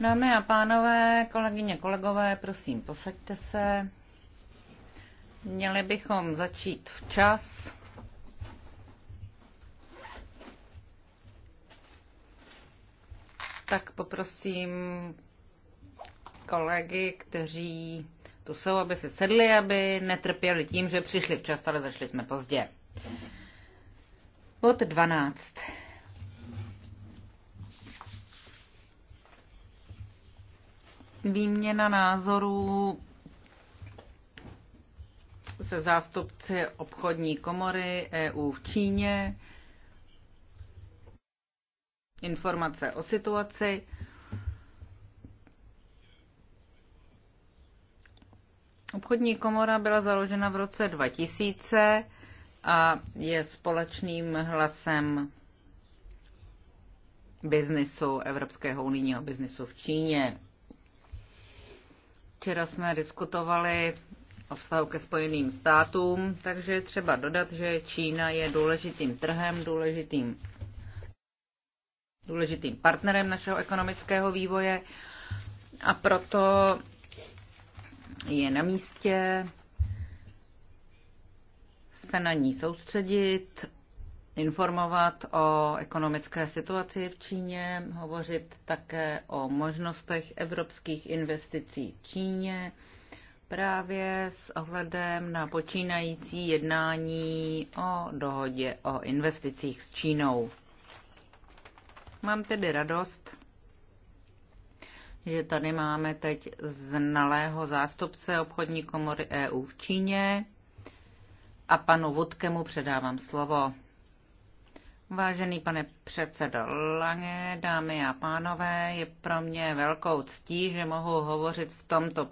Dámy a pánové, kolegyně, kolegové, prosím, posaďte se. Měli bychom začít včas. Tak poprosím kolegy, kteří tu jsou, aby se sedli, aby netrpěli tím, že přišli včas, ale zašli jsme pozdě. Bod 12. výměna názorů se zástupci obchodní komory EU v Číně, informace o situaci. Obchodní komora byla založena v roce 2000 a je společným hlasem biznisu, evropského unijního biznisu v Číně. Včera jsme diskutovali o vztahu ke Spojeným státům, takže je třeba dodat, že Čína je důležitým trhem, důležitým, důležitým partnerem našeho ekonomického vývoje a proto je na místě se na ní soustředit informovat o ekonomické situaci v Číně, hovořit také o možnostech evropských investicí v Číně, právě s ohledem na počínající jednání o dohodě o investicích s Čínou. Mám tedy radost, že tady máme teď znalého zástupce obchodní komory EU v Číně a panu Vodkemu předávám slovo. Vážený pane předsedo Lange, dámy a pánové, je pro mě velkou ctí, že mohu hovořit v tomto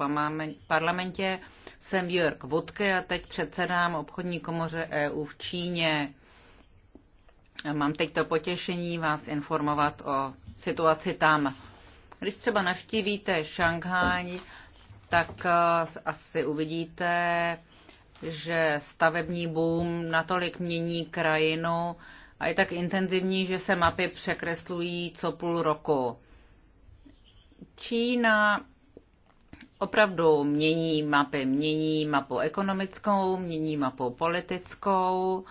parlamentě. Jsem Jörg Vodke a teď předsedám obchodní komoře EU v Číně. Mám teď to potěšení vás informovat o situaci tam. Když třeba navštívíte Šanghaj, tak eh, asi uvidíte, že stavební boom natolik mění krajinu, a je tak intenzivní, že se mapy překreslují co půl roku. Čína opravdu mění mapy. Mění mapu ekonomickou, mění mapu politickou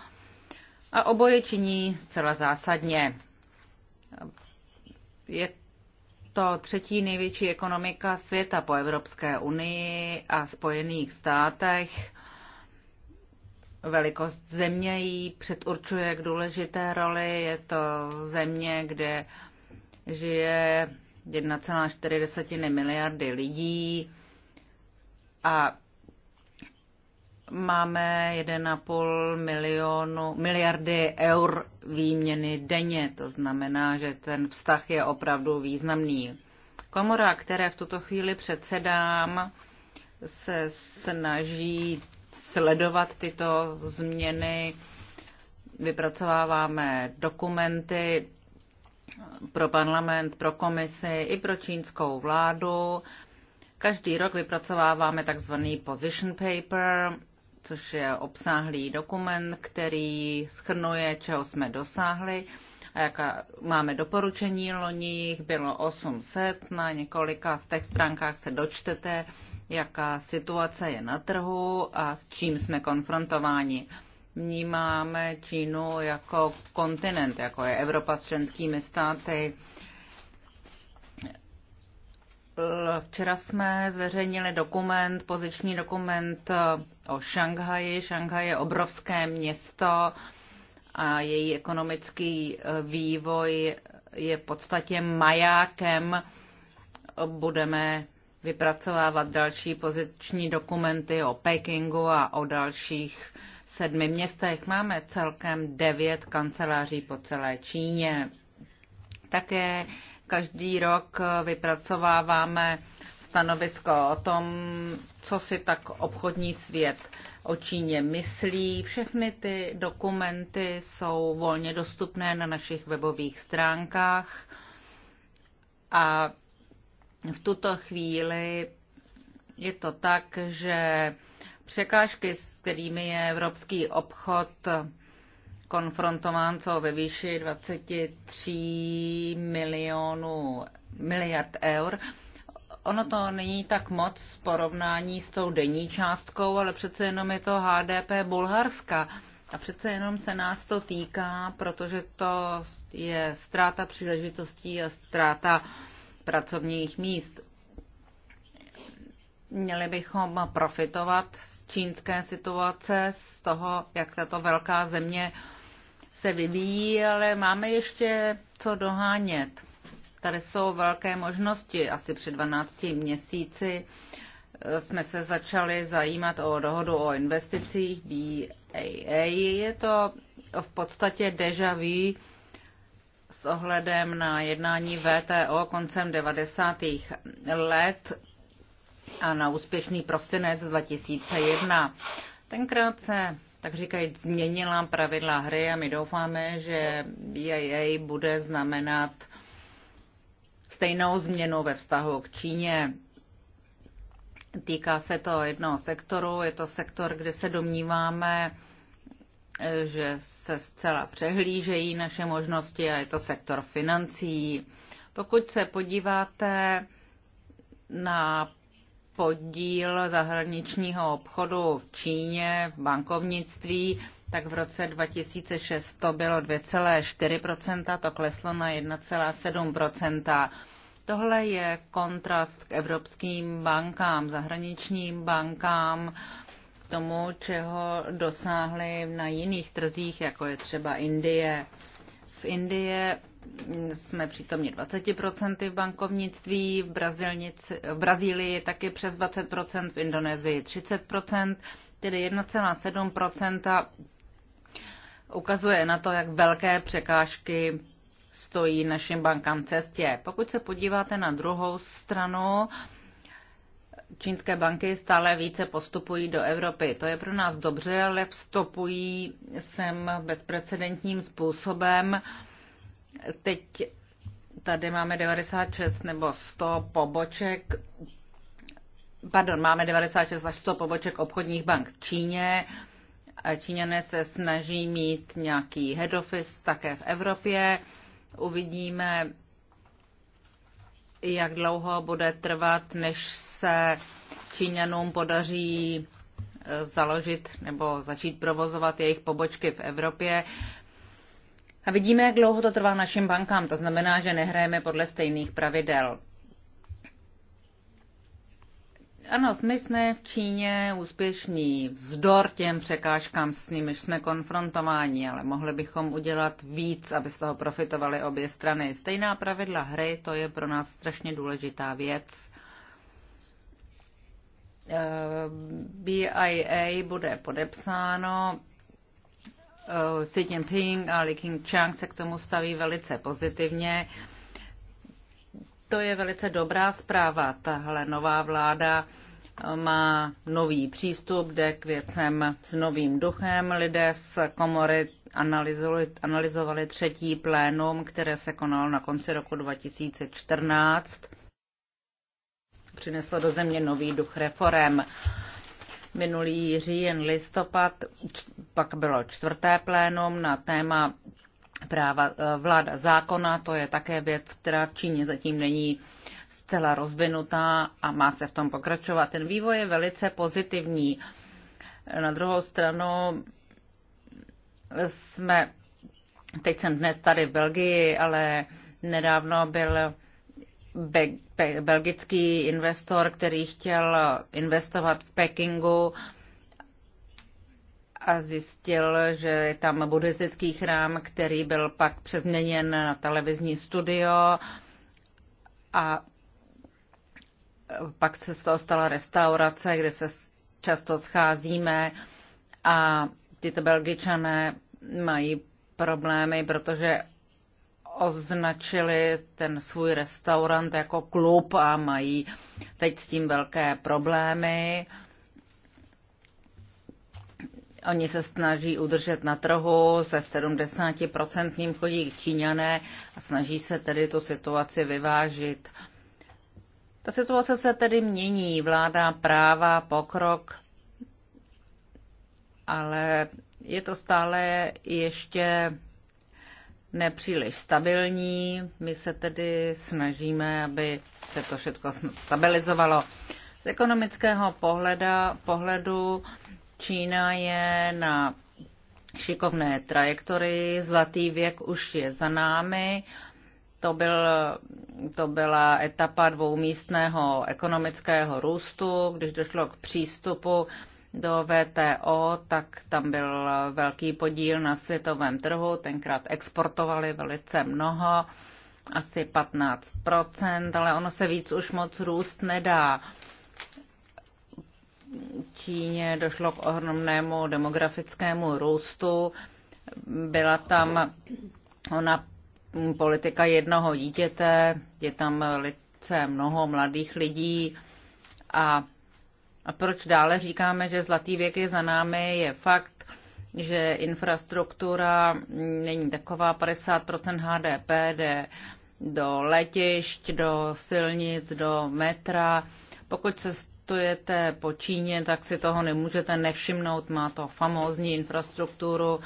a oboje činí zcela zásadně. Je to třetí největší ekonomika světa po Evropské unii a Spojených státech Velikost země jí předurčuje k důležité roli. Je to země, kde žije 1,4 miliardy lidí a máme 1,5 milionu, miliardy eur výměny denně. To znamená, že ten vztah je opravdu významný. Komora, které v tuto chvíli předsedám, se snaží sledovat tyto změny, vypracováváme dokumenty pro parlament, pro komisi i pro čínskou vládu. Každý rok vypracováváme takzvaný position paper, což je obsáhlý dokument, který schrnuje, čeho jsme dosáhli a jaká máme doporučení loních, bylo 800, na několika z těch stránkách se dočtete, jaká situace je na trhu a s čím jsme konfrontováni. Vnímáme Čínu jako kontinent, jako je Evropa s členskými státy. Včera jsme zveřejnili dokument, poziční dokument eh, o Šanghaji. Šanghaj je obrovské město a její ekonomický eh, vývoj je v podstatě majákem. Budeme vypracovávat další poziční dokumenty o Pekingu a o dalších sedmi městech. Máme celkem devět kanceláří po celé Číně. Také každý rok vypracováváme stanovisko o tom, co si tak obchodní svět o Číně myslí. Všechny ty dokumenty jsou volně dostupné na našich webových stránkách a v tuto chvíli je to tak, že překážky, s kterými je evropský obchod konfrontován, co ve výši 23 milionů miliard eur. Ono to není tak moc v porovnání s tou denní částkou, ale přece jenom je to HDP Bulharska. A přece jenom se nás to týká, protože to je ztráta příležitostí a ztráta uh, pracovních míst. Měli bychom profitovat z čínské situace, z toho, jak tato velká země se vyvíjí, ale máme ještě co dohánět. Tady jsou velké možnosti. Asi před 12 měsíci eh, jsme se začali zajímat o dohodu o investicích BAA. Je to v podstatě deja vu s ohledem na jednání VTO koncem 90. let a na úspěšný prosinec 2001. Tenkrát se, tak říkajíc, změnila pravidla hry a my doufáme, že BIA e bude znamenat stejnou změnu ve vztahu k Číně. Týká se to jednoho sektoru, je to sektor, kde se domníváme, že se zcela přehlížejí naše možnosti a je to sektor financí. Pokud se podíváte na podíl zahraničního obchodu v Číně, v bankovnictví, tak v roce 2006 to bylo 2,4%, to kleslo na 1,7%. Tohle je kontrast k evropským bankám, zahraničním bankám, tomu, čeho dosáhli na jiných trzích, jako je třeba Indie. V Indie jsme přítomni 20% v bankovnictví, v, v Brazílii taky přes 20%, v Indonésii 30%, tedy 1,7% ukazuje na to, jak velké překážky stojí našim bankám cestě. Pokud se podíváte na druhou stranu, čínské banky stále více postupují do Evropy. To je pro nás dobře, ale vstupují sem bezprecedentním způsobem. Teď tady máme 96 nebo 100 poboček, pardon, máme 96 až 100 poboček obchodních bank v Číně. Číňané se snaží mít nějaký head office také v Evropě. Uvidíme, jak dlouho bude trvat, než se Číňanům podaří eh, založit nebo začít provozovat jejich pobočky v Evropě. A vidíme, jak dlouho to trvá našim bankám. To znamená, že nehrajeme podle stejných pravidel. Ano, my jsme v Číně úspěšní vzdor těm překážkám, s nimiž jsme konfrontováni, ale mohli bychom udělat víc, aby z toho profitovaly obě strany. Stejná pravidla hry, to je pro nás strašně důležitá věc. Eh, BIA bude podepsáno. Eh, Xi Jinping a Li King se k tomu staví velice pozitivně. To je velice dobrá zpráva. Tahle nová vláda má nový přístup, jde k věcem s novým duchem. Lidé z komory analyzovali, třetí plénum, které se konalo na konci roku 2014. Přineslo do země nový duch reform. Minulý říjen listopad pak bylo čtvrté plénum na téma práva eh, vláda zákona, to je také věc, která v Číně zatím není zcela rozvinutá a má se v tom pokračovat. Ten vývoj je velice pozitivní. Na druhou stranu eh, jsme, teď jsem dnes tady v Belgii, ale nedávno byl belgický investor, který chtěl investovat v Pekingu a zjistil, že je tam buddhistický chrám, který byl pak přezměněn na televizní studio a pak se z toho stala restaurace, kde se často scházíme a tyto belgičané mají problémy, protože označili ten svůj restaurant jako klub a mají teď s tím velké problémy. Oni se snaží udržet na trhu se 70% chodí Číňané a snaží se tedy tu situaci vyvážit. Ta situace se tedy mění, vládá práva, pokrok, ale je to stále ještě nepříliš stabilní. My se tedy snažíme, aby se to všechno stabilizovalo. Z ekonomického pohleda, pohledu Čína je na šikovné trajektory, zlatý věk už je za námi. To, byl, to byla etapa dvoumístného ekonomického růstu, když došlo k přístupu do VTO, tak tam byl velký podíl na světovém trhu, tenkrát exportovali velice mnoho, asi 15%, ale ono se víc už moc růst nedá. Číně došlo k ohromnému demografickému růstu. Byla tam ona politika jednoho dítěte, je tam velice mnoho mladých lidí a, a proč dále říkáme, že zlatý věk je za námi, je fakt, že infrastruktura není taková 50% HDP jde do letišť, do silnic, do metra. Pokud se cestujete po Číně, tak si toho nemůžete nevšimnout. Má to famózní infrastrukturu,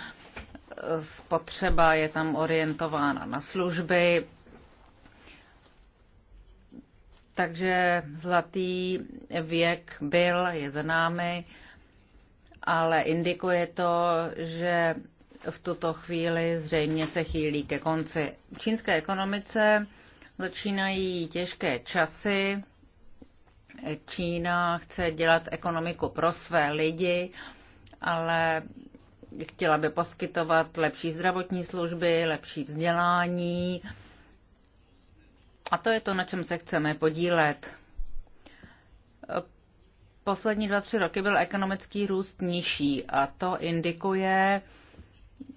spotřeba je tam orientována na služby. Takže zlatý věk byl, je za námi, ale indikuje to, že v tuto chvíli zřejmě se chýlí ke konci. V čínské ekonomice začínají těžké časy. Čína chce dělat ekonomiku pro své lidi, ale chtěla by poskytovat lepší zdravotní služby, lepší vzdělání. A to je to, na čem se chceme podílet. Poslední dva, tři roky byl ekonomický růst nižší a to indikuje,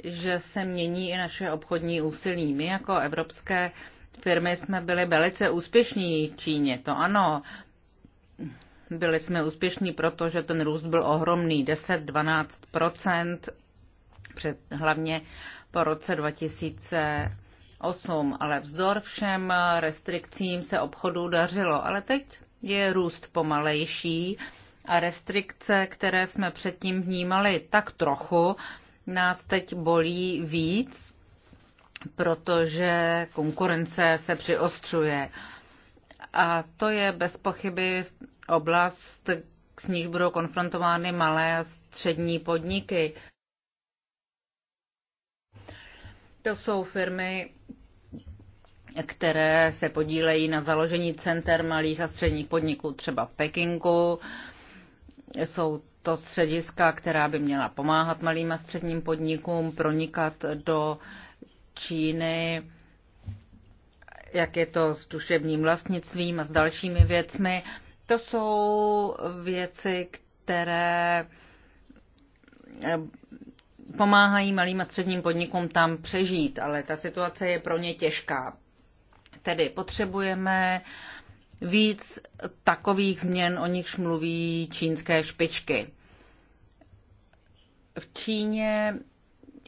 že se mění i naše obchodní úsilí. My jako evropské firmy jsme byli velice úspěšní v Číně, to ano, byli jsme úspěšní, protože ten růst byl ohromný, 10-12%, před, hlavně po roce 2008, ale vzdor všem restrikcím se obchodu dařilo. Ale teď je růst pomalejší a restrikce, které jsme předtím vnímali tak trochu, nás teď bolí víc, protože konkurence se přiostřuje. A to je bez pochyby oblast, s níž budou konfrontovány malé a střední podniky. To jsou firmy, které se podílejí na založení center malých a středních podniků třeba v Pekingu. Jsou to střediska, která by měla pomáhat malým a středním podnikům pronikat do Číny jak je to s duševním vlastnictvím a s dalšími věcmi. To jsou věci, které eh, pomáhají malým a středním podnikům tam přežít, ale ta situace je pro ně těžká. Tedy potřebujeme víc takových změn, o nichž mluví čínské špičky. V Číně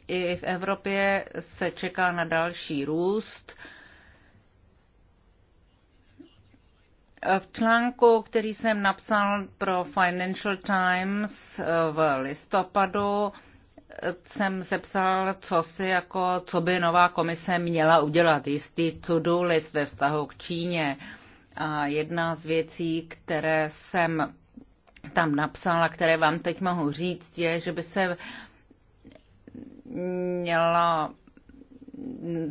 i v Evropě se čeká na další růst. V článku, který jsem napsal pro Financial Times eh, v listopadu, eh, jsem sepsal, co si jako, co by nová komise měla udělat, jistý to-do list ve vztahu k Číně. A jedna z věcí, které jsem tam napsala, které vám teď mohu říct, je, že by se měla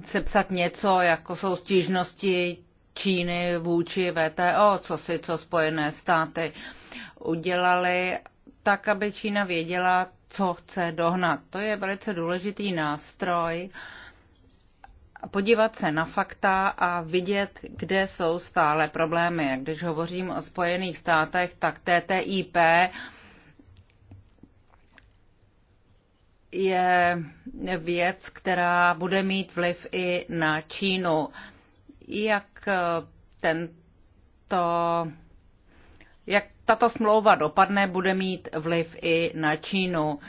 sepsat něco, jako jsou stížnosti Číny vůči VTO, co si co Spojené státy udělali, tak, aby Čína věděla, co chce dohnat. To je velice důležitý nástroj. Podívat se na fakta a vidět, kde jsou stále problémy. Když hovořím o Spojených státech, tak TTIP je věc, která bude mít vliv i na Čínu. Jak jak eh, tento jak tato smlouva dopadne, bude mít vliv i na Čínu.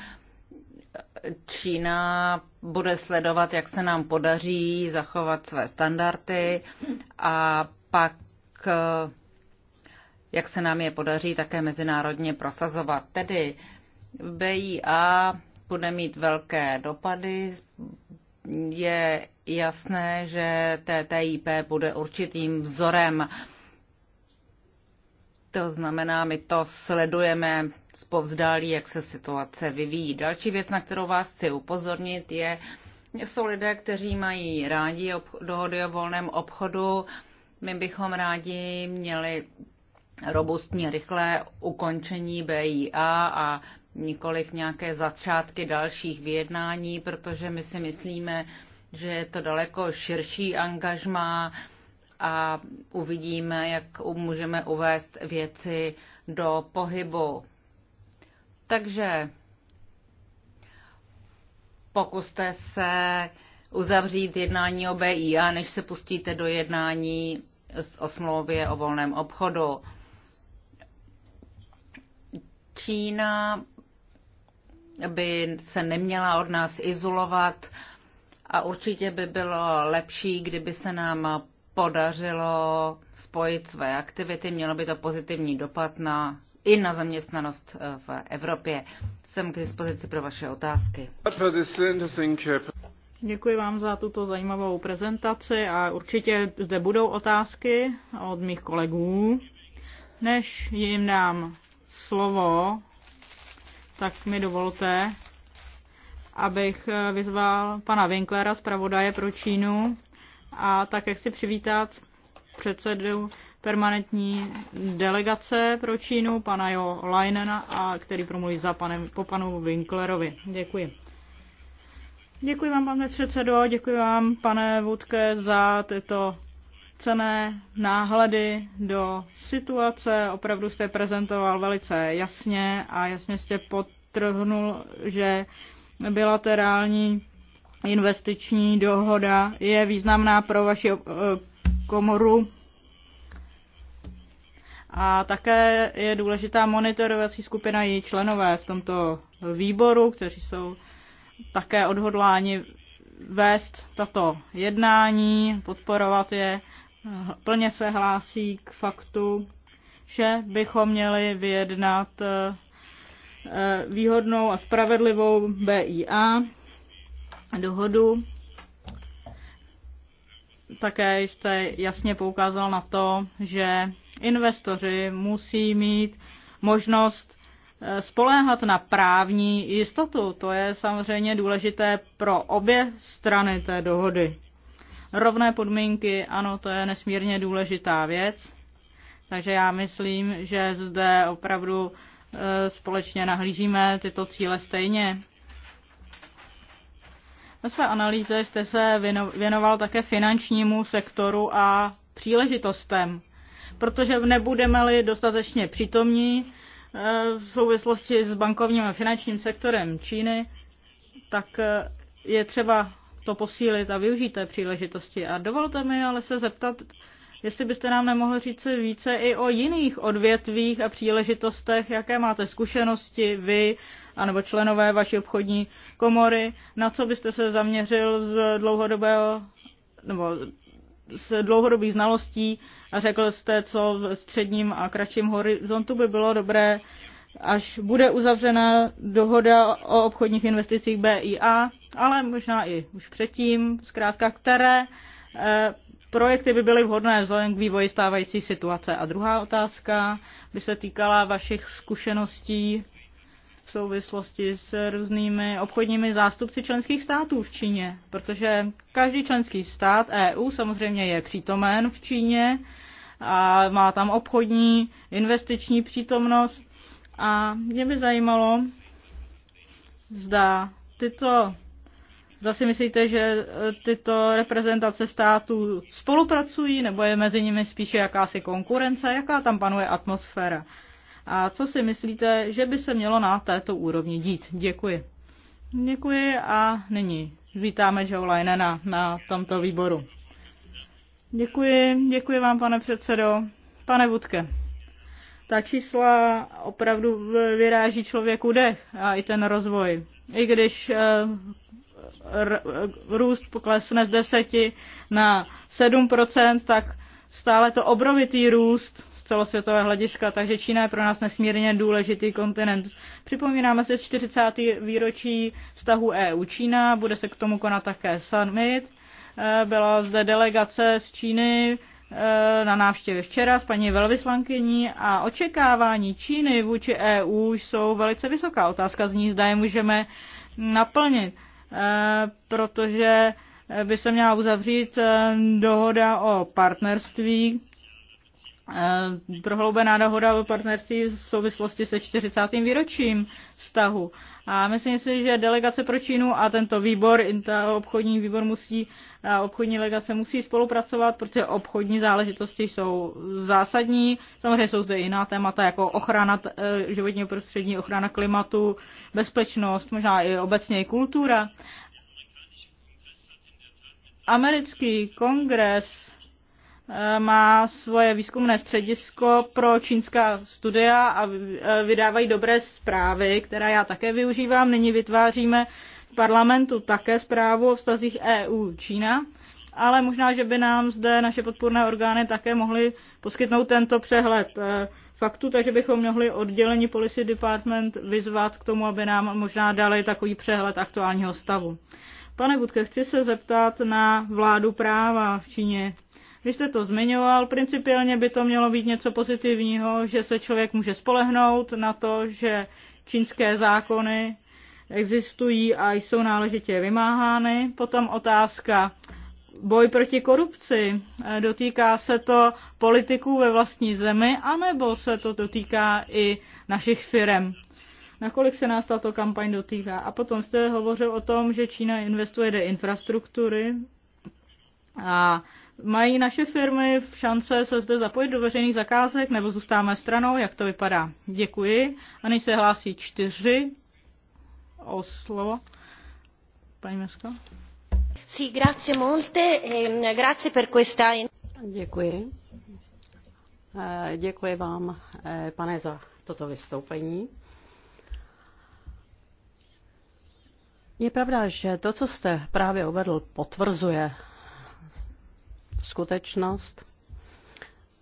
Čína bude sledovat, jak se nám podaří zachovat své standardy a pak eh, jak se nám je podaří také mezinárodně prosazovat. Tedy BIA bude mít velké dopady, je jasné, že TTIP bude určitým vzorem. To znamená, my to sledujeme povzdálí, jak se situace vyvíjí. Další věc, na kterou vás chci upozornit, je, jsou lidé, kteří mají rádi dohody o volném obchodu. My bychom rádi měli robustní, rychlé ukončení BIA a nikoliv nějaké začátky dalších vyjednání, protože my si myslíme, že je to daleko širší angažma a uvidíme, jak můžeme uvést věci do pohybu. Takže pokuste se uzavřít jednání o BIA, než se pustíte do jednání o smlouvě o volném obchodu. Čína by se neměla od nás izolovat, a určitě by bylo lepší, kdyby se nám podařilo spojit své aktivity. Mělo by to pozitivní dopad na, i na zaměstnanost eh, v Evropě. Jsem k dispozici pro vaše otázky. Děkuji vám za tuto zajímavou prezentaci a určitě zde budou otázky od mých kolegů. Než jim dám slovo, tak mi dovolte, abych eh, vyzval pana Winklera, zpravodaje pro Čínu, a také chci přivítat předsedu permanentní delegace pro Čínu, pana Jo Leinena, a který promluví za panem, po panu Winklerovi. Děkuji. Děkuji vám, pane předsedo, děkuji vám, pane Vůdke, za tyto cené náhledy do situace. Opravdu jste prezentoval velice jasně a jasně jste potrhnul, že bilaterální investiční dohoda je významná pro vaši eh, komoru a také je důležitá monitorovací skupina její členové v tomto výboru, kteří jsou také odhodláni vést tato jednání, podporovat je. Plně se hlásí k faktu, že bychom měli vyjednat eh, Eh, výhodnou a spravedlivou BIA dohodu. Také jste jasně poukázal na to, že investoři musí mít možnost eh, spoléhat na právní jistotu. To je samozřejmě důležité pro obě strany té dohody. Rovné podmínky, ano, to je nesmírně důležitá věc. Takže já myslím, že zde opravdu Eh, společně nahlížíme tyto cíle stejně. Ve své analýze jste se věnoval také finančnímu sektoru a příležitostem, protože nebudeme-li dostatečně přítomní eh, v souvislosti s bankovním a finančním sektorem Číny, tak eh, je třeba to posílit a využít té příležitosti. A dovolte mi ale se zeptat, Jestli byste nám nemohl říct více i o jiných odvětvích a příležitostech, jaké máte zkušenosti vy anebo členové vaší obchodní komory, na co byste se zaměřil z dlouhodobého nebo z dlouhodobých znalostí a řekl jste, co v středním a kratším horizontu by bylo dobré, až bude uzavřena dohoda o obchodních investicích BIA, ale možná i už předtím, zkrátka které eh, projekty by byly vhodné vzhledem k vývoji stávající situace. A druhá otázka by se týkala vašich zkušeností v souvislosti s různými obchodními zástupci členských států v Číně, protože každý členský stát EU samozřejmě je přítomen v Číně a má tam obchodní, investiční přítomnost. A mě by zajímalo, zda tyto Zda si myslíte, že e, tyto reprezentace států spolupracují, nebo je mezi nimi spíše jakási konkurence, jaká tam panuje atmosféra? A co si myslíte, že by se mělo na této úrovni dít? Děkuji. Děkuji a nyní vítáme Joe Linena na tomto výboru. Děkuji, děkuji vám, pane předsedo. Pane Vudke, ta čísla opravdu vyráží člověku dech a i ten rozvoj. I když e, růst poklesne z 10 na 7%, tak stále to obrovitý růst z celosvětové hlediska, takže Čína je pro nás nesmírně důležitý kontinent. Připomínáme si 40. výročí vztahu EU-Čína, bude se k tomu konat také summit. E, byla zde delegace z Číny e, na návštěvě včera s paní velvyslankyní a očekávání Číny vůči EU jsou velice vysoká. Otázka ní zda je můžeme naplnit protože by se měla uzavřít eh, dohoda o partnerství, eh, prohloubená dohoda o partnerství v souvislosti se 40. výročím vztahu. A myslím si, že delegace pro Čínu a tento výbor, obchodní výbor musí, obchodní delegace musí spolupracovat, protože obchodní záležitosti jsou zásadní. Samozřejmě jsou zde jiná témata, jako ochrana e, životního prostředí, ochrana klimatu, bezpečnost, možná i obecně i kultura. Americký kongres má svoje výzkumné středisko pro čínská studia a e, vydávají dobré zprávy, které já také využívám. Nyní vytváříme v parlamentu také zprávu o vztazích EU-Čína, ale možná, že by nám zde naše podpůrné orgány také mohly poskytnout tento přehled e, faktu, takže bychom mohli oddělení Policy Department vyzvat k tomu, aby nám možná dali takový přehled aktuálního stavu. Pane Budke, chci se zeptat na vládu práva v Číně. Vy jste to zmiňoval, principiálně by to mělo být něco pozitivního, že se člověk může spolehnout na to, že čínské zákony existují a jsou náležitě vymáhány. Potom otázka boj proti korupci. Dotýká se to politiků ve vlastní zemi, anebo se to dotýká i našich firm. Nakolik se nás tato kampaň dotýká? A potom jste hovořil o tom, že Čína investuje do infrastruktury a Mají naše firmy v šance se zde zapojit do veřejných zakázek nebo zůstáme stranou? Jak to vypadá? Děkuji. A nyní se hlásí čtyři o slovo. Paní Mesko. Sí, grazie molte, e, grazie per questa... Děkuji. E, děkuji vám, e, pane, za toto vystoupení. Je pravda, že to, co jste právě uvedl, potvrzuje skutečnost,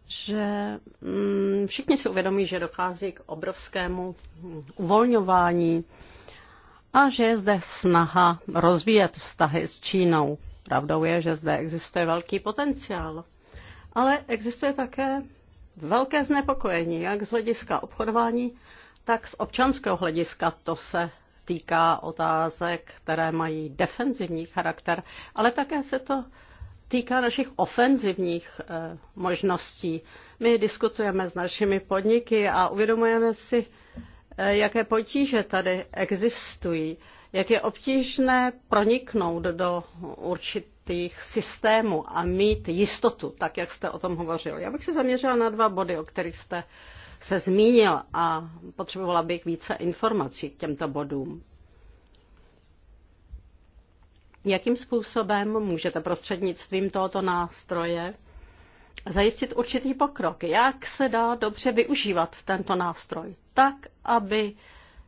že mm, všichni si uvědomí, že dochází k obrovskému mm, uvolňování a že je zde snaha rozvíjet vztahy s Čínou. Pravdou je, že zde existuje velký potenciál, ale existuje také velké znepokojení, jak z hlediska obchodování, tak z občanského hlediska. To se týká otázek, které mají defenzivní charakter, ale také se to týká našich ofenzivních eh, možností. My diskutujeme s našimi podniky a uvědomujeme si, eh, jaké potíže tady existují, jak je obtížné proniknout do určitých systémů a mít jistotu, tak jak jste o tom hovořil. Já bych se zaměřila na dva body, o kterých jste se zmínil a potřebovala bych více informací k těmto bodům jakým způsobem můžete prostřednictvím tohoto nástroje zajistit určitý pokrok. Jak se dá dobře využívat tento nástroj? Tak, aby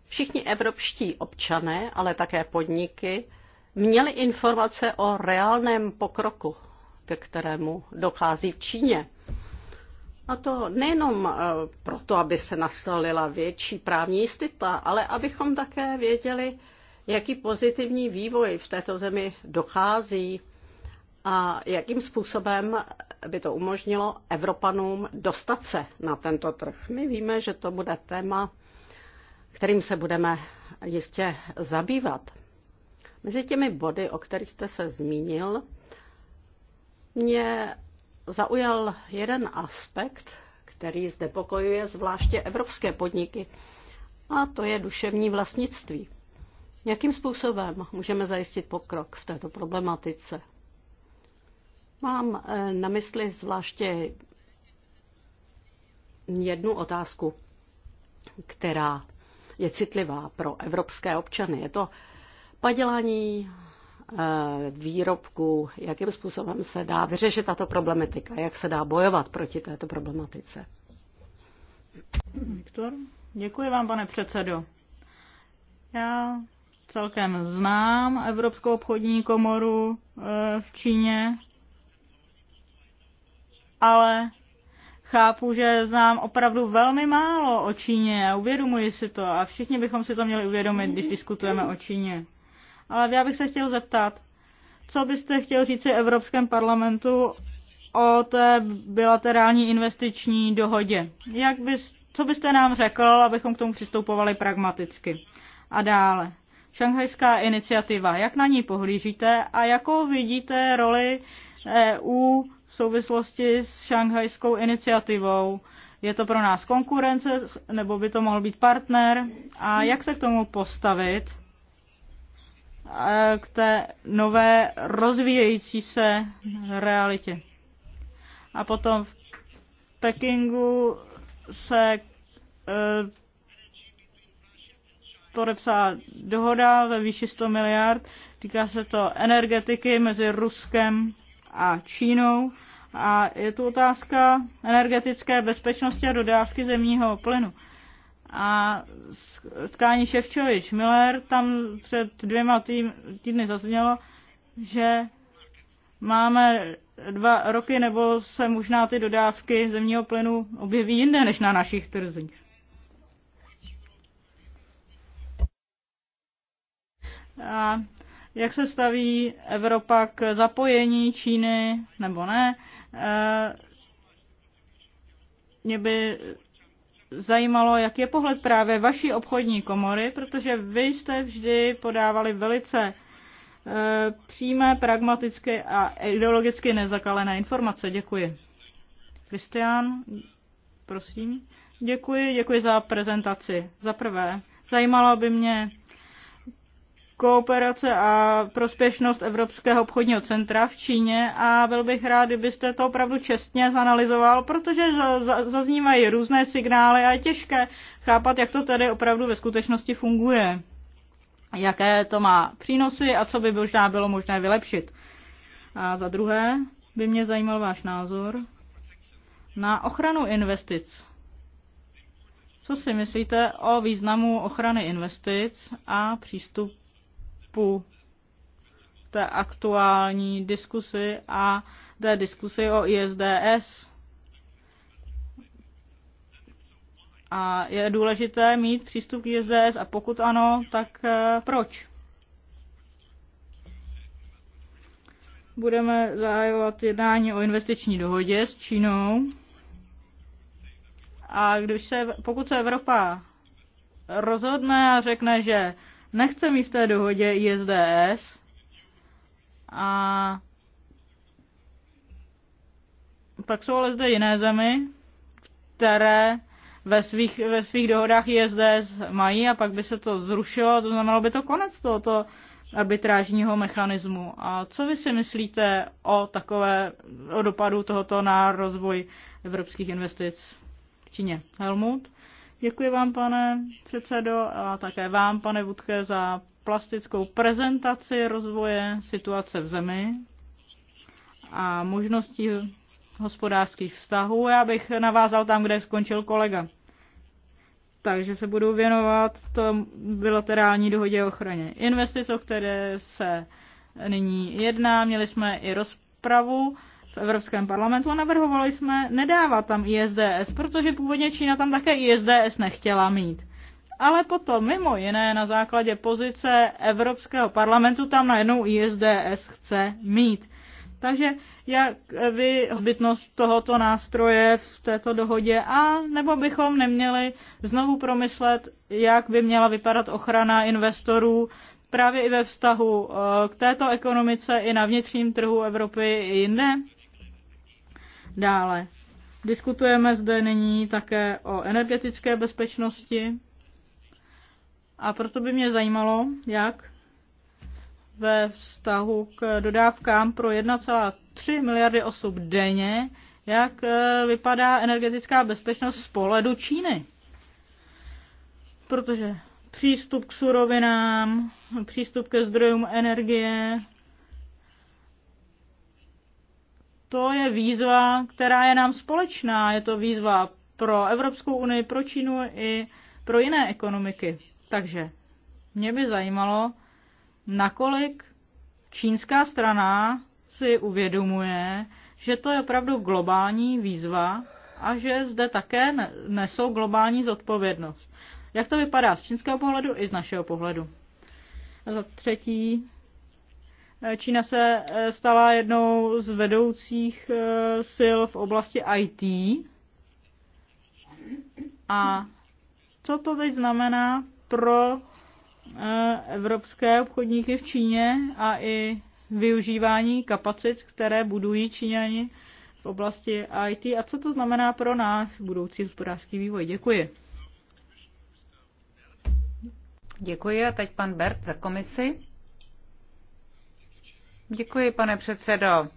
všichni evropští občané, ale také podniky, měli informace o reálném pokroku, ke kterému dochází v Číně. A to nejenom eh, proto, aby se nastolila větší právní jistota, ale abychom také věděli, jaký pozitivní vývoj v této zemi dochází a jakým způsobem by to umožnilo Evropanům dostat se na tento trh. My víme, že to bude téma, kterým se budeme jistě zabývat. Mezi těmi body, o kterých jste se zmínil, mě zaujal jeden aspekt, který zdepokojuje zvláště evropské podniky, a to je duševní vlastnictví. Jakým způsobem můžeme zajistit pokrok v této problematice? Mám eh, na mysli zvláště jednu otázku, která je citlivá pro evropské občany. Je to padělání eh, výrobků, jakým způsobem se dá vyřešit tato problematika, jak se dá bojovat proti této problematice. Viktor, děkuji vám, pane předsedo. Já celkem znám Evropskou obchodní komoru eh, v Číně, ale chápu, že znám opravdu velmi málo o Číně a uvědomuji si to a všichni bychom si to měli uvědomit, když diskutujeme o Číně. Ale já bych se chtěl zeptat, co byste chtěl říci Evropském parlamentu o té bilaterální investiční dohodě? Jak bys, co byste nám řekl, abychom k tomu přistupovali pragmaticky? A dále. Šanghajská iniciativa. Jak na ní pohlížíte a jakou vidíte roli EU v souvislosti s šanghajskou iniciativou? Je to pro nás konkurence nebo by to mohl být partner? A jak se k tomu postavit? E, k té nové rozvíjející se realitě. A potom v Pekingu se e, podepsala dohoda ve výši 100 miliard. Týká se to energetiky mezi Ruskem a Čínou. A je tu otázka energetické bezpečnosti a dodávky zemního plynu. A tkání Ševčovič Miller tam před dvěma týdny zaznělo, že máme dva roky, nebo se možná ty dodávky zemního plynu objeví jinde než na našich trzích. A jak se staví Evropa k zapojení Číny nebo ne? E, mě by zajímalo, jak je pohled právě vaší obchodní komory, protože vy jste vždy podávali velice e, přímé, pragmatické a ideologicky nezakalené informace. Děkuji. Kristián, prosím. Děkuji, děkuji za prezentaci. Za prvé, zajímalo by mě, kooperace a prospěšnost Evropského obchodního centra v Číně a byl bych rád, kdybyste to opravdu čestně zanalizoval, protože zaznívají různé signály a je těžké chápat, jak to tady opravdu ve skutečnosti funguje, jaké to má přínosy a co by možná bylo možné vylepšit. A za druhé by mě zajímal váš názor na ochranu investic. Co si myslíte o významu ochrany investic a přístup vstupu té aktuální diskusy a té diskusy o ISDS. A je důležité mít přístup k ISDS a pokud ano, tak eh, proč? Budeme zahajovat jednání o investiční dohodě s Čínou. A když se, pokud se Evropa rozhodne a řekne, že Nechce mít v té dohodě ISDS a pak jsou ale zde jiné zemi, které ve svých, ve svých dohodách ISDS mají a pak by se to zrušilo, to znamenalo by to konec tohoto arbitrážního mechanismu. A co vy si myslíte o takové, o dopadu tohoto na rozvoj evropských investic v Číně? Helmut? Děkuji vám, pane předsedo, a také vám, pane Vudke, za plastickou prezentaci rozvoje situace v zemi a možností hospodářských vztahů. Já bych navázal tam, kde skončil kolega. Takže se budu věnovat tomu bilaterální dohodě o ochraně investic, o které se nyní jedná. Měli jsme i rozpravu v Evropském parlamentu a navrhovali jsme nedávat tam ISDS, protože původně Čína tam také ISDS nechtěla mít. Ale potom mimo jiné na základě pozice Evropského parlamentu tam najednou ISDS chce mít. Takže jak vy zbytnost tohoto nástroje v této dohodě a nebo bychom neměli znovu promyslet, jak by měla vypadat ochrana investorů právě i ve vztahu eh, k této ekonomice i na vnitřním trhu Evropy i jinde? Dále diskutujeme zde nyní také o energetické bezpečnosti a proto by mě zajímalo, jak ve vztahu k dodávkám pro 1,3 miliardy osob denně, jak eh, vypadá energetická bezpečnost z pohledu Číny. Protože přístup k surovinám, přístup ke zdrojům energie, to je výzva, která je nám společná. Je to výzva pro Evropskou unii, pro Čínu i pro jiné ekonomiky. Takže mě by zajímalo, nakolik čínská strana si uvědomuje, že to je opravdu globální výzva a že zde také nesou globální zodpovědnost. Jak to vypadá z čínského pohledu i z našeho pohledu? A za třetí, Čína se eh, stala jednou z vedoucích eh, sil v oblasti IT. A co to teď znamená pro eh, evropské obchodníky v Číně a i využívání kapacit, které budují Číňani v oblasti IT a co to znamená pro náš budoucí hospodářský vývoj. Děkuji. Děkuji a teď pan Bert za komisi. Děkuji, pane předsedo.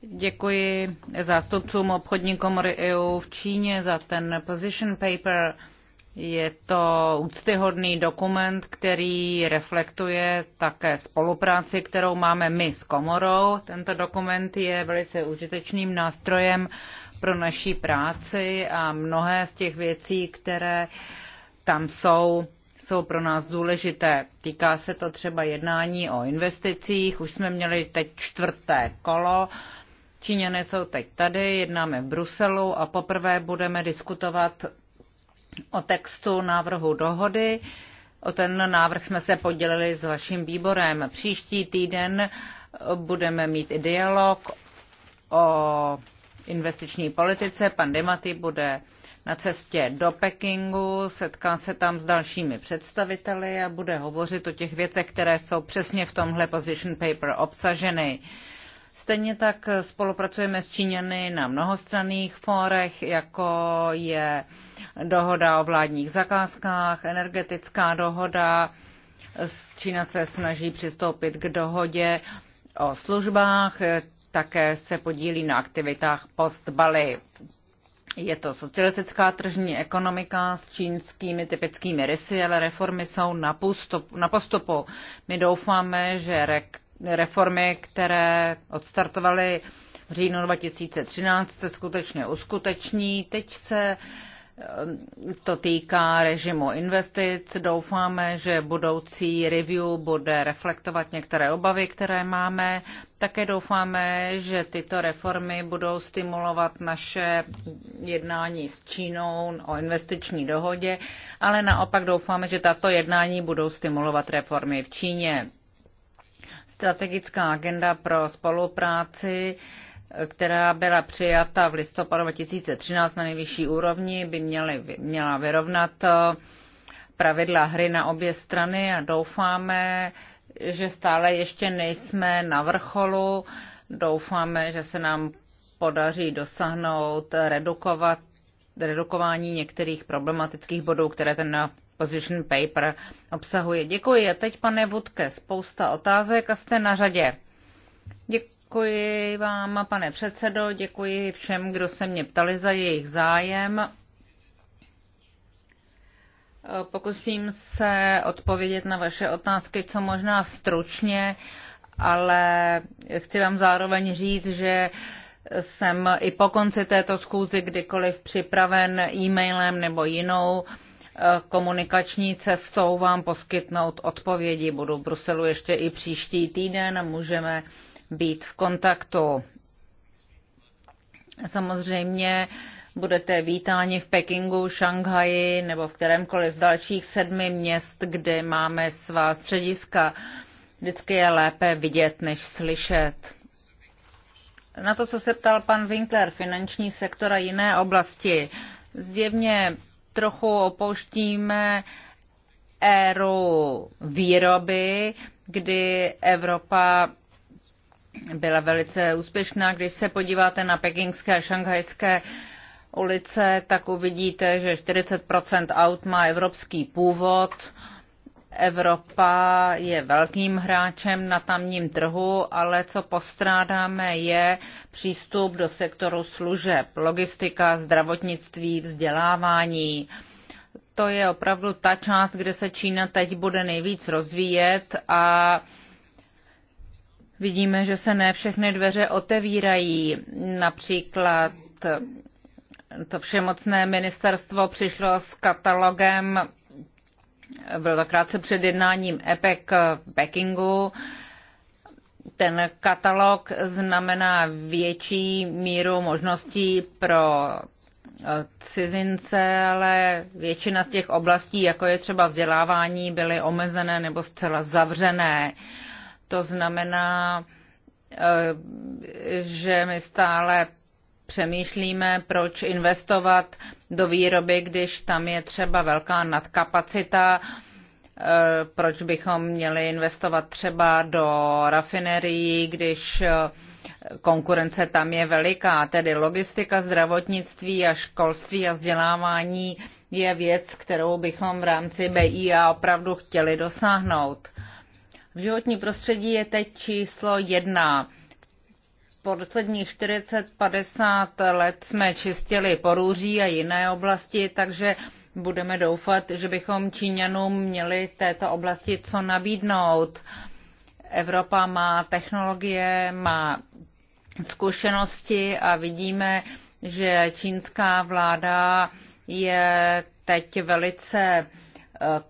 Děkuji zástupcům obchodní komory EU v Číně za ten position paper. Je to úctyhodný dokument, který reflektuje také spolupráci, kterou máme my s komorou. Tento dokument je velice užitečným nástrojem pro naší práci a mnohé z těch věcí, které tam jsou, jsou pro nás důležité. Týká se to třeba jednání o investicích, už jsme měli teď čtvrté kolo, Číňané jsou teď tady, jednáme v Bruselu a poprvé budeme diskutovat o textu návrhu dohody. O ten návrh jsme se podělili s vaším výborem. Příští týden budeme mít i dialog o investiční politice. Pan Dimaty bude na cestě do Pekingu, setká se tam s dalšími představiteli a bude hovořit o těch věcech, které jsou přesně v tomhle position paper obsaženy. Stejně tak spolupracujeme s Číňany na mnohostranných fórech, jako je dohoda o vládních zakázkách, energetická dohoda. Čína se snaží přistoupit k dohodě o službách, také se podílí na aktivitách post-Bali. Je to socialistická tržní ekonomika s čínskými typickými rysy, ale reformy jsou na, postup, na postupu. My doufáme, že re, reformy, které odstartovaly v říjnu 2013, se skutečně uskuteční. Teď se uh, to týká režimu investic. Doufáme, že budoucí review bude reflektovat některé obavy, které máme. Také doufáme, že tyto reformy budou stimulovat naše jednání s Čínou o investiční dohodě, ale naopak doufáme, že tato jednání budou stimulovat reformy v Číně. Strategická agenda pro spolupráci která byla přijata v listopadu 2013 na nejvyšší úrovni, by měly, měla vyrovnat eh, pravidla hry na obě strany a doufáme, že stále ještě nejsme na vrcholu. Doufáme, že se nám podaří dosáhnout redukovat, redukování některých problematických bodů, které ten position paper obsahuje. Děkuji. A teď, pane Vudke, spousta otázek a jste na řadě. Děkuji vám, pane předsedo, děkuji všem, kdo se mě ptali za jejich zájem. Pokusím se odpovědět na vaše otázky co možná stručně, ale chci vám zároveň říct, že jsem i po konci této schůzy kdykoliv připraven e-mailem nebo jinou eh, komunikační cestou vám poskytnout odpovědi. Budu v Bruselu ještě i příští týden a můžeme být v kontaktu. Samozřejmě budete vítáni v Pekingu, Šanghaji nebo v kterémkoliv z dalších sedmi měst, kde máme svá střediska. Vždycky je lépe vidět, než slyšet. Na to, co se ptal pan Winkler, finanční sektor a jiné oblasti, zjevně trochu opouštíme éru výroby, kdy Evropa byla velice úspěšná. Když se podíváte na pekingské a šanghajské ulice, tak uvidíte, že 40 aut má evropský původ. Evropa je velkým hráčem na tamním trhu, ale co postrádáme je přístup do sektoru služeb, logistika, zdravotnictví, vzdělávání. To je opravdu ta část, kde se Čína teď bude nejvíc rozvíjet a Vidíme, že se ne všechny dveře otevírají. Například to všemocné ministerstvo přišlo s katalogem, bylo to krátce před jednáním EPEC v Pekingu. Ten katalog znamená větší míru možností pro eh, cizince, ale většina z těch oblastí, jako je třeba vzdělávání, byly omezené nebo zcela zavřené. Uh, to znamená, eh, že my stále přemýšlíme, proč investovat do výroby, když tam je třeba velká nadkapacita, eh, proč bychom měli investovat třeba do rafinerií, když eh, konkurence tam je veliká. Tedy logistika, zdravotnictví a školství a vzdělávání je věc, kterou bychom v rámci BIA opravdu chtěli dosáhnout. Životní prostředí je teď číslo jedna. Po posledních 40-50 let jsme čistili porůří a jiné oblasti, takže budeme doufat, že bychom Číňanům měli této oblasti co nabídnout. Evropa má technologie, má zkušenosti a vidíme, že čínská vláda je teď velice Eh,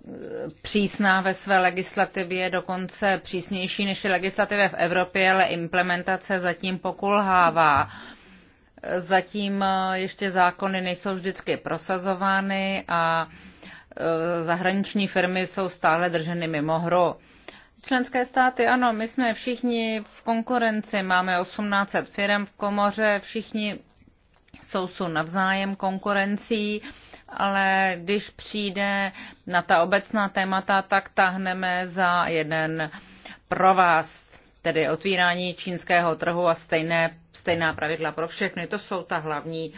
přísná ve své legislativě, dokonce přísnější než je legislativa v Evropě, ale implementace zatím pokulhává. Zatím eh, ještě zákony nejsou vždycky prosazovány a eh, zahraniční firmy jsou stále drženy mimo hru. Členské státy, ano, my jsme všichni v konkurenci, máme 1800 firm v komoře, všichni jsou jsou navzájem konkurencí. Uh, ale když přijde na ta obecná témata, tak tahneme za jeden pro vás, tedy otvírání čínského trhu a stejné, stejná pravidla pro všechny. To jsou ta hlavní,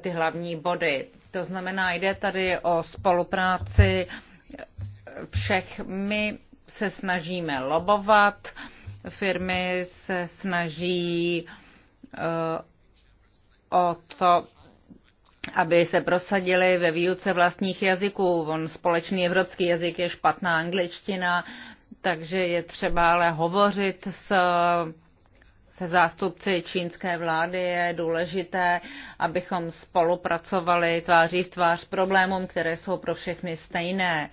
ty hlavní body. To znamená, jde tady o spolupráci všech. My se snažíme lobovat, firmy se snaží uh, o to, aby se prosadili ve výuce vlastních jazyků. On společný evropský jazyk je špatná angličtina, takže je třeba ale hovořit s se zástupci čínské vlády je důležité, abychom spolupracovali tváří v tvář problémům, které jsou pro všechny stejné.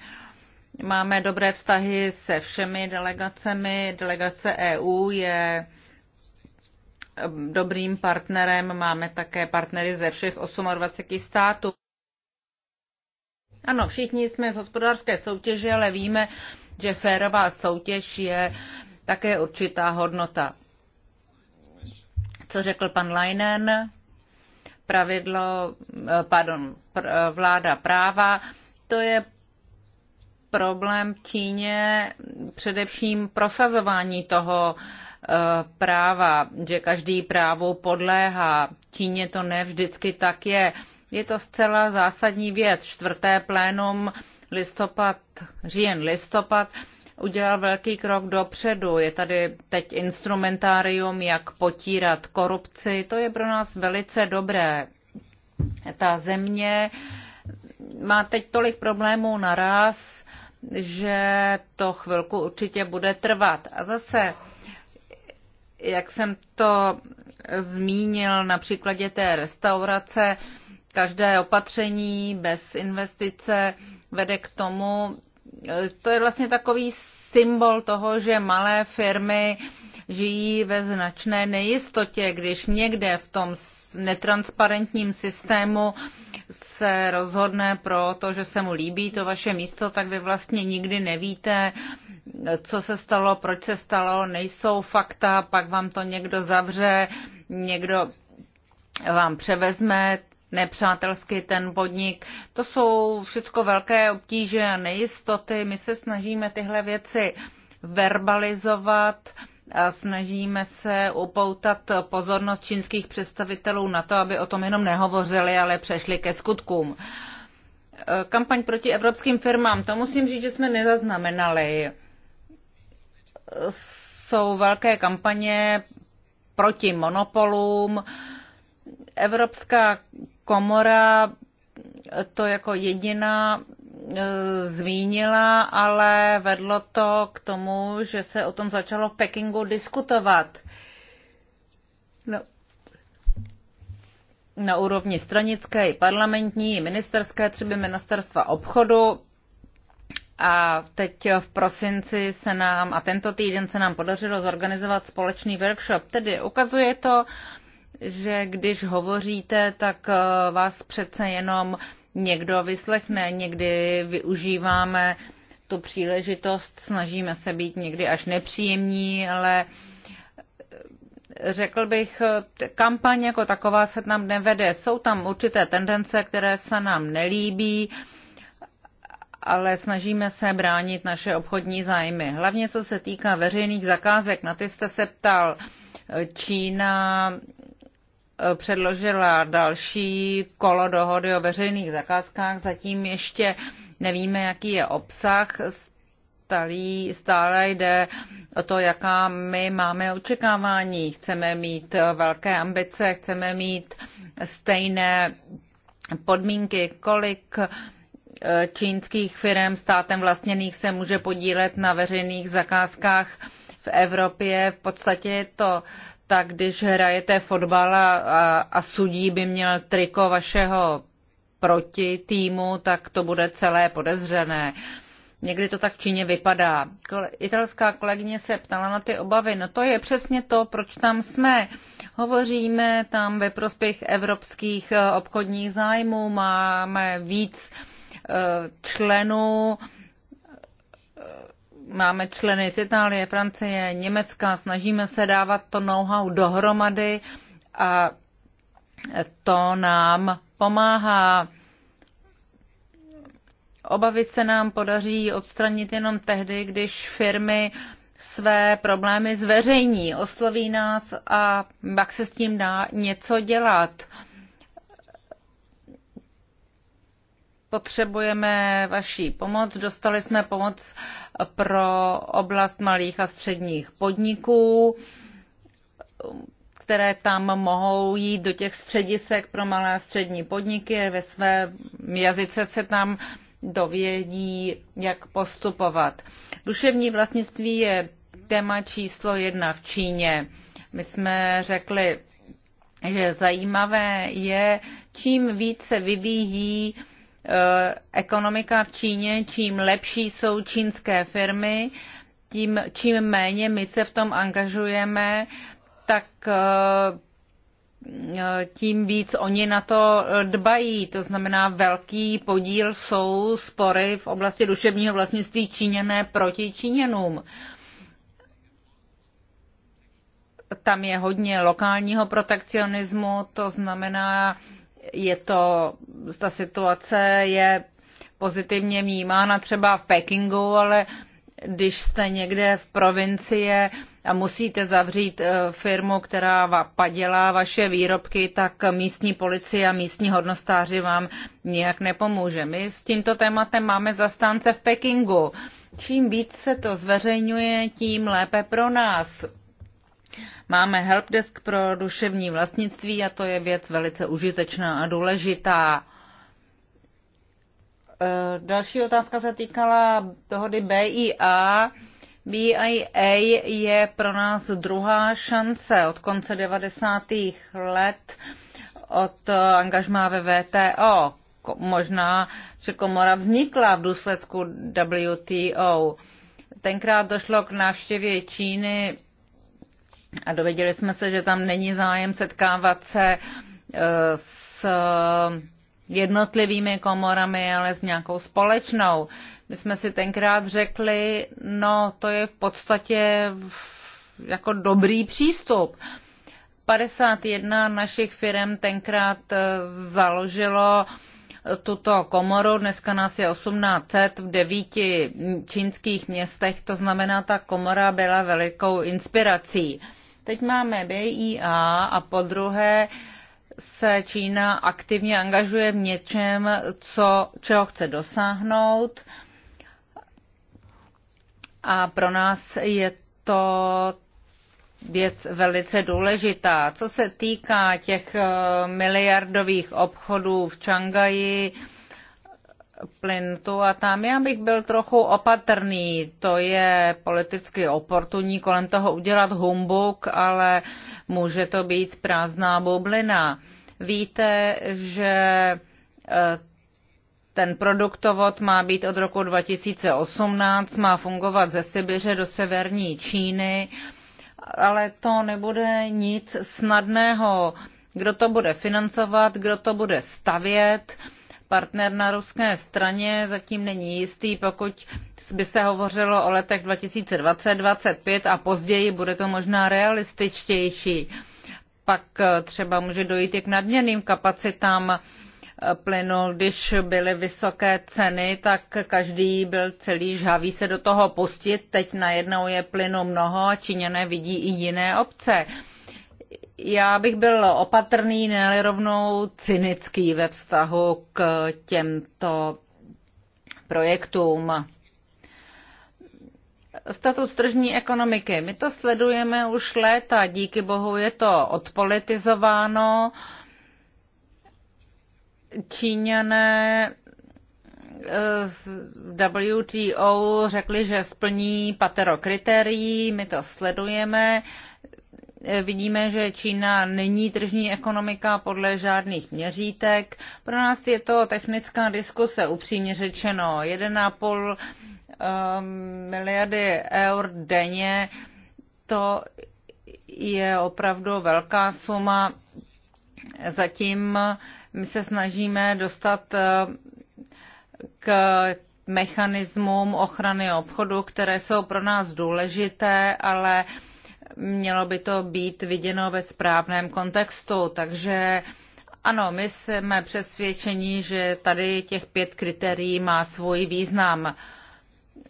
Máme dobré vztahy se všemi delegacemi. Delegace EU je dobrým partnerem. Máme také partnery ze všech 28 států. Ano, všichni jsme z hospodářské soutěže, ale víme, že férová soutěž je také určitá hodnota. Co řekl pan Leinen? Pravidlo, eh, pardon, eh, vláda práva, to je problém v Číně, především prosazování toho Eh, práva, že každý právu podléhá. Číně to ne vždycky tak je. Je to zcela zásadní věc. Čtvrté plénum listopad, říjen listopad, udělal velký krok dopředu. Je tady teď instrumentárium, jak potírat korupci. To je pro nás velice dobré. Ta země má teď tolik problémů naraz, že to chvilku určitě bude trvat. A zase jak jsem to zmínil na příkladě té restaurace, každé opatření bez investice vede k tomu, to je vlastně takový symbol toho, že malé firmy žijí ve značné nejistotě, když někde v tom netransparentním systému se rozhodne pro to, že se mu líbí to vaše místo, tak vy vlastně nikdy nevíte, co se stalo, proč se stalo, nejsou fakta, pak vám to někdo zavře, někdo vám převezme nepřátelsky ten podnik. To jsou všechno velké obtíže a nejistoty. My se snažíme tyhle věci verbalizovat a snažíme se upoutat pozornost čínských představitelů na to, aby o tom jenom nehovořili, ale přešli ke skutkům. E, kampaň proti evropským firmám, to musím říct, že jsme nezaznamenali. Jsou velké kampaně proti monopolům. Evropská komora to jako jediná E, zmínila, ale vedlo to k tomu, že se o tom začalo v Pekingu diskutovat. No, na úrovni stranické i parlamentní, i ministerské, třeba ministerstva obchodu. A teď v prosinci se nám, a tento týden se nám podařilo zorganizovat společný workshop. Tedy ukazuje to, že když hovoříte, tak e, vás přece jenom uh, někdo vyslechne. Někdy využíváme tu příležitost, snažíme se být někdy až nepříjemní, ale eh, řekl bych, kampaň jako taková se nám nevede. Jsou tam určité tendence, které se nám nelíbí, ale snažíme se bránit naše obchodní zájmy. Hlavně co se týká veřejných zakázek, na ty jste se ptal. Eh, Čína Eh, předložila další kolo dohody o veřejných zakázkách. Zatím ještě nevíme, jaký je obsah. stále jde o to, jaká my máme očekávání. Chceme mít velké ambice, chceme mít stejné podmínky, kolik eh, čínských firm státem vlastněných se může podílet na veřejných zakázkách v Evropě. V podstatě je to tak když hrajete fotbal a, a, sudí by měl triko vašeho proti týmu, tak to bude celé podezřené. Někdy to tak v Číně vypadá. Italská kolegyně se ptala na ty obavy. No to je přesně to, proč tam jsme. Hovoříme tam ve prospěch evropských e, obchodních zájmů, máme víc e, členů Máme členy z Itálie, Francie, Německa, snažíme se dávat to know-how dohromady a to nám pomáhá. Obavy se nám podaří odstranit jenom tehdy, když firmy své problémy zveřejní, osloví nás a pak se s tím dá něco dělat. potřebujeme vaší pomoc. Dostali jsme pomoc pro oblast malých a středních podniků, které tam mohou jít do těch středisek pro malé a střední podniky. Ve své jazyce se tam dovědí, jak postupovat. Duševní vlastnictví je téma číslo jedna v Číně. My jsme řekli, že zajímavé je, čím více vyvíjí Eh, ekonomika v Číně, čím lepší jsou čínské firmy, tím, čím méně my se v tom angažujeme, tak eh, eh, tím víc oni na to dbají. To znamená, velký podíl jsou spory v oblasti duševního vlastnictví Číněné proti Číněnům. Tam je hodně lokálního protekcionismu, to znamená, je to, ta situace je pozitivně vnímána třeba v Pekingu, ale když jste někde v provincii a musíte zavřít e, firmu, která padělá vaše výrobky, tak místní policie a místní hodnostáři vám nijak nepomůže. My s tímto tématem máme zastánce v Pekingu. Čím víc se to zveřejňuje, tím lépe pro nás Máme helpdesk pro duševní vlastnictví a to je věc velice užitečná a důležitá. E, další otázka se týkala dohody BIA. BIA je pro nás druhá šance od konce 90. let od angažmá ve VTO. Možná, že komora vznikla v důsledku WTO. Tenkrát došlo k návštěvě Číny a dověděli jsme se, že tam není zájem setkávat se e, s jednotlivými komorami, ale s nějakou společnou. My jsme si tenkrát řekli, no to je v podstatě jako dobrý přístup. 51 našich firm tenkrát e, založilo e, tuto komoru, dneska nás je 1800 v devíti čínských městech, to znamená, ta komora byla velikou inspirací. Teď máme BIA a po druhé se Čína aktivně angažuje v něčem, co, čeho chce dosáhnout. A pro nás je to věc velice důležitá. Co se týká těch eh, miliardových obchodů v Čangaji, plyn tu a tam. Já bych byl trochu opatrný, to je politicky oportunní kolem toho udělat humbuk, ale může to být prázdná bublina. Víte, že eh, ten produktovod má být od roku 2018, má fungovat ze Sibiře do severní Číny, ale to nebude nic snadného. Kdo to bude financovat, kdo to bude stavět, partner na ruské straně zatím není jistý. Pokud by se hovořilo o letech 2020-2025 a později, bude to možná realističtější. Pak eh, třeba může dojít i k nadměrným kapacitám eh, plynu. Když byly vysoké ceny, tak každý byl celý žhavý se do toho pustit. Teď najednou je plynu mnoho a Číňané vidí i jiné obce já bych byl opatrný, ne rovnou cynický ve vztahu k těmto projektům. Status tržní ekonomiky. My to sledujeme už léta, díky bohu je to odpolitizováno. Číňané eh, z WTO řekli, že splní patero kritérií, my to sledujeme vidíme, že Čína není tržní ekonomika podle žádných měřítek. Pro nás je to technická diskuse, upřímně řečeno. 1,5 um, miliardy eur denně, to je opravdu velká suma. Zatím my se snažíme dostat uh, k mechanismům ochrany obchodu, které jsou pro nás důležité, ale uh, mělo by to být viděno ve správném kontextu. Takže ano, my jsme přesvědčeni, že tady těch pět kritérií má svůj význam.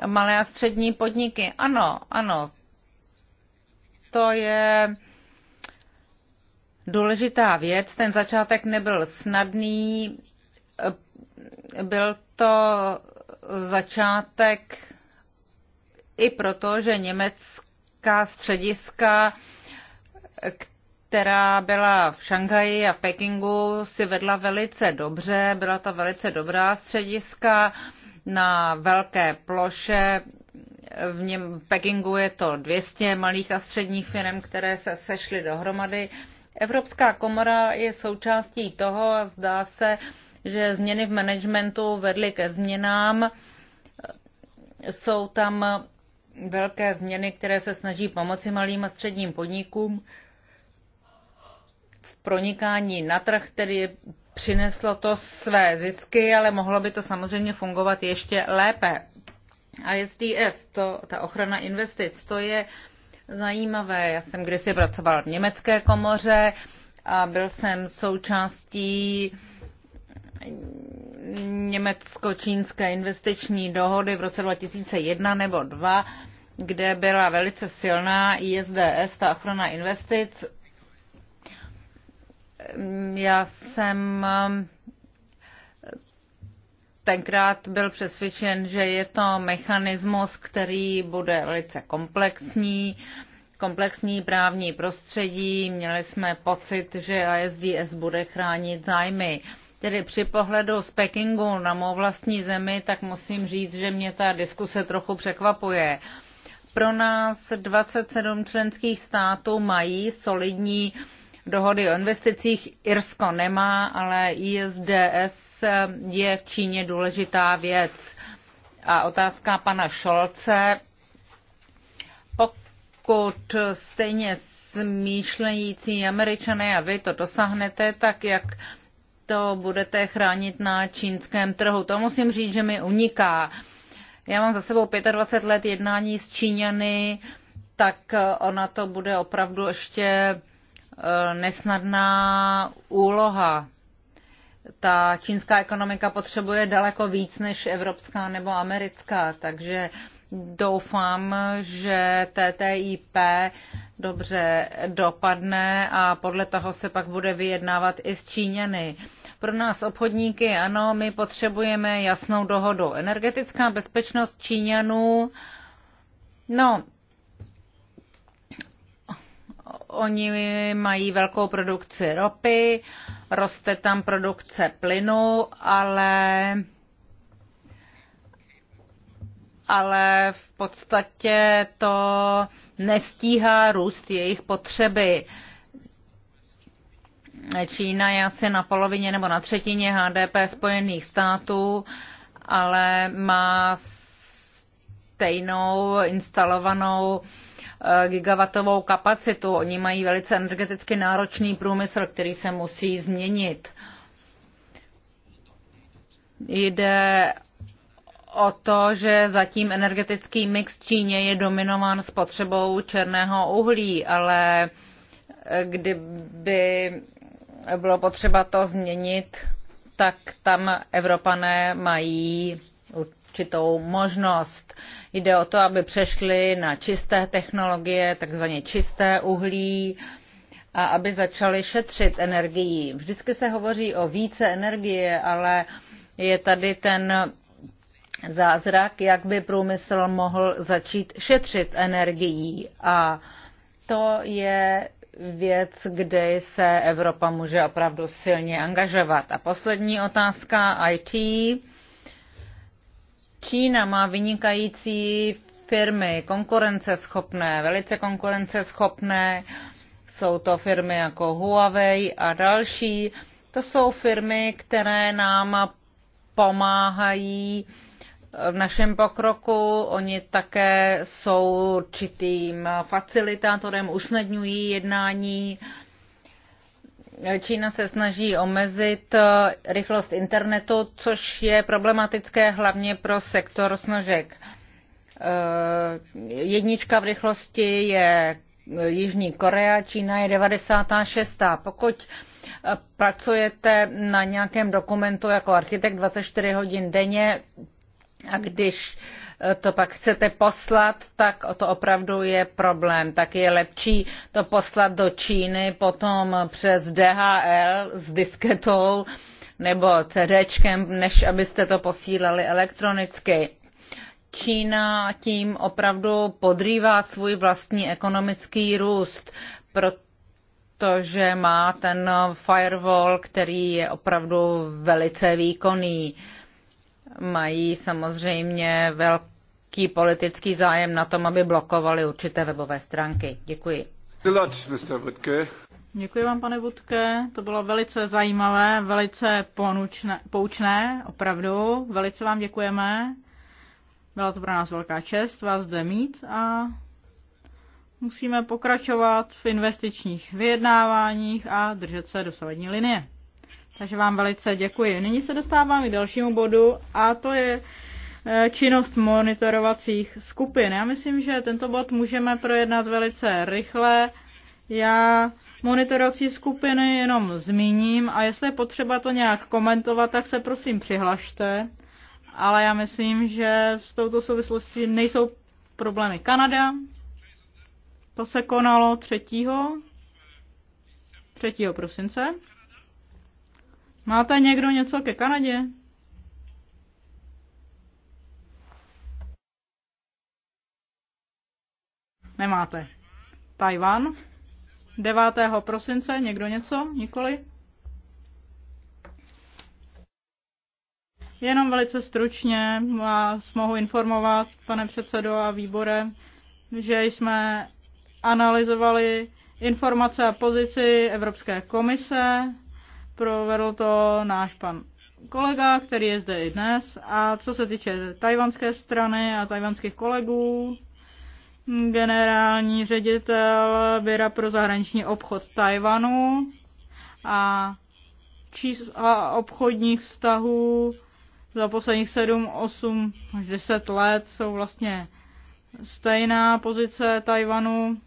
Malé a střední podniky, ano, ano. To je důležitá věc. Ten začátek nebyl snadný. Byl to začátek i proto, že Německo velká střediska, která byla v Šanghaji a v Pekingu, si vedla velice dobře. Byla to velice dobrá střediska na velké ploše. V, něm, v Pekingu je to 200 malých a středních firm, které se sešly dohromady. Evropská komora je součástí toho a zdá se, že změny v managementu vedly ke změnám. Jsou tam velké změny, které se snaží pomoci malým a středním podnikům v pronikání na trh, který přineslo to své zisky, ale mohlo by to samozřejmě fungovat ještě lépe. ISDS, to, ta ochrana investic, to je zajímavé. Já jsem kdysi pracoval v německé komoře a byl jsem součástí německo-čínské investiční dohody v roce 2001 nebo 2 kde byla velice silná ISDS, ta ochrana investic. Já jsem um, tenkrát byl přesvědčen, že je to mechanismus, který bude velice komplexní, komplexní právní prostředí. Měli jsme pocit, že ISDS bude chránit zájmy. Tedy při pohledu z Pekingu na mou vlastní zemi, tak musím říct, že mě ta diskuse trochu překvapuje pro nás 27 členských států mají solidní dohody o investicích. Irsko nemá, ale ISDS je v Číně důležitá věc. A otázka pana Šolce. Pokud stejně smýšlející američané a vy to dosáhnete, tak jak to budete chránit na čínském trhu. To musím říct, že mi uniká. Já mám za sebou 25 let jednání s Číňany, tak eh, ona to bude opravdu ještě eh, nesnadná úloha. Ta čínská ekonomika potřebuje daleko víc než evropská nebo americká, takže doufám, že TTIP dobře dopadne a podle toho se pak bude vyjednávat i s Číňany. Pro nás obchodníky, ano, my potřebujeme jasnou dohodu. Energetická bezpečnost Číňanů, no, oni mají velkou produkci ropy, roste tam produkce plynu, ale ale v podstatě to nestíhá růst jejich potřeby. Uh, Čína je asi na polovině nebo na třetině HDP Spojených států, ale má stejnou instalovanou eh, gigawatovou kapacitu. Oni mají velice energeticky náročný průmysl, který se musí změnit. Jde o to, že zatím energetický mix Číně je dominován spotřebou černého uhlí, ale eh, kdyby bylo potřeba to změnit, tak tam Evropané mají určitou možnost. Jde o to, aby přešli na čisté technologie, takzvaně čisté uhlí, a aby začali šetřit energii. Vždycky se hovoří o více energie, ale je tady ten zázrak, jak by průmysl mohl začít šetřit energií. A to je věc, kde se Evropa může opravdu silně angažovat. A poslední otázka, IT. Čína má vynikající firmy, konkurenceschopné, velice konkurenceschopné. Jsou to firmy jako Huawei a další. To jsou firmy, které nám pomáhají v našem pokroku. Oni také jsou určitým facilitátorem, usnadňují jednání. Čína se snaží omezit rychlost internetu, což je problematické hlavně pro sektor složek. Eh, jednička v rychlosti je Jižní Korea, Čína je 96. Pokud pracujete na nějakém dokumentu jako architekt 24 hodin denně, a když eh, to pak chcete poslat, tak to opravdu je problém. Tak je lepší to poslat do Číny, potom přes DHL s disketou nebo CDčkem, než abyste to posílali elektronicky. Čína tím opravdu podrývá svůj vlastní ekonomický růst, protože má ten firewall, který je opravdu velice výkonný. Uh, mají samozřejmě velký politický zájem na tom, aby blokovali určité webové stránky. Děkuji. Děkuji vám, pane Vudke. To bylo velice zajímavé, velice ponučné, poučné, opravdu. Velice vám děkujeme. Byla to pro nás velká čest vás zde mít a musíme pokračovat v investičních vyjednáváních a držet se dosavadní linie. Takže vám velice děkuji. Nyní se dostávám k dalšímu bodu a to je eh, činnost monitorovacích skupin. Já myslím, že tento bod můžeme projednat velice rychle. Já monitorovací skupiny jenom zmíním a jestli je potřeba to nějak komentovat, tak se prosím přihlašte. Ale já myslím, že s touto souvislostí nejsou problémy. Kanada, to se konalo 3. 3. prosince. Máte někdo něco ke Kanadě? Nemáte. Tajvan. 9. prosince. Někdo něco? Nikoli? Jenom velice stručně vás mohu informovat, pane předsedo a výbore, že jsme analyzovali informace a pozici Evropské komise provedl to náš pan kolega, který je zde i dnes. A co se týče tajvanské strany a tajvanských kolegů, generální ředitel Běra pro zahraniční obchod Tajvanu a, čís- a obchodních vztahů za posledních 7, 8 až 10 let jsou vlastně stejná pozice Tajvanu.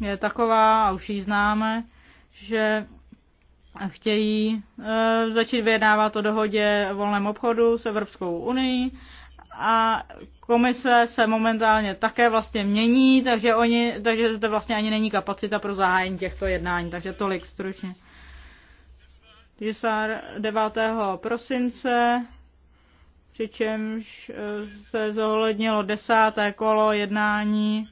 Je taková, a už ji známe, že chtějí e, začít vyjednávat o dohodě o volném obchodu s Evropskou unii a komise se momentálně také vlastně mění, takže, oni, takže zde vlastně ani není kapacita pro zahájení těchto jednání, takže tolik stručně. 9. prosince, přičemž e, se zohlednilo desáté kolo jednání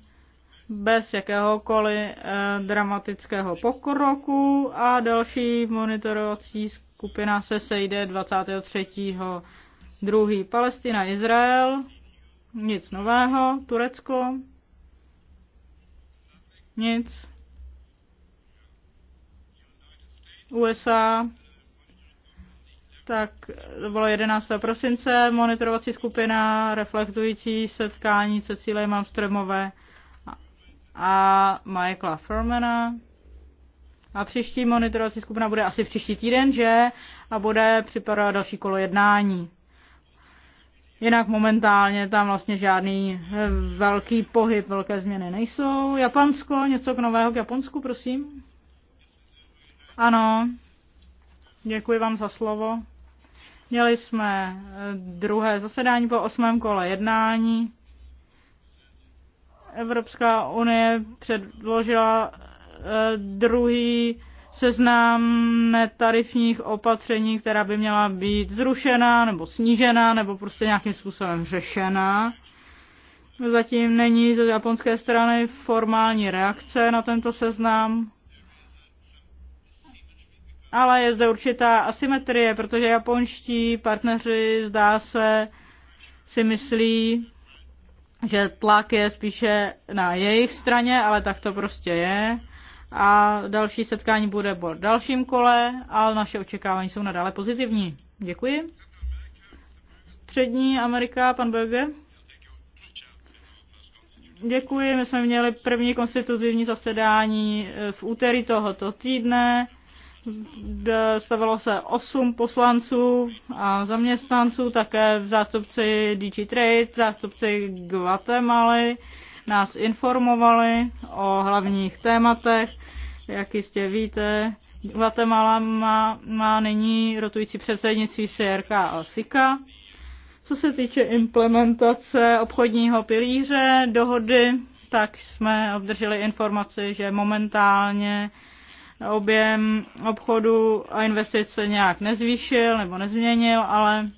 bez jakéhokoliv eh, dramatického pokroku a další monitorovací skupina se sejde 23. druhý Palestina, Izrael, nic nového, Turecko, nic. USA, tak to bylo 11. prosince, monitorovací skupina reflektující setkání cílem Amstremové a Michaela Furmana. A příští monitorovací skupina bude asi příští týden, že? A bude připravovat další kolo jednání. Jinak momentálně tam vlastně žádný eh, velký pohyb, velké změny nejsou. Japonsko, něco k nového k Japonsku, prosím. Ano, děkuji vám za slovo. Měli jsme eh, druhé zasedání po osmém kole jednání. Evropská unie předložila e, druhý seznam netarifních opatření, která by měla být zrušena nebo snížena nebo prostě nějakým způsobem řešena. Zatím není ze japonské strany formální reakce na tento seznam. Ale je zde určitá asymetrie, protože japonští partneři zdá se si myslí, že tlak je spíše na jejich straně, ale tak to prostě je. A další setkání bude po dalším kole, ale naše očekávání jsou nadále pozitivní. Děkuji. Střední Amerika, pan Berger. Děkuji, my jsme měli první konstitutivní zasedání eh, v úterý tohoto týdne stavilo se 8 poslanců a zaměstnanců, také zástupci DG Trade, zástupci Guatemaly nás informovali o hlavních tématech. Jak jistě víte, Guatemala má, má nyní rotující předsednictví CRK a SICA. Co se týče implementace obchodního pilíře, dohody, tak jsme obdrželi informaci, že momentálně objem obchodu a investice nějak nezvýšil nebo nezměnil, ale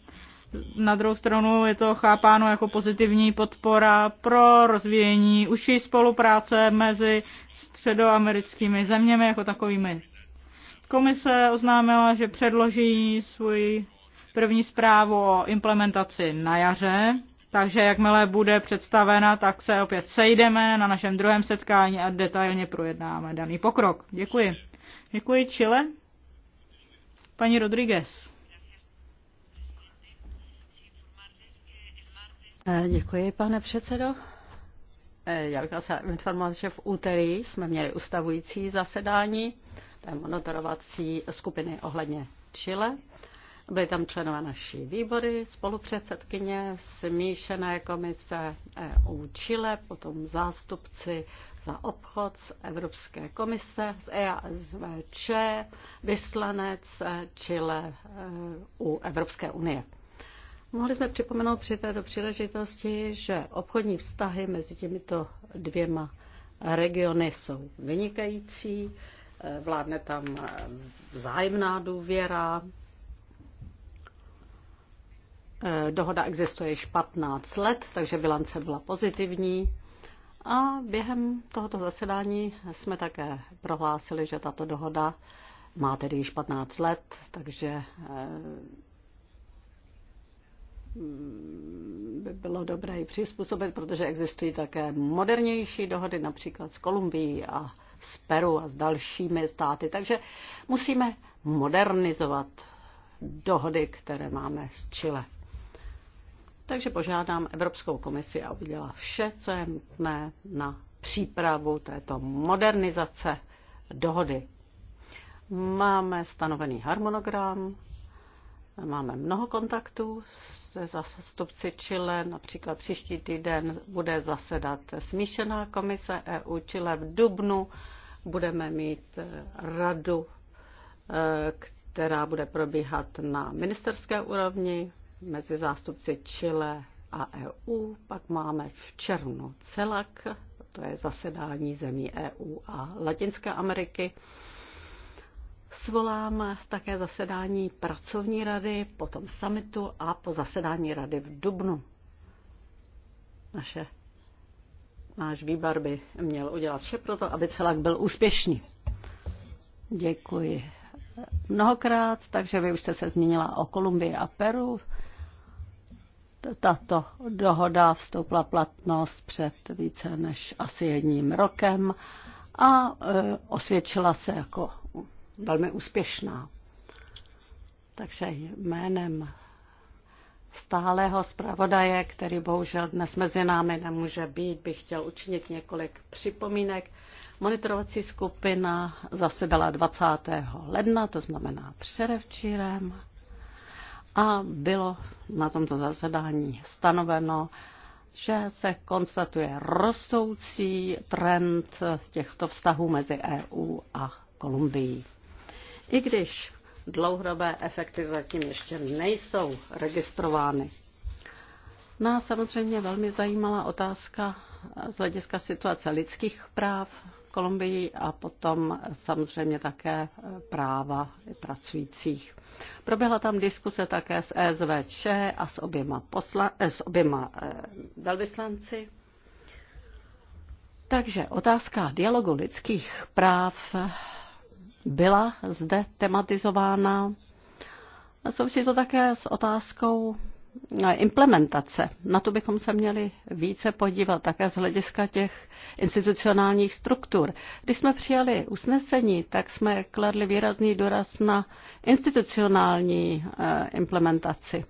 na druhou stranu je to chápáno jako pozitivní podpora pro rozvíjení užší spolupráce mezi středoamerickými zeměmi jako takovými. Komise oznámila, že předloží svůj první zprávu o implementaci na jaře, takže jakmile bude představena, tak se opět sejdeme na našem druhém setkání a detailně projednáme daný pokrok. Děkuji. Děkuji, Chile. Paní Rodriguez. Eh, děkuji, pane předsedo. Eh, já bych se informovat, že v úterý jsme měli ustavující zasedání té monitorovací skupiny ohledně Chile. Byly tam členové naší výbory, spolupředsedkyně, smíšené komise eh, u Chile, potom zástupci za obchod z Evropské komise, z EASVČ, vyslanec eh, Chile eh, u Evropské unie. Mohli jsme připomenout při této příležitosti, že obchodní vztahy mezi těmito dvěma regiony jsou vynikající, eh, vládne tam vzájemná důvěra, Dohoda existuje již 15 let, takže bilance byla pozitivní. A během tohoto zasedání jsme také prohlásili, že tato dohoda má tedy již 15 let, takže eh, by bylo dobré ji přizpůsobit, protože existují také modernější dohody, například s Kolumbií a s Peru a s dalšími státy. Takže musíme modernizovat dohody, které máme s Chile. Takže požádám Evropskou komisi, aby dělala vše, co je nutné na přípravu této modernizace dohody. Máme stanovený harmonogram, máme mnoho kontaktů se zastupci Chile, například příští týden bude zasedat smíšená komise EU Chile v Dubnu, budeme mít eh, radu, eh, která bude probíhat na ministerské úrovni mezi zástupci Chile a EU. Pak máme v červnu CELAC, to je zasedání zemí EU a Latinské Ameriky. Svolám také zasedání pracovní rady, potom summitu a po zasedání rady v Dubnu. Naše, náš výbar by měl udělat vše pro to, aby celak byl úspěšný. Děkuji mnohokrát, takže vy už jste se zmínila o Kolumbii a Peru tato dohoda vstoupila platnost před více než asi jedním rokem a e, osvědčila se jako velmi úspěšná. Takže jménem stálého zpravodaje, který bohužel dnes mezi námi nemůže být, bych chtěl učinit několik připomínek. Monitorovací skupina zasedala 20. ledna, to znamená předevčírem a bylo na tomto zasedání stanoveno, že se konstatuje rostoucí trend těchto vztahů mezi EU a Kolumbií. I když dlouhodobé efekty zatím ještě nejsou registrovány. Nás samozřejmě velmi zajímala otázka z hlediska situace lidských práv Kolumbii a potom samozřejmě také práva pracujících. Proběhla tam diskuse také s ESVČ a s oběma, posla, eh, s oběma eh, velvyslanci. Takže otázka dialogu lidských práv byla zde tematizována. Souvisí to také s otázkou Eh, implementace. Na to bychom se měli více podívat také z hlediska těch institucionálních struktur. Když jsme přijali usnesení, tak jsme kladli výrazný důraz na institucionální eh, implementaci.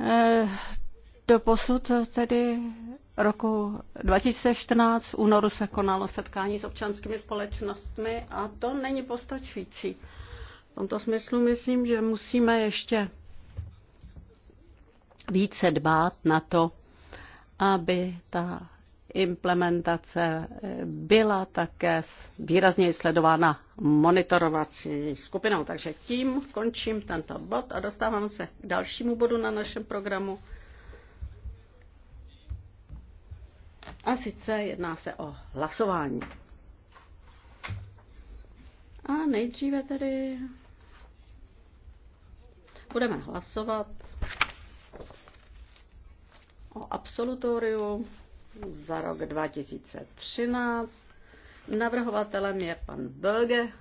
Eh, do posud tedy roku 2014 v únoru se konalo setkání s občanskými společnostmi a to není postačující. V tomto smyslu myslím, že musíme ještě více dbát na to, aby ta implementace byla také výrazně sledována monitorovací skupinou. Takže tím končím tento bod a dostávám se k dalšímu bodu na našem programu. A sice jedná se o hlasování. A nejdříve tedy budeme hlasovat o absolutoriu za rok 2013. Navrhovatelem je pan Böge.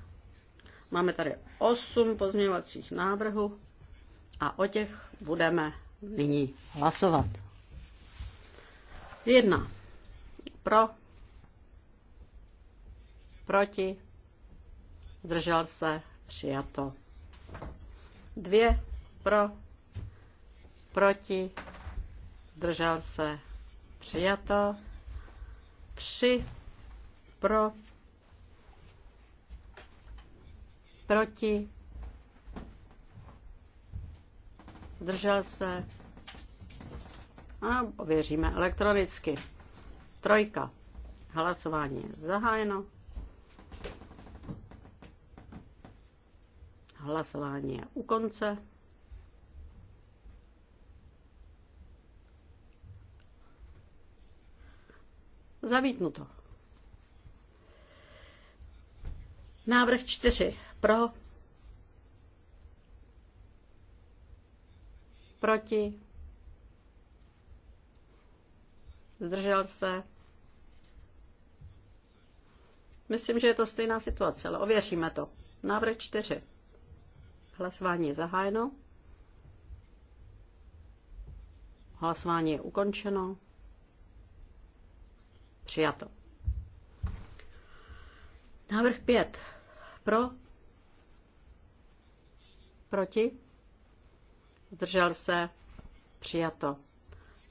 Máme tady osm pozměňovacích návrhů a o těch budeme nyní hlasovat. Jedna. Pro. Proti. Zdržel se. Přijato. Dvě. Pro. Proti zdržel se, přijato. tři, pro, proti, zdržel se. A ověříme elektronicky. Trojka. Hlasování je zahájeno. Hlasování je u konce. Zamítnuto. Návrh čtyři Pro. Proti. Zdržel se. Myslím, že je to stejná situace, ale ověříme to. Návrh čtyři. Hlasování je zahájeno. Hlasování je ukončeno. Přijato. Návrh 5. Pro? Proti? Zdržel se? Přijato.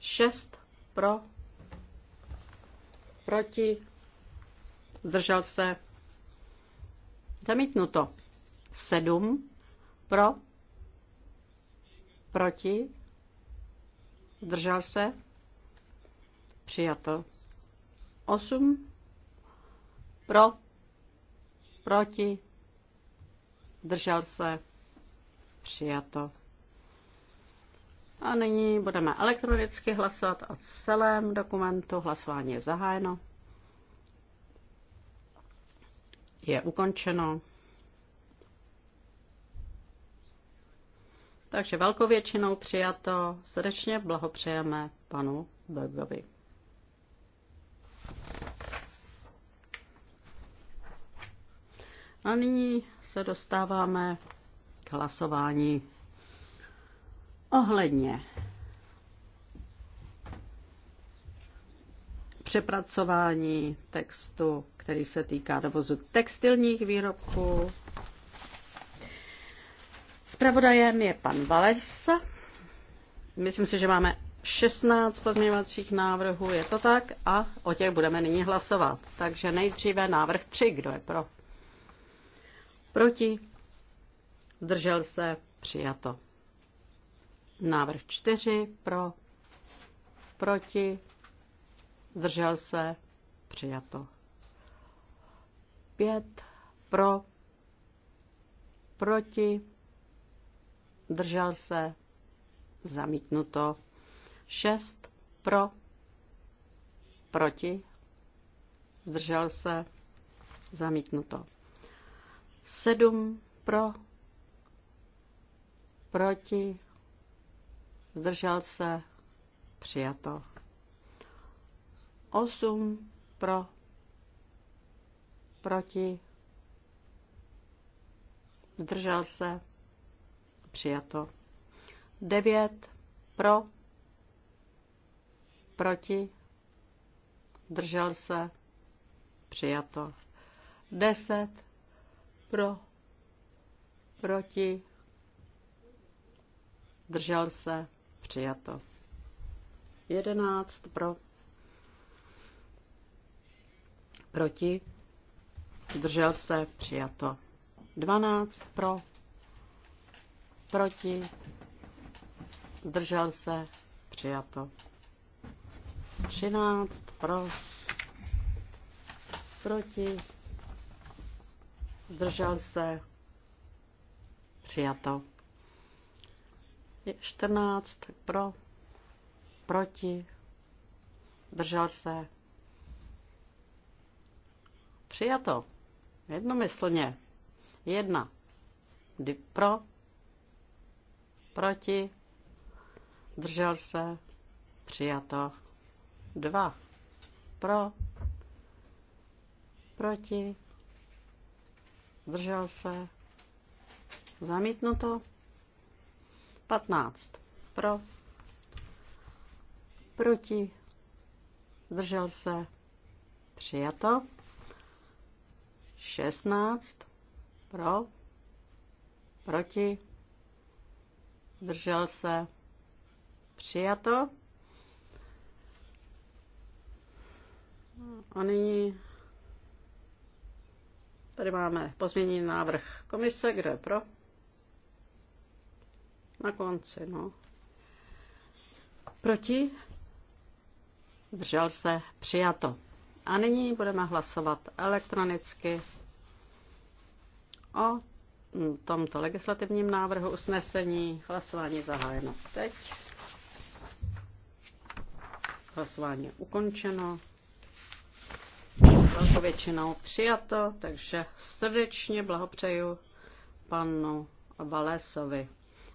6. Pro? Proti? Zdržel se? Zamítnuto. 7. Pro? Proti? Zdržel se? Přijato. 8 pro, proti, držel se, přijato. A nyní budeme elektronicky hlasovat o celém dokumentu. Hlasování je zahájeno. Je ukončeno. Takže velkou většinou přijato. Srdečně blahopřejeme panu Bergovi. A nyní se dostáváme k hlasování ohledně přepracování textu, který se týká dovozu textilních výrobků. Spravodajem je pan Valesa. Myslím si, že máme 16 pozměňovacích návrhů, je to tak? A o těch budeme nyní hlasovat. Takže nejdříve návrh 3, kdo je pro? Proti? Zdržel se? Přijato. Návrh čtyři pro, proti, zdržel se, přijato. Pět pro, proti, zdržel se, zamítnuto. Šest pro, proti, zdržel se, zamítnuto. Sedm pro, proti, zdržel se, přijato. Osm pro, proti, zdržel se, přijato. Devět pro, proti, zdržel se, přijato. Deset pro. Proti. Držel se. Přijato. Jedenáct pro. Proti. Držel se. Přijato. Dvanáct pro. Proti. držel se. Přijato. Třináct pro. Proti zdržel se, přijato. 14 pro, proti, držel se. Přijato. Jednomyslně. Jedna. Kdy pro, proti, držel se, přijato. Dva. Pro, proti, zdržel se, zamítnuto. 15 pro, proti, zdržel se, přijato. 16 pro, proti, zdržel se, přijato. A nyní Tady máme pozmění návrh komise, kdo je pro? Na konci, no. Proti? držel se, přijato. A nyní budeme hlasovat elektronicky o tomto legislativním návrhu usnesení. Hlasování zahájeno teď. Hlasování ukončeno velkou většinou přijato, takže srdečně blahopřeju panu Valesovi.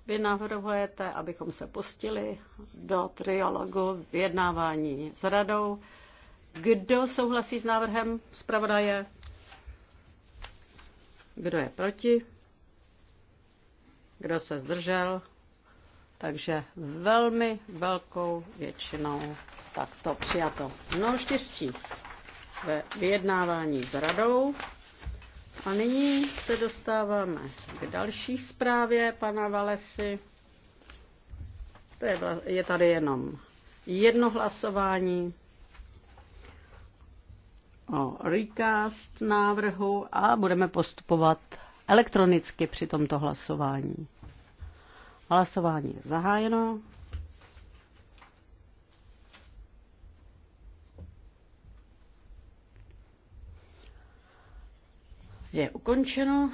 Vy navrhujete, abychom se pustili do triologu vyjednávání s radou. Kdo souhlasí s návrhem zpravodaje? Kdo je proti? Kdo se zdržel? Takže velmi velkou většinou takto přijato. Mnoho štěstí ve vyjednávání s radou. A nyní se dostáváme k další zprávě pana Valesy. To je, je tady jenom jedno hlasování o recast návrhu a budeme postupovat elektronicky při tomto hlasování. Hlasování je zahájeno. je ukončeno.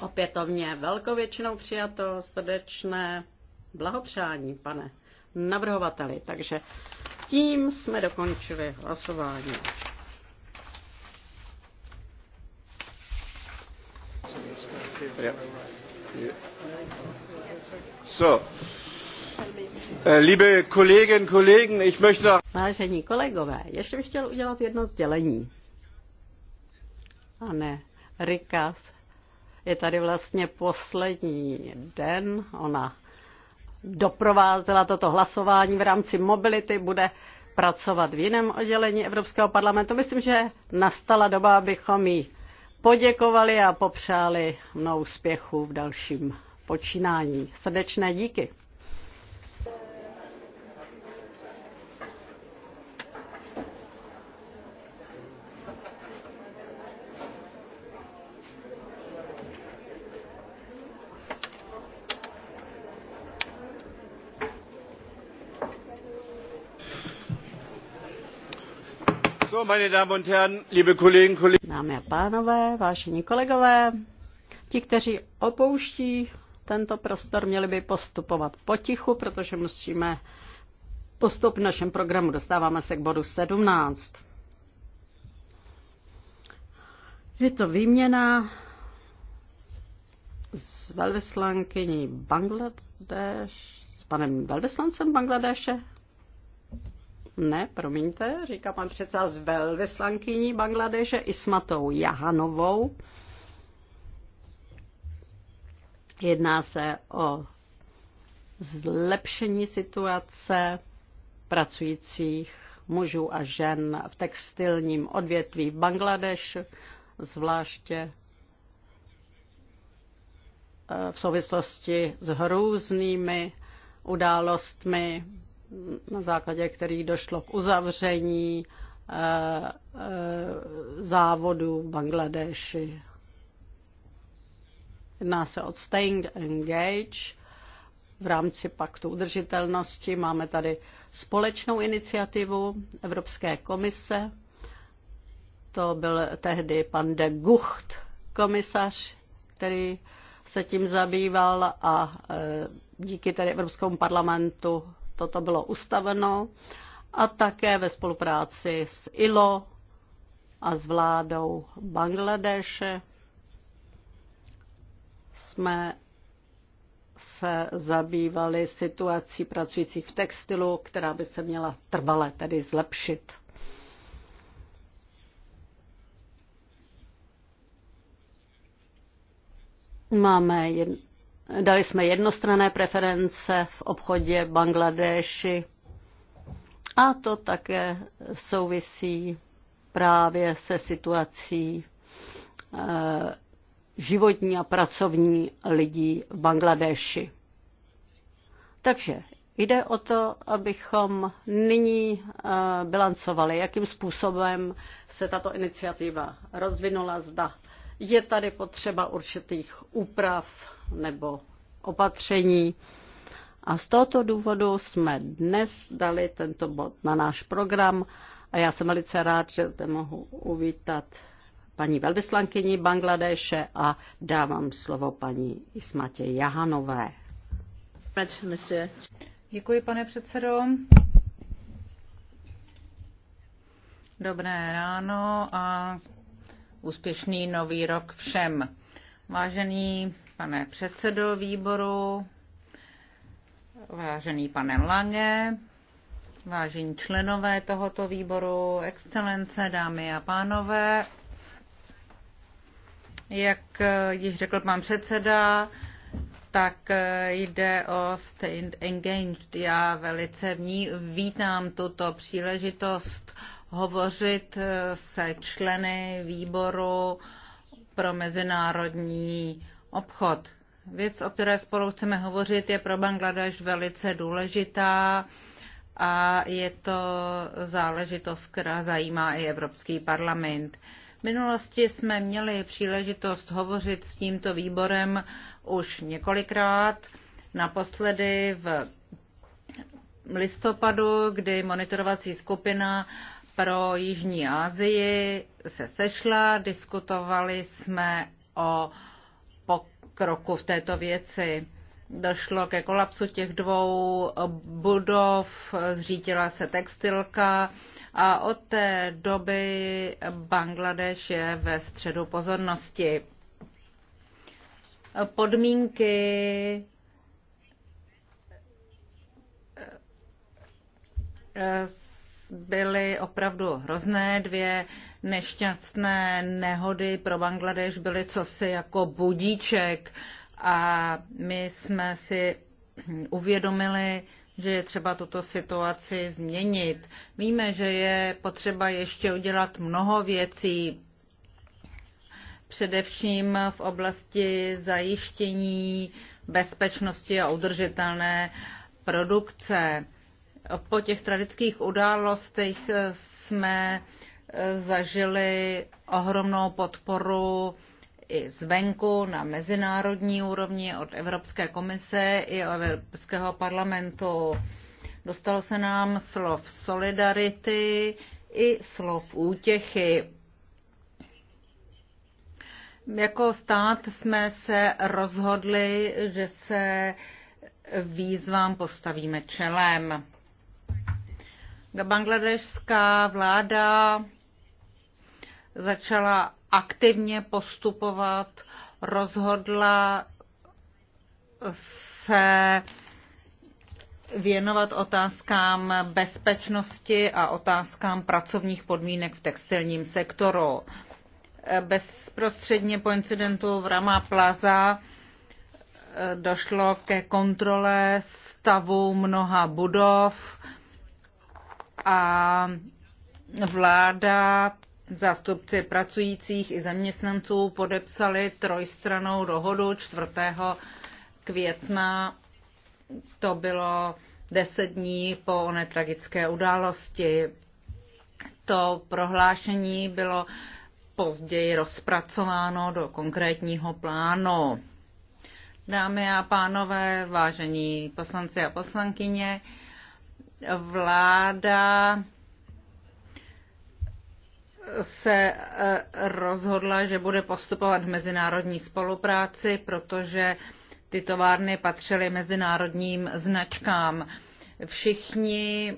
Opětovně velkou většinou přijato srdečné blahopřání, pane navrhovateli. Takže tím jsme dokončili hlasování. So, eh, liebe Kolleginnen Kollegen, ich möchte Vážení kolegové, ještě bych chtěl udělat jedno sdělení a ne Rikas je tady vlastně poslední den. Ona doprovázela toto hlasování v rámci mobility, bude pracovat v jiném oddělení Evropského parlamentu. Myslím, že nastala doba, abychom jí poděkovali a popřáli mnou úspěchu v dalším počínání. Srdečné díky. Dámy a pánové, vážení kolegové, ti, kteří opouští tento prostor, měli by postupovat potichu, protože musíme postup v našem programu. Dostáváme se k bodu 17. Je to výměna s velvyslankyní Bangladeš, s panem velvyslancem Bangladeše, ne, promiňte, říká pan předseda s velvyslankyní Bangladeše Ismatou Jahanovou. Jedná se o zlepšení situace pracujících mužů a žen v textilním odvětví v Bangladeš, zvláště eh, v souvislosti s hrůznými událostmi na základě kterých došlo k uzavření eh, eh, závodu v Bangladeši. Jedná se o Staying Engage v rámci paktu udržitelnosti. Máme tady společnou iniciativu Evropské komise. To byl tehdy pan de Gucht, komisař, který se tím zabýval a eh, díky tedy Evropskému parlamentu toto bylo ustaveno a také ve spolupráci s ILO a s vládou Bangladeše jsme se zabývali situací pracujících v textilu, která by se měla trvale tedy zlepšit. Máme jedn Dali jsme jednostranné preference v obchodě Bangladeši a to také souvisí právě se situací eh, životní a pracovní lidí v Bangladeši. Takže jde o to, abychom nyní eh, bilancovali, jakým způsobem se tato iniciativa rozvinula, zda je tady potřeba určitých úprav nebo opatření. A z tohoto důvodu jsme dnes dali tento bod na náš program a já jsem velice rád, že zde mohu uvítat paní velvyslankyni Bangladeše a dávám slovo paní Ismatě Jahanové. Děkuji, pane předsedo. Dobré ráno a úspěšný nový rok všem. Vážený pane předsedo výboru, vážený pane Lange, vážení členové tohoto výboru, excelence, dámy a pánové, jak již řekl pan předseda, tak jde o Stand Engaged. Já velice v ní vítám tuto příležitost hovořit eh, se členy výboru pro mezinárodní obchod. Věc, o které spolu chceme hovořit, je pro Bangladeš velice důležitá a je to záležitost, která zajímá i Evropský parlament. V minulosti jsme měli příležitost hovořit s tímto výborem už několikrát, naposledy v listopadu, kdy monitorovací skupina pro Jižní Asii se sešla, diskutovali jsme o pokroku v této věci. Došlo ke kolapsu těch dvou budov, zřítila se textilka a od té doby Bangladeš je ve středu pozornosti. Podmínky s byly opravdu hrozné. Dvě nešťastné nehody pro Bangladeš byly cosi jako budíček a my jsme si uvědomili, že je třeba tuto situaci změnit. Víme, že je potřeba ještě udělat mnoho věcí, především v oblasti zajištění bezpečnosti a udržitelné produkce po těch tradických událostech jsme eh, zažili ohromnou podporu i zvenku na mezinárodní úrovni od Evropské komise i Evropského parlamentu. Dostalo se nám slov solidarity i slov útěchy. Jako stát jsme se rozhodli, že se výzvám postavíme čelem. Bangladešská vláda začala aktivně postupovat, rozhodla se věnovat otázkám bezpečnosti a otázkám pracovních podmínek v textilním sektoru. Bezprostředně po incidentu v Rama Plaza eh, došlo ke kontrole stavu mnoha budov, a vláda, zástupci pracujících i zaměstnanců podepsali trojstranou dohodu 4. května. To bylo deset dní po oné tragické události. To prohlášení bylo později rozpracováno do konkrétního plánu. Dámy a pánové, vážení poslanci a poslankyně, vláda se eh, rozhodla, že bude postupovat v mezinárodní spolupráci, protože ty továrny patřily mezinárodním značkám. Všichni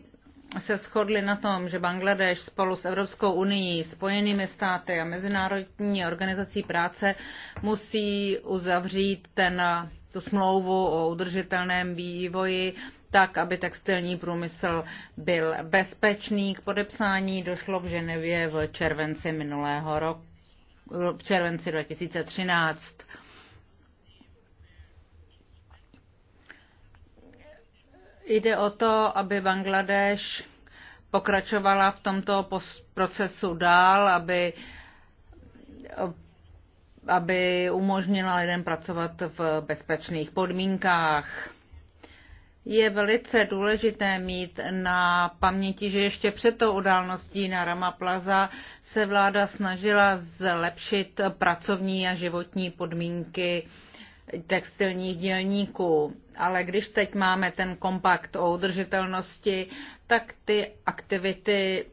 se shodli na tom, že Bangladeš spolu s Evropskou unii, Spojenými státy a Mezinárodní organizací práce musí uzavřít ten, tu smlouvu o udržitelném vývoji tak, aby textilní průmysl byl bezpečný. K podepsání došlo v Ženevě v červenci minulého roku, v červenci 2013. Jde o to, aby Bangladeš pokračovala v tomto procesu dál, aby, aby umožnila lidem pracovat v bezpečných podmínkách je velice důležité mít na paměti, že ještě před tou událností na Rama Plaza se vláda snažila zlepšit pracovní a životní podmínky textilních dělníků. Ale když teď máme ten kompakt o udržitelnosti, tak ty aktivity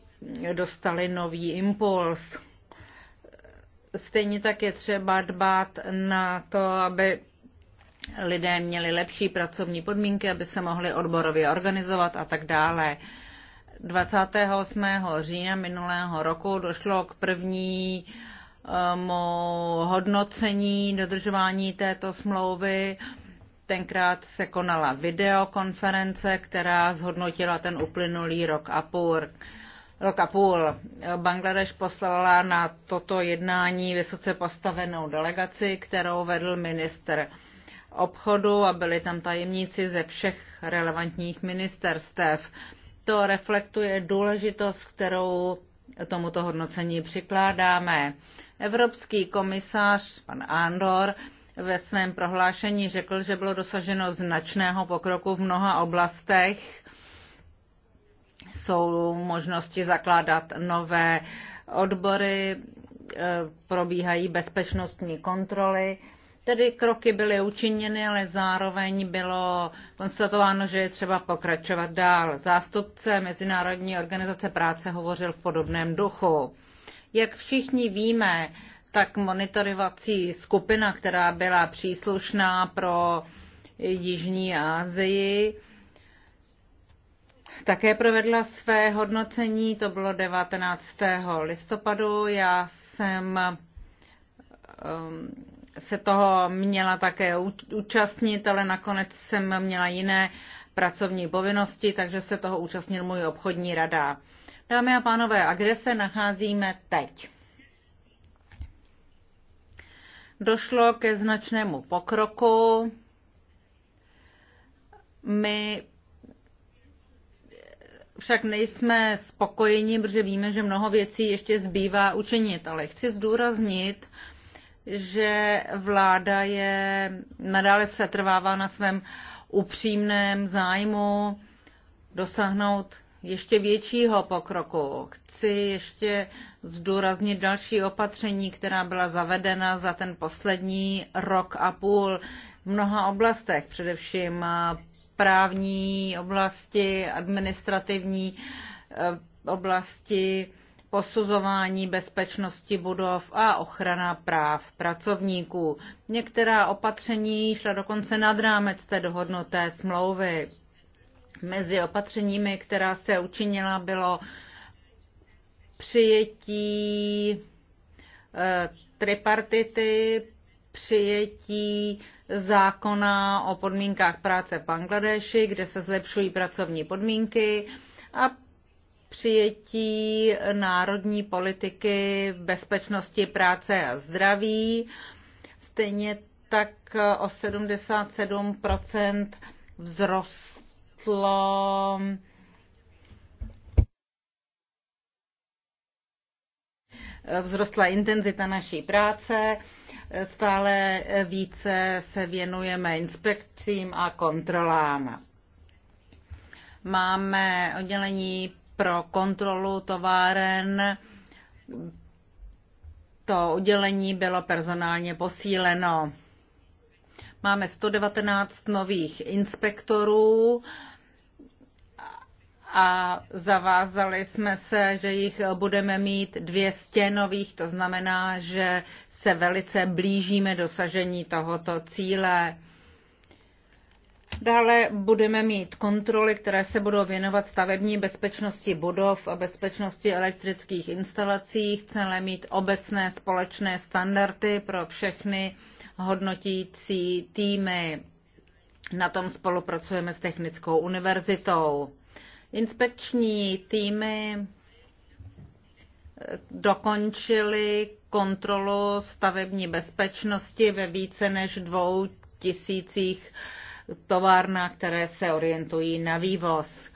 dostaly nový impuls. Stejně tak je třeba dbát na to, aby lidé měli lepší pracovní podmínky, aby se mohli odborově organizovat a tak dále. 28. října minulého roku došlo k prvnímu hodnocení dodržování této smlouvy. Tenkrát se konala videokonference, která zhodnotila ten uplynulý rok a půl. Rok a půl. Bangladeš poslala na toto jednání vysoce postavenou delegaci, kterou vedl minister obchodu a byli tam tajemníci ze všech relevantních ministerstev. To reflektuje důležitost, kterou tomuto hodnocení přikládáme. Evropský komisař, pan Andor, ve svém prohlášení řekl, že bylo dosaženo značného pokroku v mnoha oblastech. Jsou možnosti zakládat nové odbory, eh, probíhají bezpečnostní kontroly Tedy kroky byly učiněny, ale zároveň bylo konstatováno, že je třeba pokračovat dál. Zástupce Mezinárodní organizace práce hovořil v podobném duchu. Jak všichni víme, tak monitorovací skupina, která byla příslušná pro Jižní Asii, také provedla své hodnocení, to bylo 19. listopadu. Já jsem um, se toho měla také účastnit, ale nakonec jsem měla jiné pracovní povinnosti, takže se toho účastnil můj obchodní rada. Dámy a pánové, a kde se nacházíme teď? Došlo ke značnému pokroku. My však nejsme spokojeni, protože víme, že mnoho věcí ještě zbývá učinit, ale chci zdůraznit, že vláda je nadále se trvává na svém upřímném zájmu dosáhnout ještě většího pokroku. Chci ještě zdůraznit další opatření, která byla zavedena za ten poslední rok a půl v mnoha oblastech, především právní oblasti, administrativní eh, oblasti posuzování bezpečnosti budov a ochrana práv pracovníků. Některá opatření šla dokonce nad rámec té dohodnuté smlouvy. Mezi opatřeními, která se učinila, bylo přijetí eh, tripartity, přijetí zákona o podmínkách práce v Bangladeši, kde se zlepšují pracovní podmínky a přijetí národní politiky bezpečnosti práce a zdraví. Stejně tak o 77 vzrostlo vzrostla intenzita naší práce, stále více se věnujeme inspekcím a kontrolám. Máme oddělení pro kontrolu továren to oddělení bylo personálně posíleno. Máme 119 nových inspektorů a zavázali jsme se, že jich budeme mít 200 nových, to znamená, že se velice blížíme dosažení tohoto cíle. Dále budeme mít kontroly, které se budou věnovat stavební bezpečnosti budov a bezpečnosti elektrických instalací. Chceme mít obecné společné standardy pro všechny hodnotící týmy. Na tom spolupracujeme s Technickou univerzitou. Inspekční týmy eh, dokončily kontrolu stavební bezpečnosti ve více než dvou tisících továrna, které se orientují na vývoz.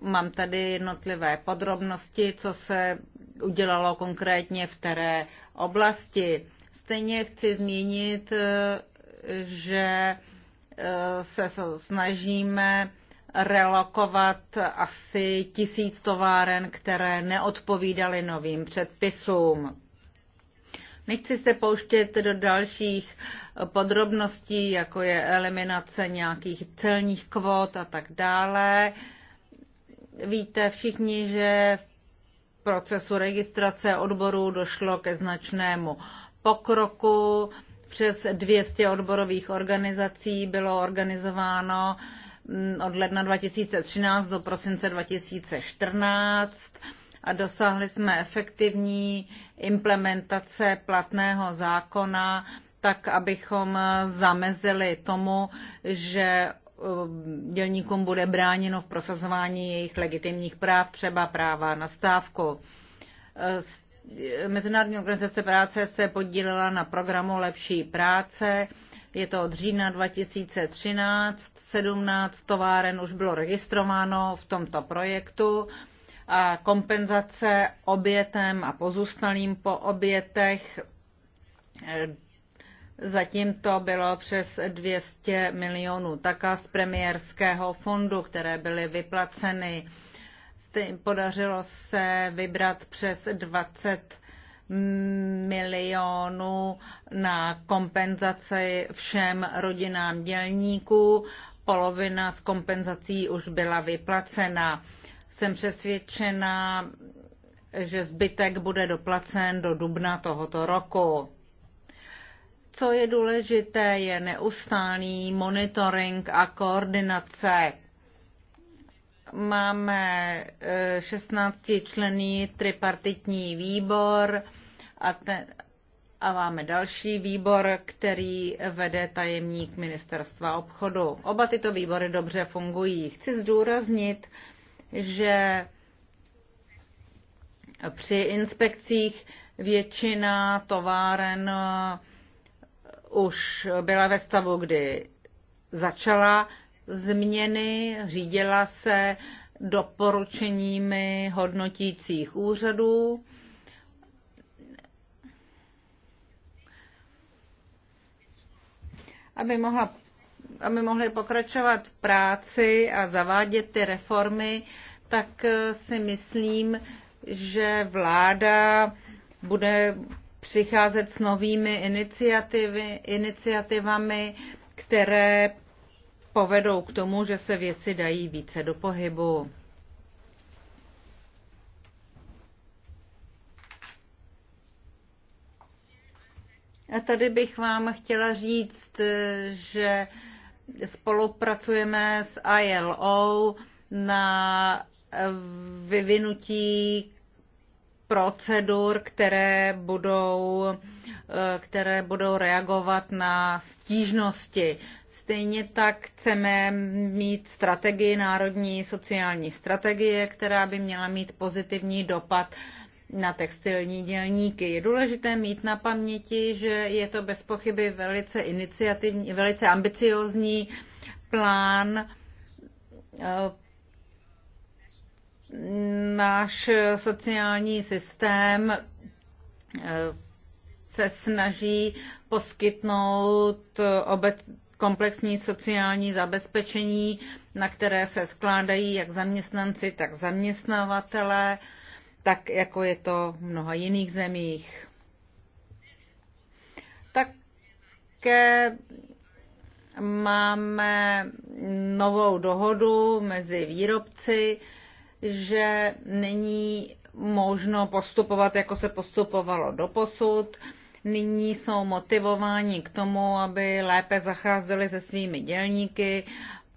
Mám tady jednotlivé podrobnosti, co se udělalo konkrétně v které oblasti. Stejně chci zmínit, eh, že eh, se snažíme relokovat asi tisíc továren, které neodpovídaly novým předpisům. Nechci se pouštět do dalších eh, podrobností, jako je eliminace nějakých celních kvot a tak dále. Víte všichni, že v procesu registrace odborů došlo ke značnému pokroku. Přes 200 odborových organizací bylo organizováno mm, od ledna 2013 do prosince 2014 a dosáhli jsme efektivní implementace platného zákona, tak abychom zamezili tomu, že eh, dělníkům bude bráněno v prosazování jejich legitimních práv, třeba práva na stávku. Eh, Mezinárodní organizace práce se podílela na programu Lepší práce. Je to od října 2013. 17 továren už bylo registrováno v tomto projektu a kompenzace obětem a pozůstalým po obětech. Zatím to bylo přes 200 milionů taká z premiérského fondu, které byly vyplaceny. Podařilo se vybrat přes 20 milionů na kompenzaci všem rodinám dělníků. Polovina z kompenzací už byla vyplacena jsem přesvědčena, že zbytek bude doplacen do dubna tohoto roku. Co je důležité, je neustálý monitoring a koordinace. Máme 16-členný e, tripartitní výbor a, ten, a máme další výbor, který vede tajemník ministerstva obchodu. Oba tyto výbory dobře fungují. Chci zdůraznit, že při inspekcích většina továren eh, už byla ve stavu, kdy začala změny, řídila se doporučeními hodnotících úřadů. Aby mohla aby mohli pokračovat v práci a zavádět ty reformy, tak eh, si myslím, že vláda bude přicházet s novými iniciativy, iniciativami, které povedou k tomu, že se věci dají více do pohybu. A tady bych vám chtěla říct, eh, že Spolupracujeme s ILO na eh, vyvinutí procedur, které budou, eh, které budou reagovat na stížnosti. Stejně tak chceme mít strategii, národní sociální strategie, která by měla mít pozitivní dopad na textilní dělníky. Je důležité mít na paměti, že je to bez pochyby velice iniciativní, velice ambiciozní plán. Eh, náš sociální systém eh, se snaží poskytnout obec, komplexní sociální zabezpečení, na které se skládají jak zaměstnanci, tak zaměstnavatelé tak jako je to v mnoha jiných zemích. Také máme novou dohodu mezi výrobci, že není možno postupovat, jako se postupovalo do posud. Nyní jsou motivováni k tomu, aby lépe zacházeli se svými dělníky,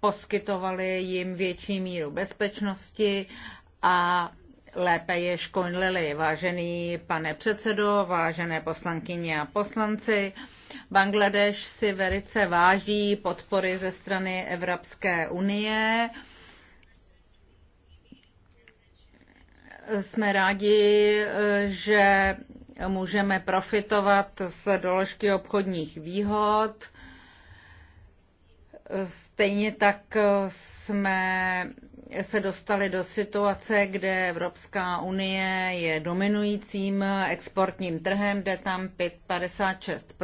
poskytovali jim větší míru bezpečnosti a lépe je škoňlili. Vážený pane předsedo, vážené poslankyně a poslanci, Bangladeš si velice váží podpory ze strany Evropské unie. Jsme rádi, že můžeme profitovat z doložky obchodních výhod Stejně tak eh, jsme se dostali do situace, kde Evropská unie je dominujícím exportním trhem, kde tam 56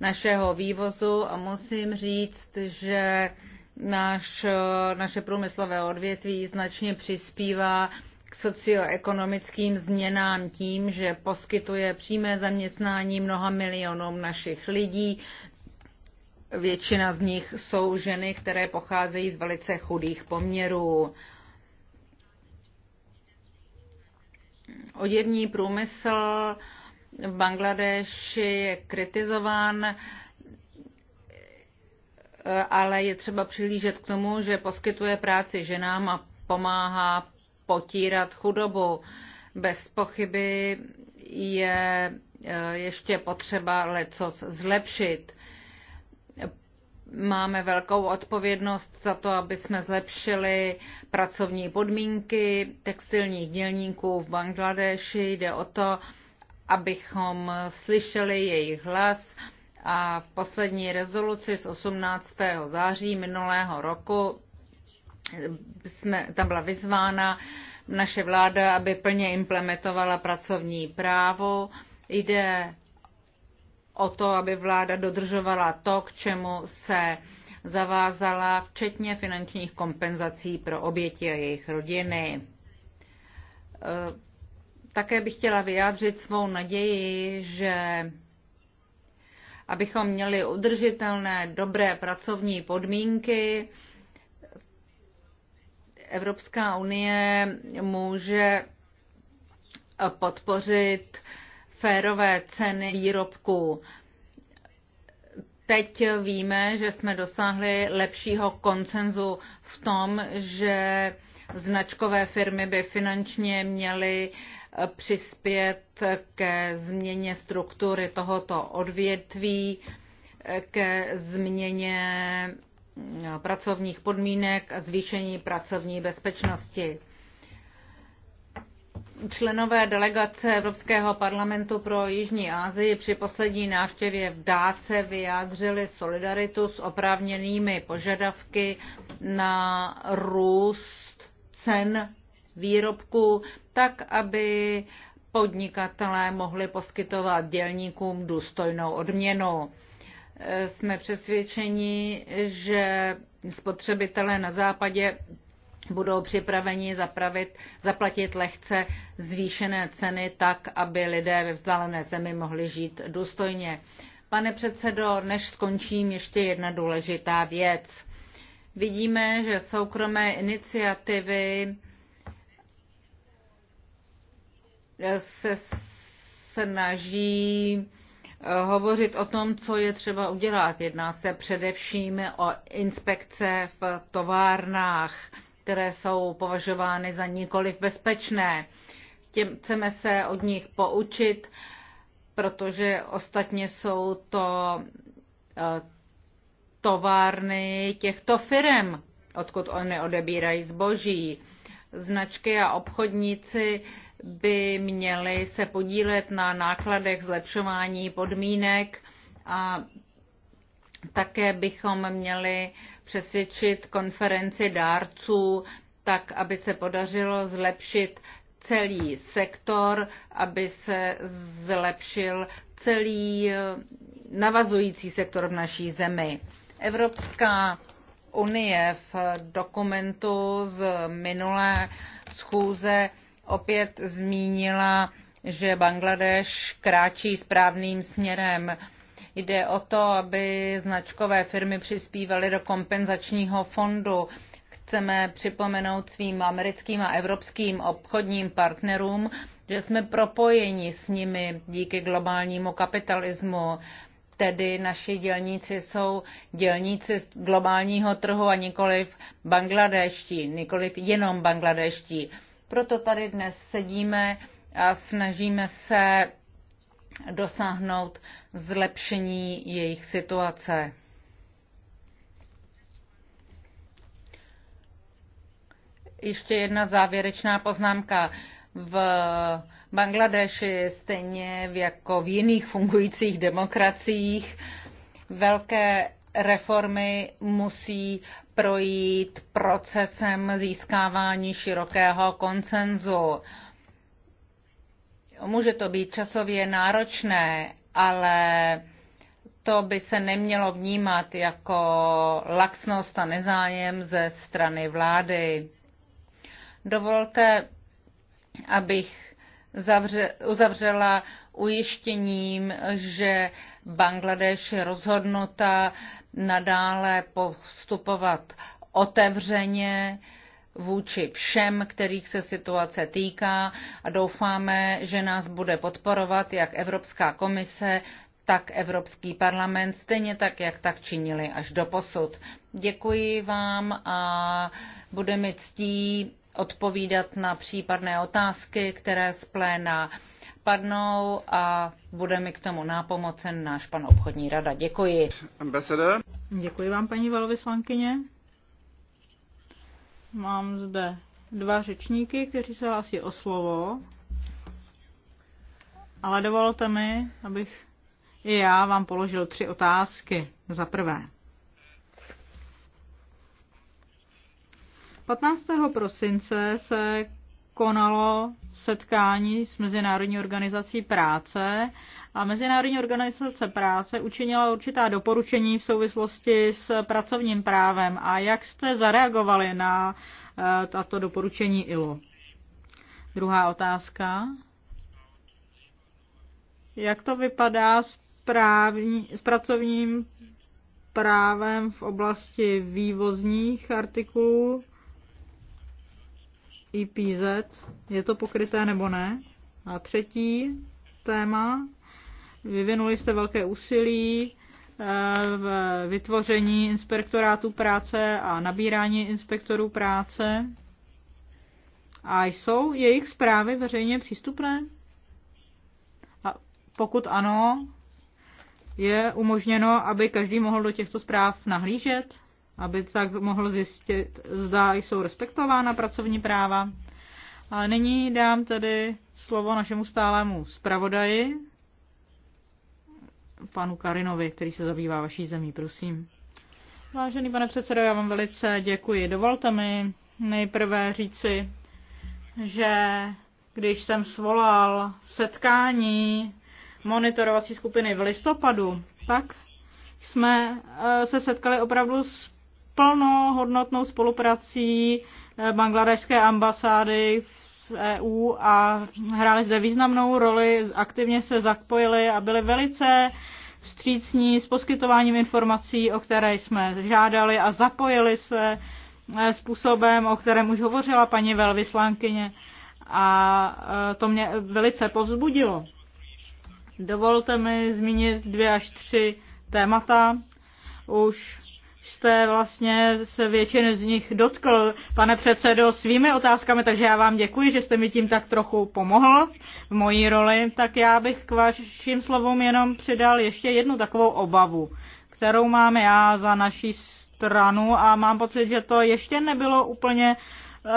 našeho vývozu a musím říct, že naš eh, naše průmyslové odvětví značně přispívá k socioekonomickým změnám tím, že poskytuje přímé zaměstnání mnoha milionům našich lidí, Většina z nich jsou ženy, které pocházejí z velice chudých poměrů. Oděvní průmysl v Bangladeši je kritizován, ale je třeba přilížet k tomu, že poskytuje práci ženám a pomáhá potírat chudobu. Bez pochyby je eh, ještě potřeba lecos zlepšit máme velkou odpovědnost za to, aby jsme zlepšili pracovní podmínky textilních dělníků v Bangladeši. Jde o to, abychom slyšeli jejich hlas a v poslední rezoluci z 18. září minulého roku jsme, tam byla vyzvána naše vláda, aby plně implementovala pracovní právo. Jde o to, aby vláda dodržovala to, k čemu se zavázala, včetně finančních kompenzací pro oběti a jejich rodiny. E, také bych chtěla vyjádřit svou naději, že abychom měli udržitelné, dobré pracovní podmínky, Evropská unie může podpořit uh, férové ceny výrobků. Teď víme, že jsme dosáhli lepšího koncenzu v tom, že značkové firmy by finančně měly eh, přispět ke změně struktury tohoto odvětví, eh, ke změně eh, pracovních podmínek a zvýšení pracovní bezpečnosti členové delegace Evropského parlamentu pro Jižní Asii při poslední návštěvě v Dáce vyjádřili solidaritu s oprávněnými požadavky na růst cen výrobků, tak aby podnikatelé mohli poskytovat dělníkům důstojnou odměnu. Jsme přesvědčeni, že spotřebitelé na západě budou připraveni zapravit, zaplatit lehce zvýšené ceny tak, aby lidé ve vzdálené zemi mohli žít důstojně. Pane předsedo, než skončím, ještě jedna důležitá věc. Vidíme, že soukromé iniciativy se snaží eh, hovořit o tom, co je třeba udělat. Jedná se především o inspekce v továrnách které jsou považovány za nikoliv bezpečné. Těm, chceme se od nich poučit, protože ostatně jsou to e, továrny těchto firm, odkud oni odebírají zboží. Značky a obchodníci by měli se podílet na nákladech zlepšování podmínek a také bychom měli přesvědčit konferenci dárců, tak aby se podařilo zlepšit celý sektor, aby se zlepšil celý eh, navazující sektor v naší zemi. Evropská unie v dokumentu z minulé schůze opět zmínila, že Bangladeš kráčí správným směrem. Jde o to, aby značkové firmy přispívaly do kompenzačního fondu. Chceme připomenout svým americkým a evropským obchodním partnerům, že jsme propojeni s nimi díky globálnímu kapitalismu tedy naši dělníci jsou dělníci z globálního trhu a nikoliv bangladeští, nikoliv jenom bangladeští. Proto tady dnes sedíme a snažíme se dosáhnout zlepšení jejich situace. Ještě jedna závěrečná poznámka. V Bangladeši, stejně jako v jiných fungujících demokraciích, velké reformy musí projít procesem získávání širokého koncenzu. Může to být časově náročné, ale to by se nemělo vnímat jako laxnost a nezájem ze strany vlády. Dovolte, abych zavře, uzavřela ujištěním, že Bangladeš je rozhodnuta nadále postupovat otevřeně, vůči všem, kterých se situace týká a doufáme, že nás bude podporovat jak Evropská komise, tak Evropský parlament, stejně tak, jak tak činili až do posud. Děkuji vám a bude mi ctí odpovídat na případné otázky, které z pléna padnou a bude mi k tomu nápomocen náš pan obchodní rada. Děkuji. Ambassador. Děkuji vám, paní velvyslankyně. Mám zde dva řečníky, kteří se hlásí o slovo. Ale dovolte mi, abych i já vám položil tři otázky. Za prvé. 15. prosince se konalo setkání s Mezinárodní organizací práce a Mezinárodní organizace práce učinila určitá doporučení v souvislosti s pracovním právem. A jak jste zareagovali na eh, tato doporučení ILO? Druhá otázka. Jak to vypadá s, právní, s pracovním právem v oblasti vývozních artikulů IPZ? Je to pokryté nebo ne? A třetí téma Vyvinuli jste velké úsilí eh, v vytvoření inspektorátu práce a nabírání inspektorů práce. A jsou jejich zprávy veřejně přístupné? A pokud ano, je umožněno, aby každý mohl do těchto zpráv nahlížet, aby tak mohl zjistit, zda jsou respektována pracovní práva. A nyní dám tedy slovo našemu stálému zpravodaji, panu Karinovi, který se zabývá vaší zemí. Prosím. Vážený pane předsedo, já vám velice děkuji. Dovolte mi nejprve říci, že když jsem svolal setkání monitorovací skupiny v listopadu, tak jsme eh, se setkali opravdu s plnohodnotnou spoluprací eh, bangladešské ambasády v EU a hráli zde významnou roli, aktivně se zapojili a byli velice vstřícní s poskytováním informací, o které jsme žádali a zapojili se eh, způsobem, o kterém už hovořila paní velvyslankyně. A eh, to mě velice povzbudilo. Dovolte mi zmínit dvě až tři témata. Už jste vlastně se většiny z nich dotkl, pane předsedo, svými otázkami, takže já vám děkuji, že jste mi tím tak trochu pomohl v mojí roli. Tak já bych k vašim slovům jenom přidal ještě jednu takovou obavu, kterou mám já za naší stranu a mám pocit, že to ještě nebylo úplně uh,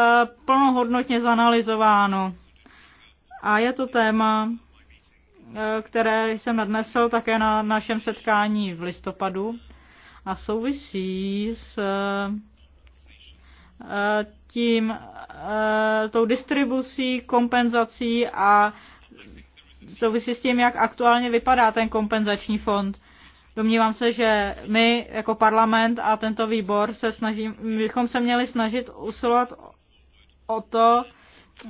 plnohodnotně zanalizováno. A je to téma, eh, které jsem nadnesl také na našem setkání v listopadu a souvisí s eh, tím, eh, tou distribucí, kompenzací a souvisí s tím, jak aktuálně vypadá ten kompenzační fond. Domnívám se, že my jako parlament a tento výbor se snažím, bychom se měli snažit usilovat o to,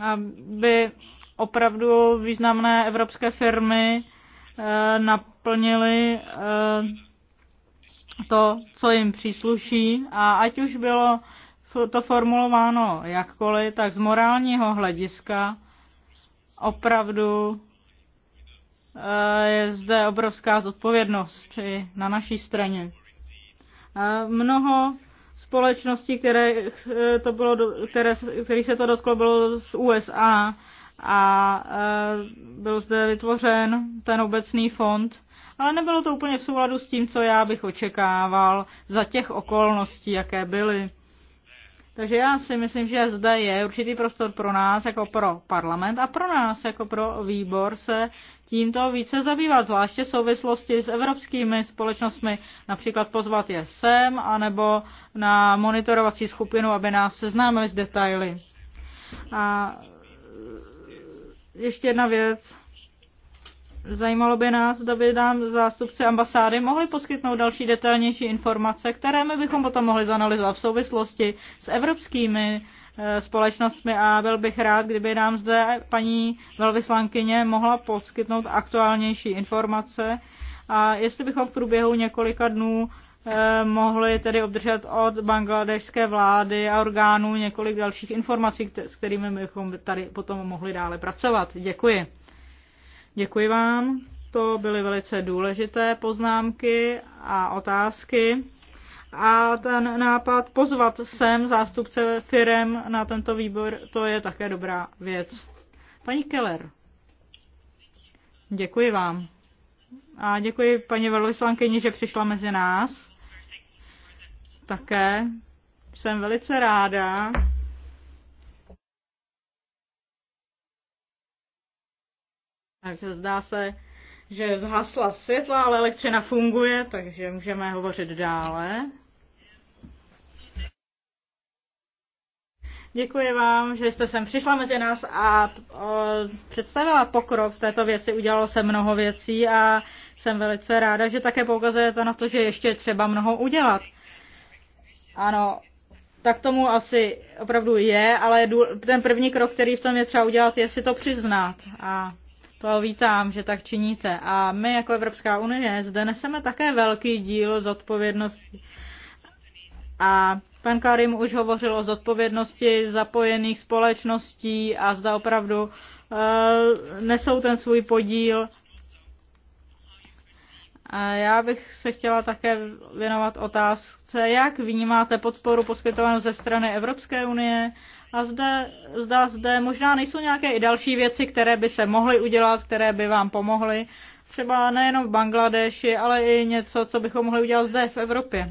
aby opravdu významné evropské firmy eh, naplnily to, co jim přísluší a ať už bylo to formulováno jakkoliv, tak z morálního hlediska opravdu eh, je zde obrovská zodpovědnost i na naší straně. Eh, mnoho společností, které, eh, to bylo, které, které se to dotklo, bylo z USA a byl zde vytvořen ten obecný fond ale nebylo to úplně v souladu s tím, co já bych očekával za těch okolností, jaké byly. Takže já si myslím, že zde je určitý prostor pro nás jako pro parlament a pro nás jako pro výbor se tímto více zabývat, zvláště v souvislosti s evropskými společnostmi, například pozvat je sem, anebo na monitorovací skupinu, aby nás seznámili s detaily. A ještě jedna věc, Zajímalo by nás, zda by nám zástupci ambasády mohli poskytnout další detailnější informace, které my bychom potom mohli zanalizovat v souvislosti s evropskými eh, společnostmi a byl bych rád, kdyby nám zde paní velvyslankyně mohla poskytnout aktuálnější informace a jestli bychom v průběhu několika dnů eh, mohli tedy obdržet od bangladešské vlády a orgánů několik dalších informací, s kterými bychom tady potom mohli dále pracovat. Děkuji. Děkuji vám. To byly velice důležité poznámky a otázky. A ten nápad pozvat sem zástupce firem na tento výbor, to je také dobrá věc. Paní Keller, děkuji vám. A děkuji paní velvyslankyni, že přišla mezi nás. Také jsem velice ráda, Tak zdá se, že zhasla světla, ale elektřina funguje, takže můžeme hovořit dále. Děkuji vám, že jste sem přišla mezi nás a o, představila pokrok v této věci. Udělalo se mnoho věcí a jsem velice ráda, že také poukazujete na to, že ještě třeba mnoho udělat. Ano, tak tomu asi opravdu je, ale ten první krok, který v tom je třeba udělat, je si to přiznat. A to vítám, že tak činíte. A my jako Evropská unie zde neseme také velký díl zodpovědnosti. A pan Karim už hovořil o zodpovědnosti zapojených společností a zda opravdu uh, nesou ten svůj podíl. A já bych se chtěla také věnovat otázce, jak vnímáte podporu poskytovanou ze strany Evropské unie a zde, zda zde možná nejsou nějaké i další věci, které by se mohly udělat, které by vám pomohly. Třeba nejenom v Bangladeši, ale i něco, co bychom mohli udělat zde v Evropě.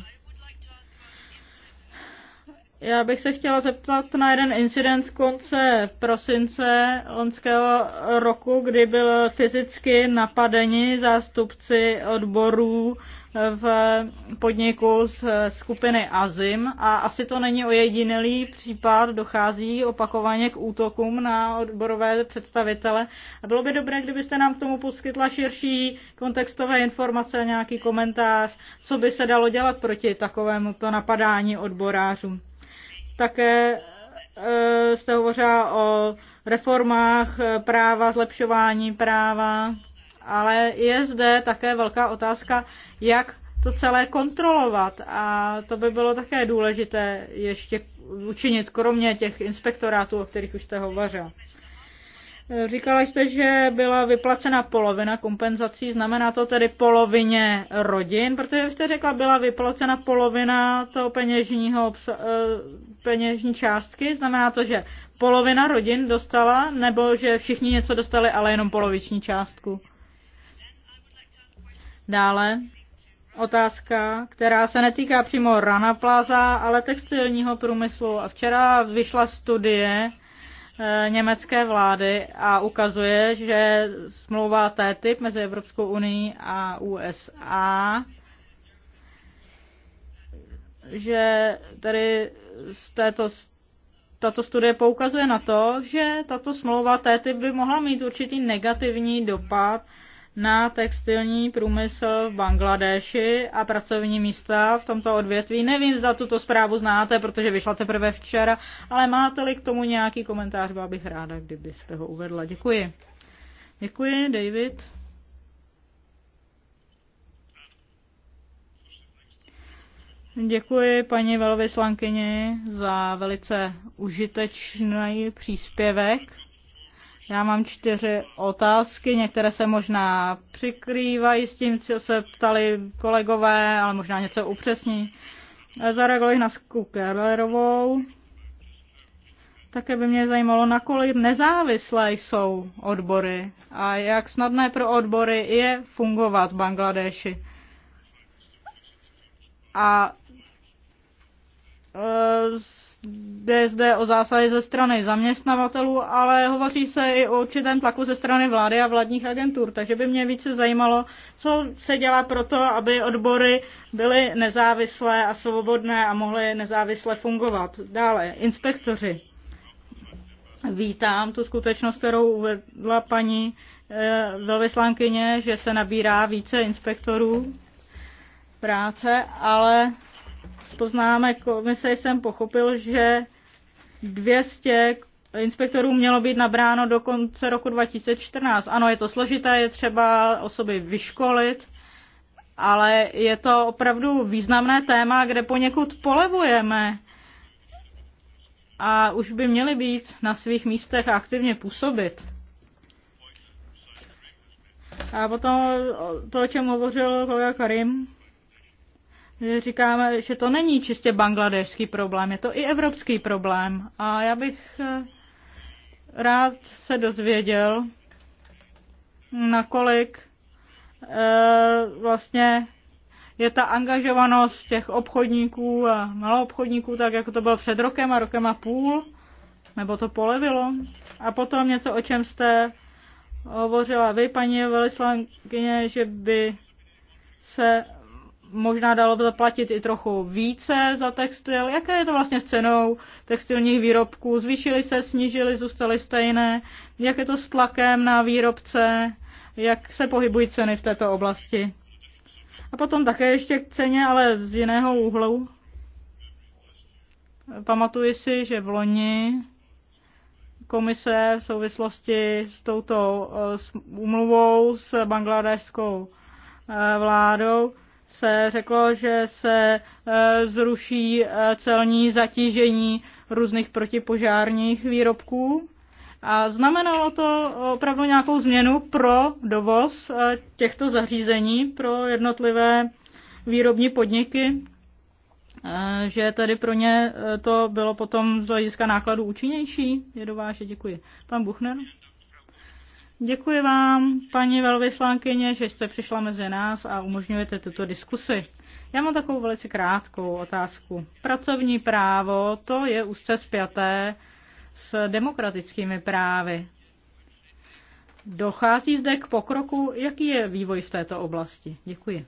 Já bych se chtěla zeptat na jeden incident z konce prosince lonského roku, kdy byl fyzicky napadeni zástupci odborů v podniku z skupiny Azim a asi to není ojedinělý případ, dochází opakovaně k útokům na odborové představitele a bylo by dobré, kdybyste nám k tomu poskytla širší kontextové informace, nějaký komentář, co by se dalo dělat proti takovému to napadání odborářů. Také eh, jste hovořila o reformách eh, práva, zlepšování práva, ale je zde také velká otázka, jak to celé kontrolovat a to by bylo také důležité ještě učinit, kromě těch inspektorátů, o kterých už jste hovořil. Říkala jste, že byla vyplacena polovina kompenzací, znamená to tedy polovině rodin, protože jste řekla, byla vyplacena polovina toho peněžního, eh, peněžní částky, znamená to, že polovina rodin dostala, nebo že všichni něco dostali, ale jenom poloviční částku. Dále otázka, která se netýká přímo Rana Plaza, ale textilního průmyslu. A včera vyšla studie eh, německé vlády a ukazuje, že smlouva TTIP mezi Evropskou unii a USA že tady v této, tato studie poukazuje na to, že tato smlouva TTIP by mohla mít určitý negativní dopad na textilní průmysl v Bangladeši a pracovní místa v tomto odvětví. Nevím, zda tuto zprávu znáte, protože vyšla teprve včera, ale máte-li k tomu nějaký komentář, byla bych ráda, kdybyste ho uvedla. Děkuji. Děkuji, David. Děkuji paní velvyslankyni za velice užitečný příspěvek já mám čtyři otázky, některé se možná přikrývají s tím, co se ptali kolegové, ale možná něco upřesní. Zareagovali na Skukelerovou. Také by mě zajímalo, nakolik nezávislé jsou odbory a jak snadné pro odbory je fungovat v Bangladeši. A e, jde zde o zásahy ze strany zaměstnavatelů, ale hovoří se i o určitém tlaku ze strany vlády a vládních agentur, takže by mě více zajímalo, co se dělá pro to, aby odbory byly nezávislé a svobodné a mohly nezávisle fungovat. Dále, inspektoři. Vítám tu skutečnost, kterou uvedla paní eh, velvyslankyně, že se nabírá více inspektorů práce, ale z poznámek komise jsem pochopil, že 200 inspektorů mělo být nabráno do konce roku 2014. Ano, je to složité, je třeba osoby vyškolit, ale je to opravdu významné téma, kde poněkud polevujeme a už by měli být na svých místech aktivně působit. A potom to, o čem hovořil kolega Karim, Říkám, že to není čistě bangladešský problém, je to i evropský problém. A já bych eh, rád se dozvěděl, nakolik eh, vlastně je ta angažovanost těch obchodníků a maloobchodníků, tak jako to bylo před rokem a rokem a půl, nebo to polevilo. A potom něco, o čem jste hovořila vy, paní Velislankyně, že by se možná dalo zaplatit i trochu více za textil. Jaké je to vlastně s cenou textilních výrobků? Zvýšily se, snížily, zůstaly stejné? Jak je to s tlakem na výrobce? Jak se pohybují ceny v této oblasti? A potom také ještě k ceně, ale z jiného úhlu. Pamatuji si, že v loni komise v souvislosti s touto eh, s umluvou s bangladeskou eh, vládou se řeklo, že se e, zruší e, celní zatížení různých protipožárních výrobků. A znamenalo to opravdu nějakou změnu pro dovoz e, těchto zařízení pro jednotlivé výrobní podniky, že tedy pro ně to bylo potom z hlediska nákladů účinnější. Je do váše, děkuji. Pan Buchner. Děkuji vám, paní velvyslankyně, že jste přišla mezi nás a umožňujete tuto diskusi. Já mám takovou velice krátkou otázku. Pracovní právo, to je úzce spjaté s demokratickými právy. Dochází zde k pokroku, jaký je vývoj v této oblasti? Děkuji.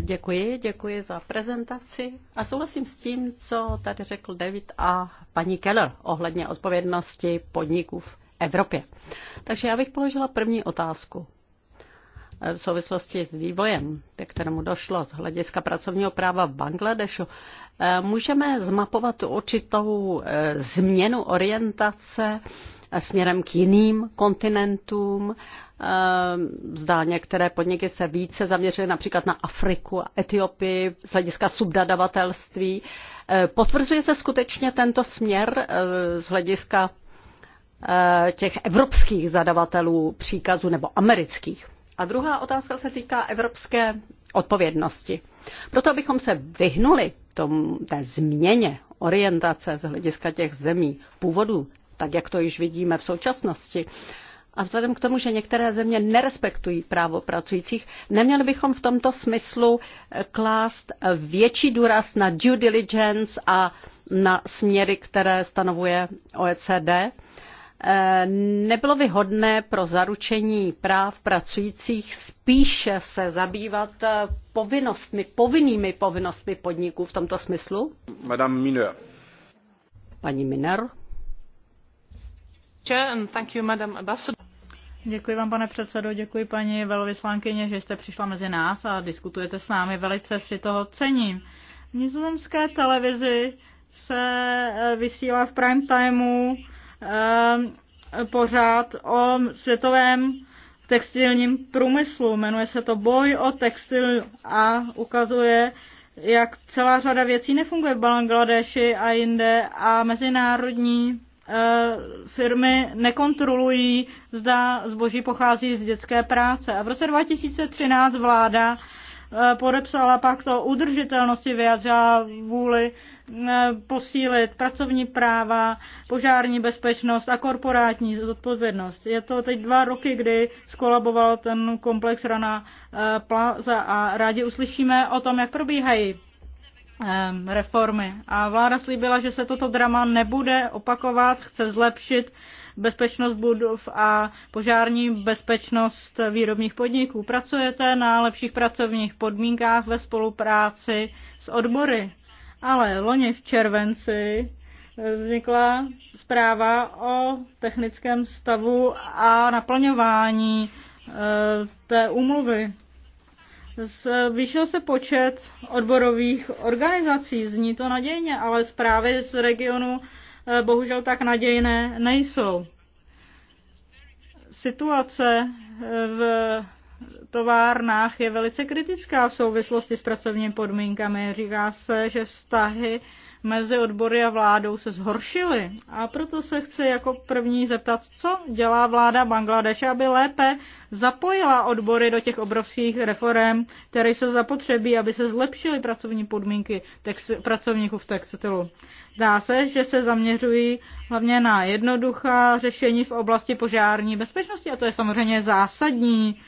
Děkuji, děkuji za prezentaci a souhlasím s tím, co tady řekl David a paní Keller ohledně odpovědnosti podniků v Evropě. Takže já bych položila první otázku v souvislosti s vývojem, ke kterému došlo z hlediska pracovního práva v Bangladešu. Můžeme zmapovat určitou eh, změnu orientace Eh, směrem k jiným kontinentům. Eh, zdá některé podniky se více zaměřily například na Afriku a Etiopii z hlediska subdadavatelství. Eh, potvrzuje se skutečně tento směr z hlediska těch evropských zadavatelů příkazů nebo amerických? A druhá otázka se týká evropské odpovědnosti. Proto, abychom se vyhnuli tom, té změně orientace z hlediska těch zemí původu tak jak to již vidíme v současnosti. A vzhledem k tomu, že některé země nerespektují právo pracujících, neměli bychom v tomto smyslu eh, klást eh, větší důraz na due diligence a na směry, které stanovuje OECD. Eh, nebylo by hodné pro zaručení práv pracujících spíše se zabývat povinnostmi, povinnými povinnostmi podniků v tomto smyslu? Madame Miner. Paní Miner. Děkuji vám, pane předsedo, děkuji paní velvyslankyně, že jste přišla mezi nás a diskutujete s námi. Velice si toho cením. V nizozemské televizi se eh, vysílá v prime timeu eh, pořád o světovém textilním průmyslu. Jmenuje se to Boj o textil a ukazuje, jak celá řada věcí nefunguje v Bangladeši a jinde a mezinárodní Eh, firmy nekontrolují, zda zboží pochází z dětské práce. A v roce 2013 vláda eh, podepsala pak to udržitelnosti, vyjadřila vůli eh, posílit pracovní práva, požární bezpečnost a korporátní zodpovědnost. Je to teď dva roky, kdy skolaboval ten komplex Rana Plaza a rádi uslyšíme o tom, jak probíhají reformy. A vláda slíbila, že se toto drama nebude opakovat, chce zlepšit bezpečnost budov a požární bezpečnost výrobních podniků. Pracujete na lepších pracovních podmínkách ve spolupráci s odbory. Ale loni v červenci eh, vznikla zpráva o technickém stavu a naplňování eh, té úmluvy. Zvýšil se počet odborových organizací, zní to nadějně, ale zprávy z regionu eh, bohužel tak nadějné nejsou. Situace eh, v továrnách je velice kritická v souvislosti s pracovními podmínkami. Říká se, že vztahy mezi odbory a vládou se zhoršily. A proto se chci jako první zeptat, co dělá vláda Bangladeše, aby lépe zapojila odbory do těch obrovských reform, které jsou zapotřebí, aby se zlepšily pracovní podmínky text, pracovníků v textilu. Dá se, že se zaměřují hlavně na jednoduchá řešení v oblasti požární bezpečnosti a to je samozřejmě zásadní,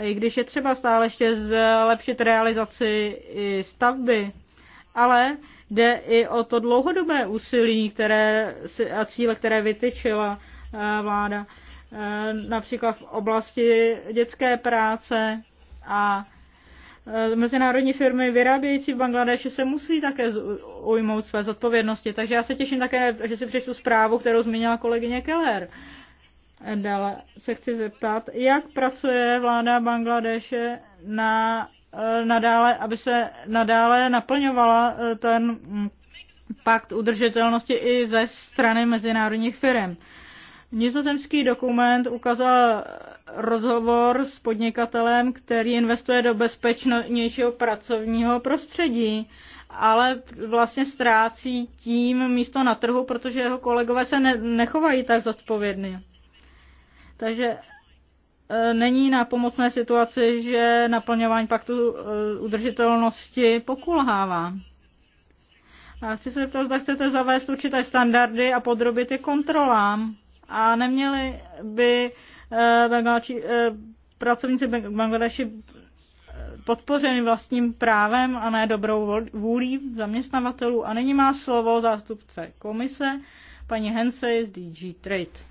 i když je třeba stále ještě zlepšit realizaci i stavby. Ale Jde i o to dlouhodobé úsilí které, a cíle, které vytyčila eh, vláda, eh, například v oblasti dětské práce a eh, mezinárodní firmy vyrábějící v Bangladeši se musí také ujmout své zodpovědnosti. Takže já se těším také, že si přečtu zprávu, kterou zmínila kolegyně Keller. Dále se chci zeptat, jak pracuje vláda Bangladeše na Eh, nadále, aby se nadále naplňovala eh, ten mm, pakt udržitelnosti i ze strany mezinárodních firm. Nizozemský dokument ukázal rozhovor s podnikatelem, který investuje do bezpečnějšího pracovního prostředí, ale vlastně ztrácí tím místo na trhu, protože jeho kolegové se ne- nechovají tak zodpovědně. Takže E, není na pomocné situaci, že naplňování paktu e, udržitelnosti pokulhává. A chci se zeptat, zda chcete zavést určité standardy a podrobit je kontrolám. A neměli by e, Bangladeši, pracovníci Bangladeši podpořeny vlastním právem a ne dobrou vůlí zaměstnavatelů. A nyní má slovo zástupce komise, paní Hensey z DG Trade.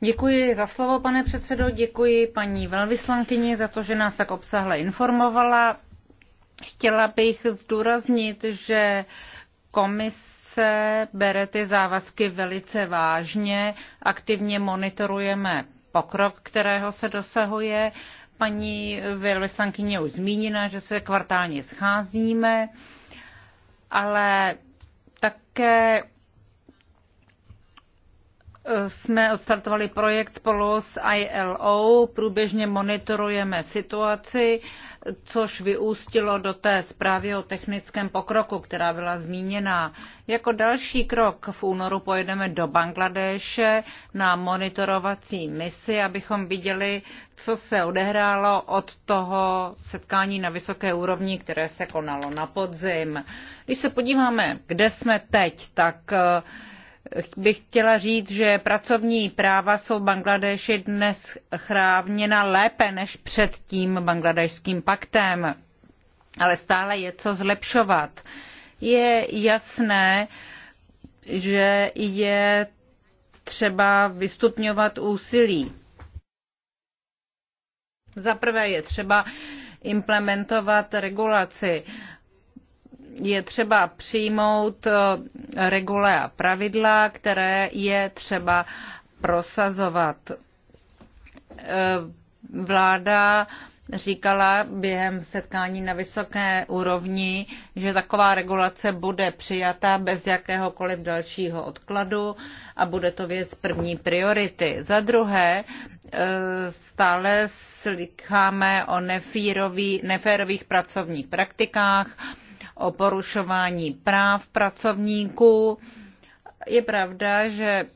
Děkuji za slovo, pane předsedající děkuji paní velvyslankyni za to, že nás tak obsahle informovala. Chtěla bych zdůraznit, že komise bere ty závazky velice vážně, aktivně monitorujeme pokrok, kterého se dosahuje. Paní velvyslankyně už zmínila, že se kvartálně scházíme, ale také eh, jsme odstartovali projekt spolu s ILO, průběžně monitorujeme situaci což vyústilo do té zprávy o technickém pokroku, která byla zmíněna. Jako další krok v únoru pojedeme do Bangladéše na monitorovací misi, abychom viděli, co se odehrálo od toho setkání na vysoké úrovni, které se konalo na podzim. Když se podíváme, kde jsme teď, tak uh, bych chtěla říct, že pracovní práva jsou v Bangladeši dnes chráněna lépe než před tím bangladešským paktem, ale stále je co zlepšovat. Je jasné, že je třeba vystupňovat úsilí. Za prvé je třeba implementovat regulaci je třeba přijmout eh, regule a pravidla, které je třeba prosazovat. Eh, vláda říkala během setkání na vysoké úrovni, že taková regulace bude přijata bez jakéhokoliv dalšího odkladu a bude to věc první priority. Za druhé, eh, stále slycháme o neférových pracovních praktikách, o porušování práv pracovníků. Je pravda, že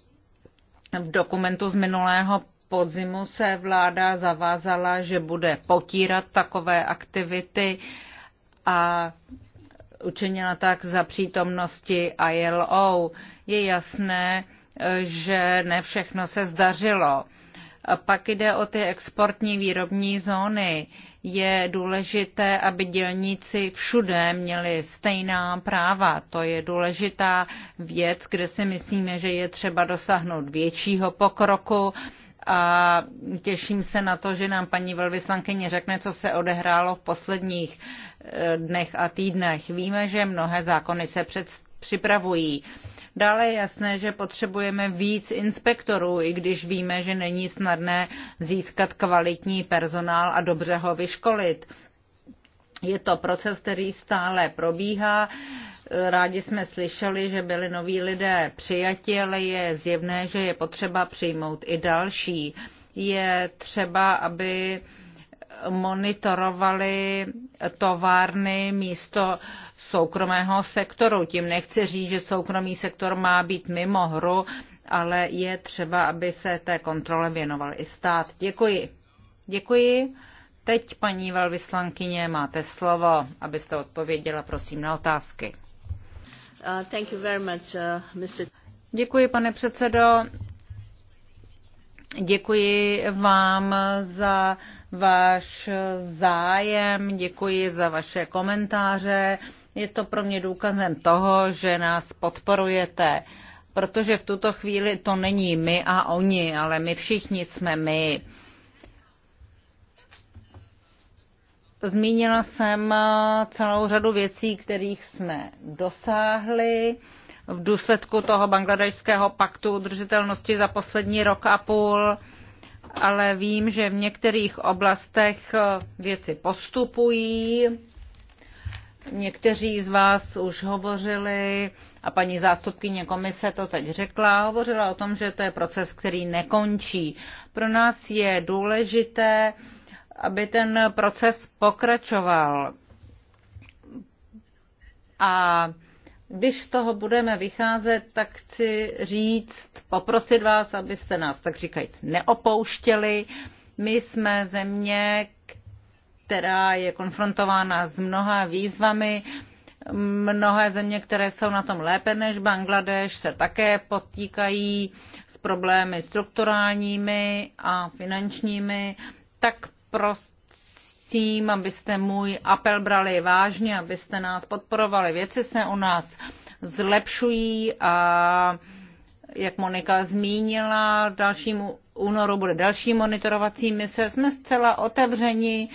v dokumentu z minulého podzimu se vláda zavázala, že bude potírat takové aktivity a učinila tak za přítomnosti ILO. Je jasné, že ne všechno se zdařilo. Pak jde o ty exportní výrobní zóny je důležité, aby dělníci všude měli stejná práva. To je důležitá věc, kde si myslíme, že je třeba dosáhnout většího pokroku a těším se na to, že nám paní velvyslankyně řekne, co se odehrálo v posledních eh, dnech a týdnech. Víme, že mnohé zákony se před, připravují. Dále je jasné, že potřebujeme víc inspektorů, i když víme, že není snadné získat kvalitní personál a dobře ho vyškolit. Je to proces, který stále probíhá. Rádi jsme slyšeli, že byli noví lidé přijati, ale je zjevné, že je potřeba přijmout i další. Je třeba, aby monitorovali továrny místo soukromého sektoru. Tím nechci říct, že soukromý sektor má být mimo hru, ale je třeba, aby se té kontrole věnoval i stát. Děkuji. Děkuji. Teď, paní velvyslankyně, máte slovo, abyste odpověděla, prosím, na otázky. Uh, thank you very much, uh, Mr. Děkuji, pane předsedo. Děkuji vám za váš zájem, děkuji za vaše komentáře. Je to pro mě důkazem toho, že nás podporujete, protože v tuto chvíli to není my a oni, ale my všichni jsme my. Zmínila jsem celou řadu věcí, kterých jsme dosáhli v důsledku toho bangladešského paktu udržitelnosti za poslední rok a půl ale vím, že v některých oblastech eh, věci postupují. Někteří z vás už hovořili, a paní zástupkyně komise to teď řekla, hovořila o tom, že to je proces, který nekončí. Pro nás je důležité, aby ten proces pokračoval. A když z toho budeme vycházet, tak chci říct, poprosit vás, abyste nás, tak říkajíc, neopouštěli. My jsme země, která je konfrontována s mnoha výzvami. Mnohé země, které jsou na tom lépe než Bangladeš, se také potýkají s problémy strukturálními a finančními, tak prostě prosím, abyste můj apel brali vážně, abyste nás podporovali. Věci se u nás zlepšují a jak Monika zmínila, v dalším únoru bude další monitorovací mise. Jsme zcela otevřeni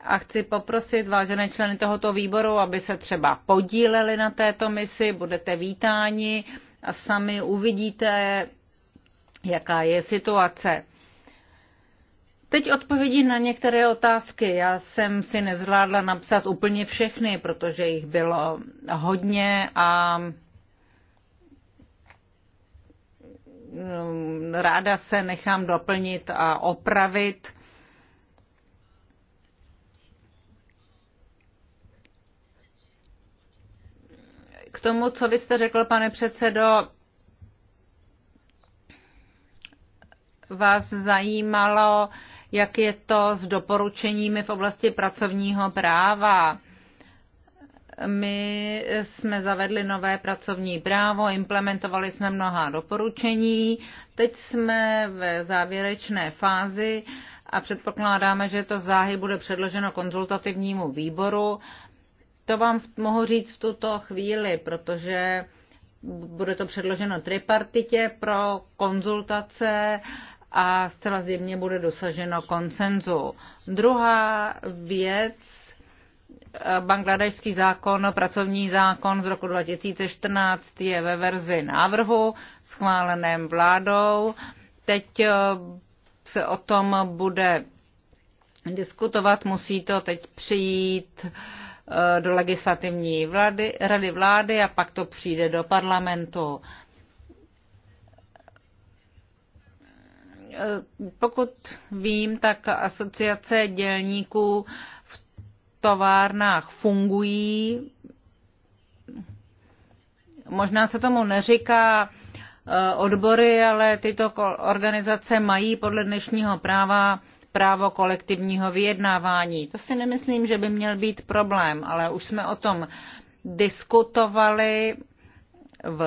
a chci poprosit vážené členy tohoto výboru, aby se třeba podíleli na této misi, budete vítáni a sami uvidíte, jaká je situace. Teď odpovědi na některé otázky. Já jsem si nezvládla napsat úplně všechny, protože jich bylo hodně a mm, ráda se nechám doplnit a opravit. K tomu, co vy jste řekl, pane předsedo, vás zajímalo, jak je to s doporučeními v oblasti pracovního práva. My jsme zavedli nové pracovní právo, implementovali jsme mnoha doporučení, teď jsme v závěrečné fázi a předpokládáme, že to záhy bude předloženo konzultativnímu výboru. To vám mohu říct v tuto chvíli, protože bude to předloženo tripartitě pro konzultace a zcela zjevně bude dosaženo koncenzu. Druhá věc, bangladešský zákon, pracovní zákon z roku 2014 je ve verzi návrhu schváleném vládou. Teď eh, se o tom bude diskutovat, musí to teď přijít eh, do legislativní vlády, rady vlády a pak to přijde do parlamentu. Eh, pokud vím, tak asociace dělníků v továrnách fungují. Možná se tomu neříká eh, odbory, ale tyto organizace mají podle dnešního práva právo kolektivního vyjednávání. To si nemyslím, že by měl být problém, ale už jsme o tom diskutovali v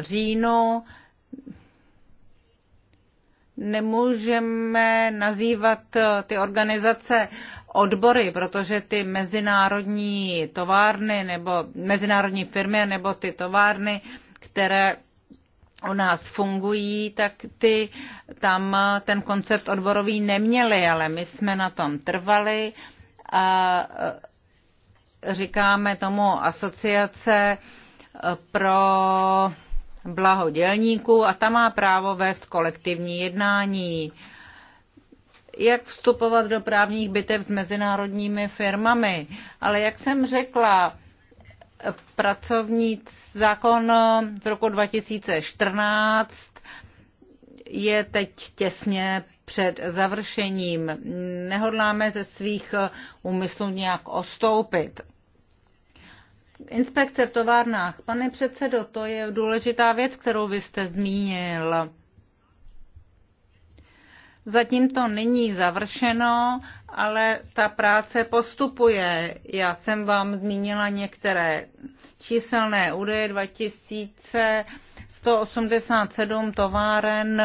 říjnu nemůžeme nazývat eh, ty organizace odbory, protože ty mezinárodní továrny nebo mezinárodní firmy nebo ty továrny, které u nás fungují, tak ty tam eh, ten koncept odborový neměli, ale my jsme na tom trvali a eh, říkáme tomu asociace pro blaho dělníků a ta má právo vést kolektivní jednání. Jak vstupovat do právních bitev s mezinárodními firmami? Ale jak jsem řekla, pracovní zákon z roku 2014 je teď těsně před završením. Nehodláme ze svých úmyslů nějak ostoupit. Inspekce v továrnách. Pane předsedo, to je důležitá věc, kterou vy jste zmínil. Zatím to není završeno, ale ta práce postupuje. Já jsem vám zmínila některé číselné údaje 2187 továren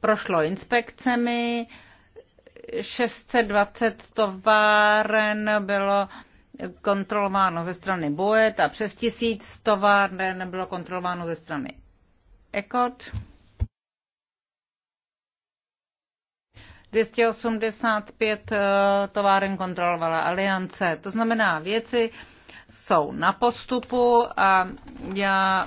prošlo inspekcemi, 620 továren bylo kontrolováno ze strany Boet a přes tisíc továren bylo kontrolováno ze strany Ecot. 285 eh, továren kontrolovala Aliance. To znamená, věci jsou na postupu a já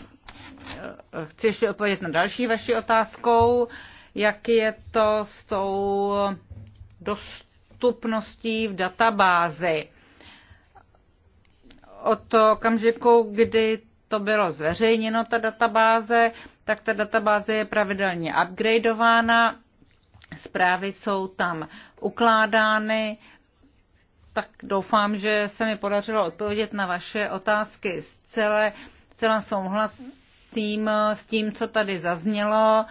eh, chci ještě odpovědět na další vaši otázkou, jak je to s tou dostupností v databázi od okamžiku, kdy to bylo zveřejněno, ta databáze, tak ta databáze je pravidelně upgradeována, zprávy jsou tam ukládány, tak doufám, že se mi podařilo odpovědět na vaše otázky. Zcela, zcela souhlasím s tím, co tady zaznělo,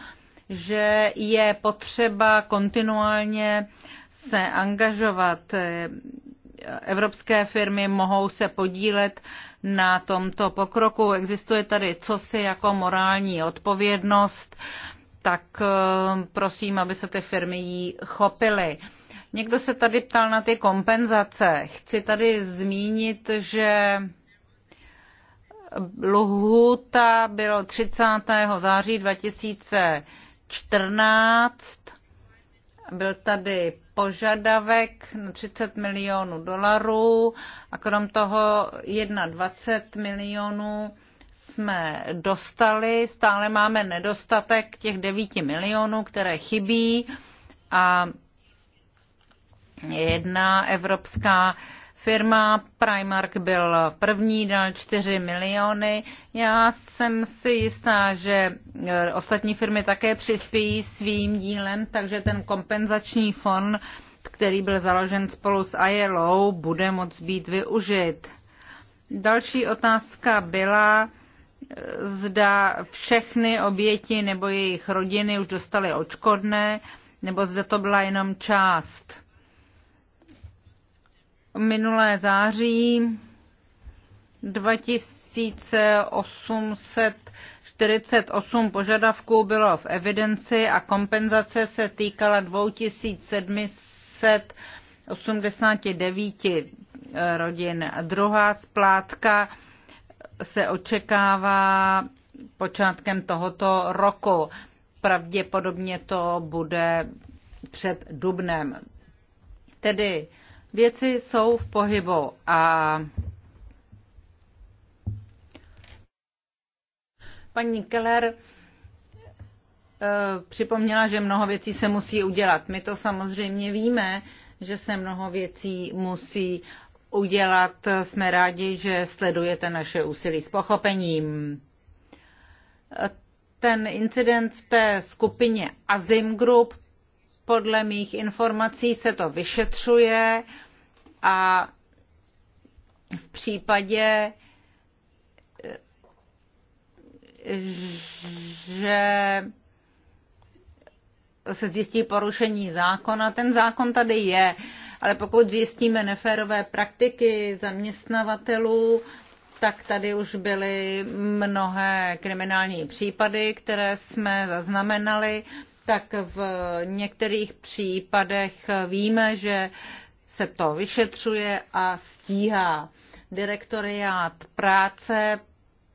že je potřeba kontinuálně se angažovat evropské firmy mohou se podílet na tomto pokroku. Existuje tady cosi jako morální odpovědnost, tak eh, prosím, aby se ty firmy jí chopily. Někdo se tady ptal na ty kompenzace. Chci tady zmínit, že lhůta bylo 30. září 2014. Byl tady požadavek na 30 milionů dolarů a krom toho 21 milionů jsme dostali. Stále máme nedostatek těch 9 milionů, které chybí a jedna evropská firma. Primark byl první, dal 4 miliony. Já jsem si jistá, že eh, ostatní firmy také přispějí svým dílem, takže ten kompenzační fond, který byl založen spolu s ILO, bude moc být využit. Další otázka byla, eh, zda všechny oběti nebo jejich rodiny už dostaly očkodné, nebo zda to byla jenom část minulé září 2848 požadavků bylo v evidenci a kompenzace se týkala 2789 rodin. A druhá splátka se očekává počátkem tohoto roku. Pravděpodobně to bude před dubnem. Tedy Věci jsou v pohybu a paní Keller eh, připomněla, že mnoho věcí se musí udělat. My to samozřejmě víme, že se mnoho věcí musí udělat. Jsme rádi, že sledujete naše úsilí s pochopením. Ten incident v té skupině Azim Group, podle mých informací se to vyšetřuje. E, a v případě, že se zjistí porušení zákona, ten zákon tady je, ale pokud zjistíme neférové praktiky zaměstnavatelů, tak tady už byly mnohé kriminální případy, které jsme zaznamenali, tak v některých případech víme, že se to vyšetřuje a stíhá. Direktoriát práce,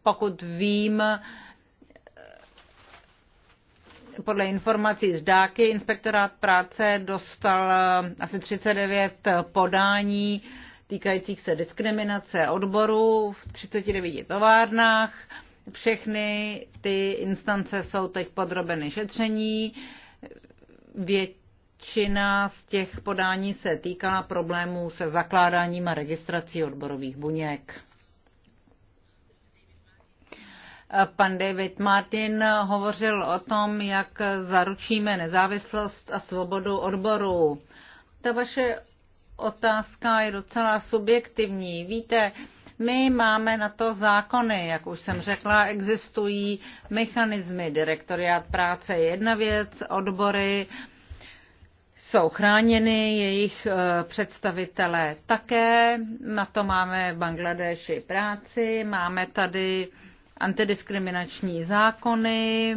pokud vím, podle informací z Dáky inspektorát práce dostal eh, asi 39 podání týkajících se diskriminace odborů v 39 továrnách. Všechny ty instance jsou teď podrobeny šetření. Vět, většina z těch podání se týká problémů se zakládáním a registrací odborových buněk. Pan David Martin hovořil o tom, jak zaručíme nezávislost a svobodu odboru. Ta vaše otázka je docela subjektivní. Víte, my máme na to zákony, jak už jsem řekla, existují mechanismy. Direktoriát práce je jedna věc, odbory jsou chráněny, jejich eh, představitelé také. Na to máme v Bangladeši práci, máme tady antidiskriminační zákony.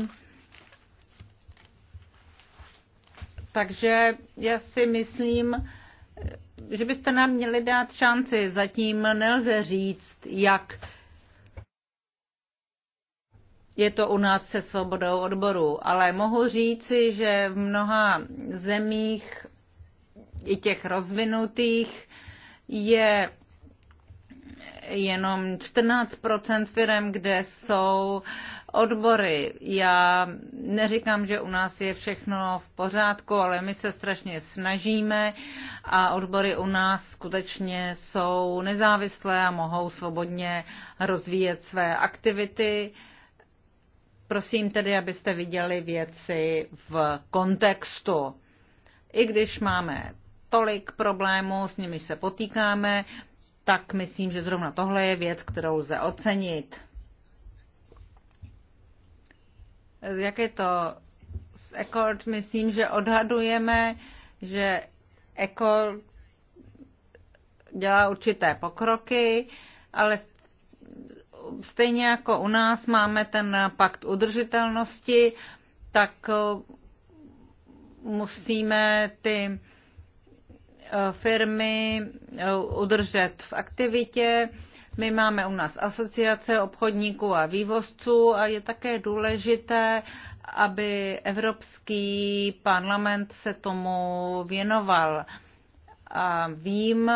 Takže já si myslím, že byste nám měli dát šanci. Zatím nelze říct, jak je to u nás se svobodou odboru, ale mohu říci, že v mnoha zemích, i těch rozvinutých, je jenom 14 firm, kde jsou odbory. Já neříkám, že u nás je všechno v pořádku, ale my se strašně snažíme a odbory u nás skutečně jsou nezávislé a mohou svobodně rozvíjet své aktivity. Prosím tedy, abyste viděli věci v kontextu. I když máme tolik problémů, s nimiž se potýkáme, tak myslím, že zrovna tohle je věc, kterou lze ocenit. Jak je to s Accord? Myslím, že odhadujeme, že Accord dělá určité pokroky, ale stejně jako u nás máme ten pakt udržitelnosti, tak eh, musíme ty eh, firmy eh, udržet v aktivitě. My máme u nás asociace obchodníků a vývozců a je také důležité, aby Evropský parlament se tomu věnoval. A vím,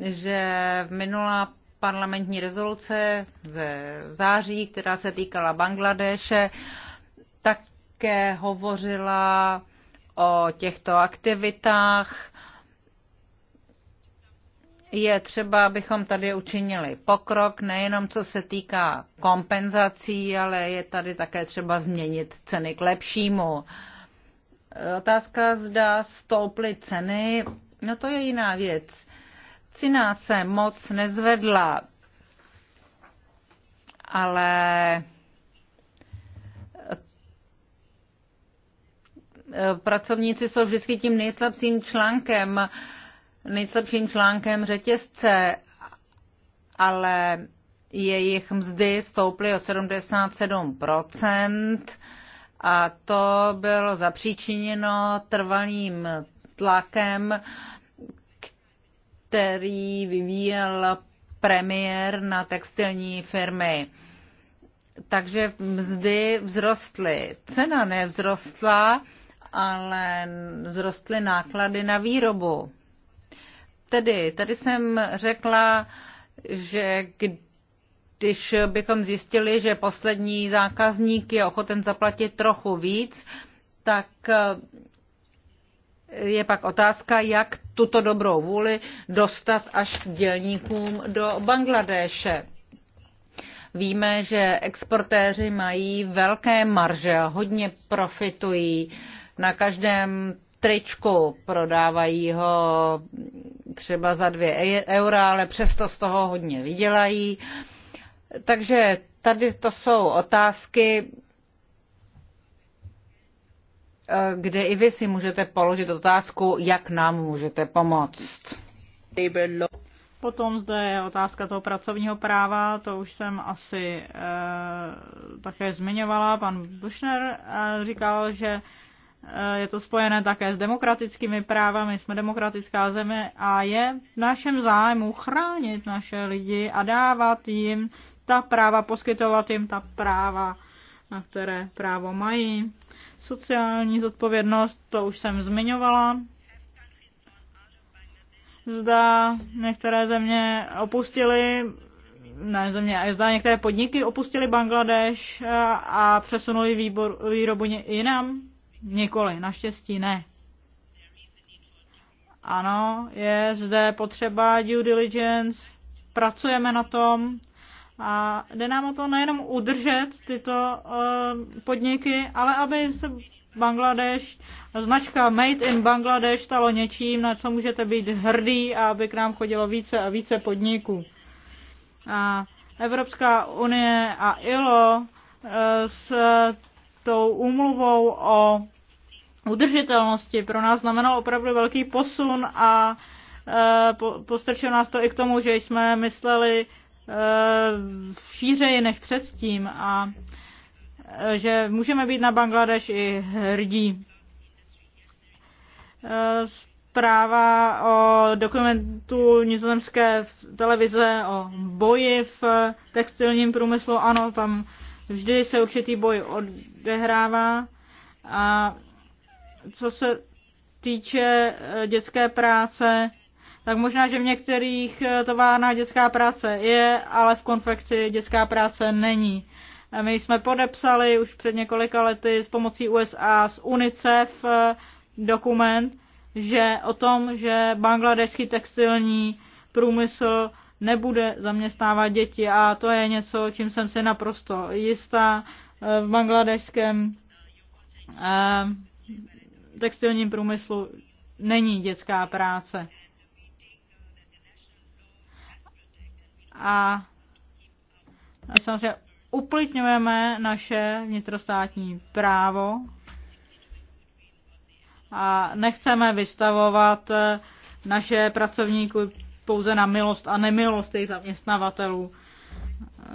že v minulá parlamentní rezoluce ze září, která se týkala Bangladeše, také hovořila o těchto aktivitách. Je třeba, abychom tady učinili pokrok, nejenom co se týká kompenzací, ale je tady také třeba změnit ceny k lepšímu. Otázka, zda stouply ceny, no to je jiná věc vakcina se moc nezvedla, ale pracovníci jsou vždycky tím nejslabším článkem, nejslabším článkem řetězce, ale jejich mzdy stouply o 77% a to bylo zapříčiněno trvalým tlakem který vyvíjel premiér na textilní firmy. Takže mzdy vzrostly. Cena nevzrostla, ale vzrostly náklady na výrobu. Tedy, tady jsem řekla, že když bychom zjistili, že poslední zákazník je ochoten zaplatit trochu víc, tak je pak otázka, jak tuto dobrou vůli dostat až k dělníkům do Bangladéše. Víme, že exportéři mají velké marže a hodně profitují. Na každém tričku prodávají ho třeba za dvě eura, ale přesto z toho hodně vydělají. Takže tady to jsou otázky, Eh, kde i vy si můžete položit otázku, jak nám můžete pomoct. Potom zde je otázka toho pracovního práva, to už jsem asi e, také zmiňovala. Pan Bušner e, říkal, že e, je to spojené také s demokratickými právami, jsme demokratická země a je v našem zájmu chránit naše lidi a dávat jim ta práva, poskytovat jim ta práva, na které právo mají. Sociální zodpovědnost, to už jsem zmiňovala. Zda některé země opustily, ne země, zda některé podniky opustily Bangladeš eh, a přesunuli výbor, výrobu jinam? Nikoli, naštěstí ne. Ano, je zde potřeba due diligence, pracujeme na tom, a jde nám o to nejenom udržet tyto eh, podniky, ale aby se Bangladeš, značka Made in Bangladeš stalo něčím, na co můžete být hrdý a aby k nám chodilo více a více podniků. A Evropská unie a ILO eh, s tou úmluvou o udržitelnosti pro nás znamenalo opravdu velký posun a eh, postrčilo nás to i k tomu, že jsme mysleli Eh, šířeji než předtím a eh, že můžeme být na Bangladeš i hrdí. Eh, zpráva o dokumentu nizozemské televize o boji v textilním průmyslu, ano, tam vždy se určitý boj odehrává. A co se týče dětské práce, tak možná, že v některých eh, továrnách dětská práce je, ale v konfekci dětská práce není. My jsme podepsali už před několika lety s pomocí USA s UNICEF eh, dokument, že o tom, že bangladešský textilní průmysl nebude zaměstnávat děti a to je něco, čím jsem si naprosto jistá eh, v bangladešském textilním průmyslu není dětská práce. a samozřejmě uplitňujeme naše vnitrostátní právo a nechceme vystavovat naše pracovníky pouze na milost a nemilost jejich zaměstnavatelů.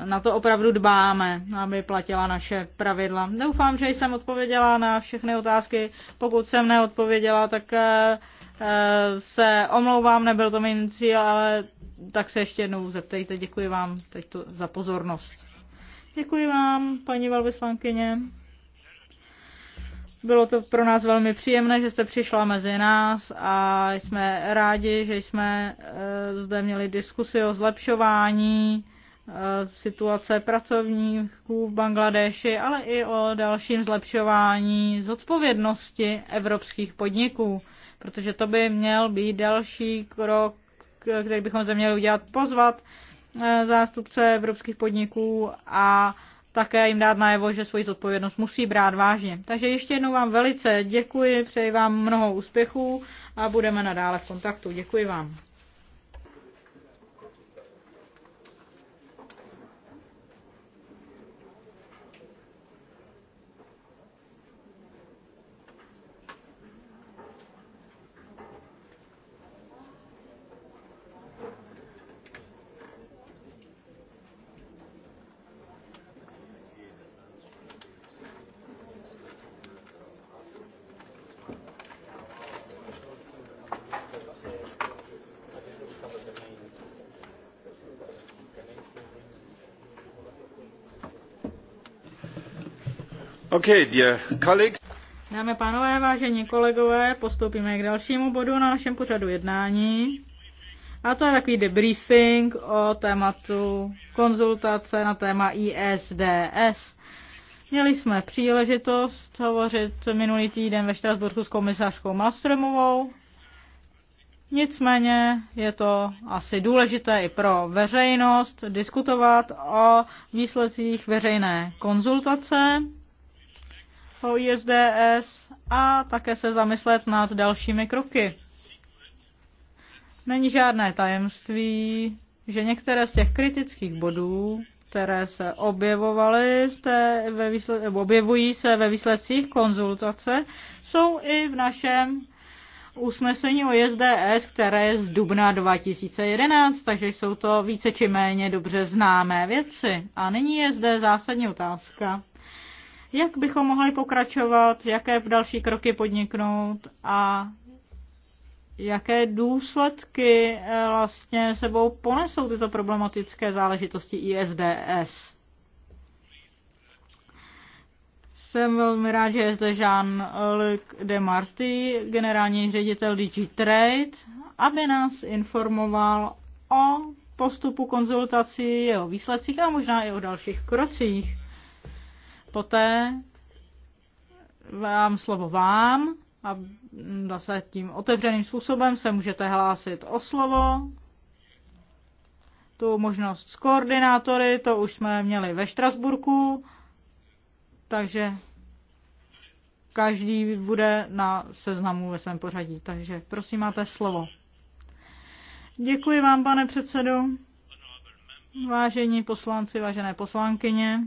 Na to opravdu dbáme, aby platila naše pravidla. Doufám, že jsem odpověděla na všechny otázky. Pokud jsem neodpověděla, tak eh, se omlouvám, nebyl to mým cíl, ale tak se ještě jednou zeptejte. Děkuji vám teď to za pozornost. Děkuji vám, paní velvyslankyně. Bylo to pro nás velmi příjemné, že jste přišla mezi nás a jsme rádi, že jsme eh, zde měli diskusi o zlepšování eh, situace pracovníků v Bangladeši, ale i o dalším zlepšování zodpovědnosti evropských podniků, protože to by měl být další krok který bychom se měli udělat, pozvat eh, zástupce evropských podniků a také jim dát najevo, že svoji zodpovědnost musí brát vážně. Takže ještě jednou vám velice děkuji, přeji vám mnoho úspěchů a budeme nadále v kontaktu. Děkuji vám. Okay, dear colleagues. Dámy a pánové, vážení kolegové, postoupíme k dalšímu bodu na našem pořadu jednání. A to je takový debriefing o tématu konzultace na téma ISDS. Měli jsme příležitost hovořit minulý týden ve Štrasburku s komisařkou Malstromovou. Nicméně je to asi důležité i pro veřejnost diskutovat o výsledcích veřejné konzultace ISDS a také se zamyslet nad dalšími kroky. Není žádné tajemství, že některé z těch kritických bodů, které se objevovaly té, ve výsled, objevují se ve výsledcích konzultace, jsou i v našem usnesení o JSDS, které je z dubna 2011, takže jsou to více či méně dobře známé věci. A nyní je zde zásadní otázka, jak bychom mohli pokračovat, jaké další kroky podniknout a jaké důsledky eh, vlastně sebou ponesou tyto problematické záležitosti ISDS. Jsem velmi rád, že je zde Jean-Luc Demarty, generální ředitel DigiTrade, aby nás informoval o postupu konzultací, jeho výsledcích a možná i o dalších krocích poté vám slovo vám a zase tím otevřeným způsobem se můžete hlásit o slovo. Tu možnost s koordinátory, to už jsme měli ve Štrasburku, takže každý bude na seznamu ve svém pořadí. Takže prosím, máte slovo. Děkuji vám, pane předsedu. Vážení poslanci, vážené poslankyně,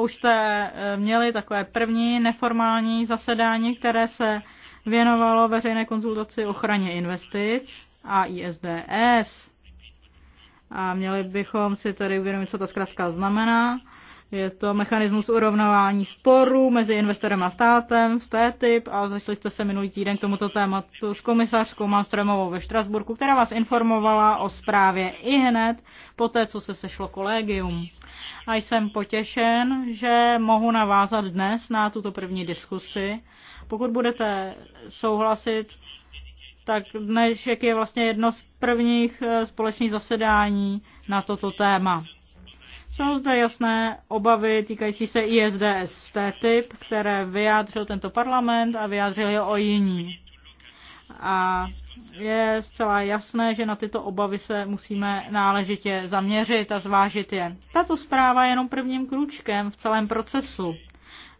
už jste eh, měli takové první neformální zasedání, které se věnovalo veřejné konzultaci ochraně investic a ISDS. A měli bychom si tedy uvědomit, co ta zkrátka znamená. Je to mechanismus urovnávání sporů mezi investorem a státem v TTIP a zašli jste se minulý týden k tomuto tématu s komisařskou Malmströmovou ve Štrasburku, která vás informovala o zprávě i hned po té, co se sešlo kolegium. A jsem potěšen, že mohu navázat dnes na tuto první diskusi. Pokud budete souhlasit, tak dnešek je vlastně jedno z prvních eh, společných zasedání na toto téma. Jsou zde jasné obavy týkající se ISDS typ, které vyjádřil tento parlament a vyjádřil je o jiní. A je zcela jasné, že na tyto obavy se musíme náležitě zaměřit a zvážit je. Tato zpráva je jenom prvním kručkem v celém procesu.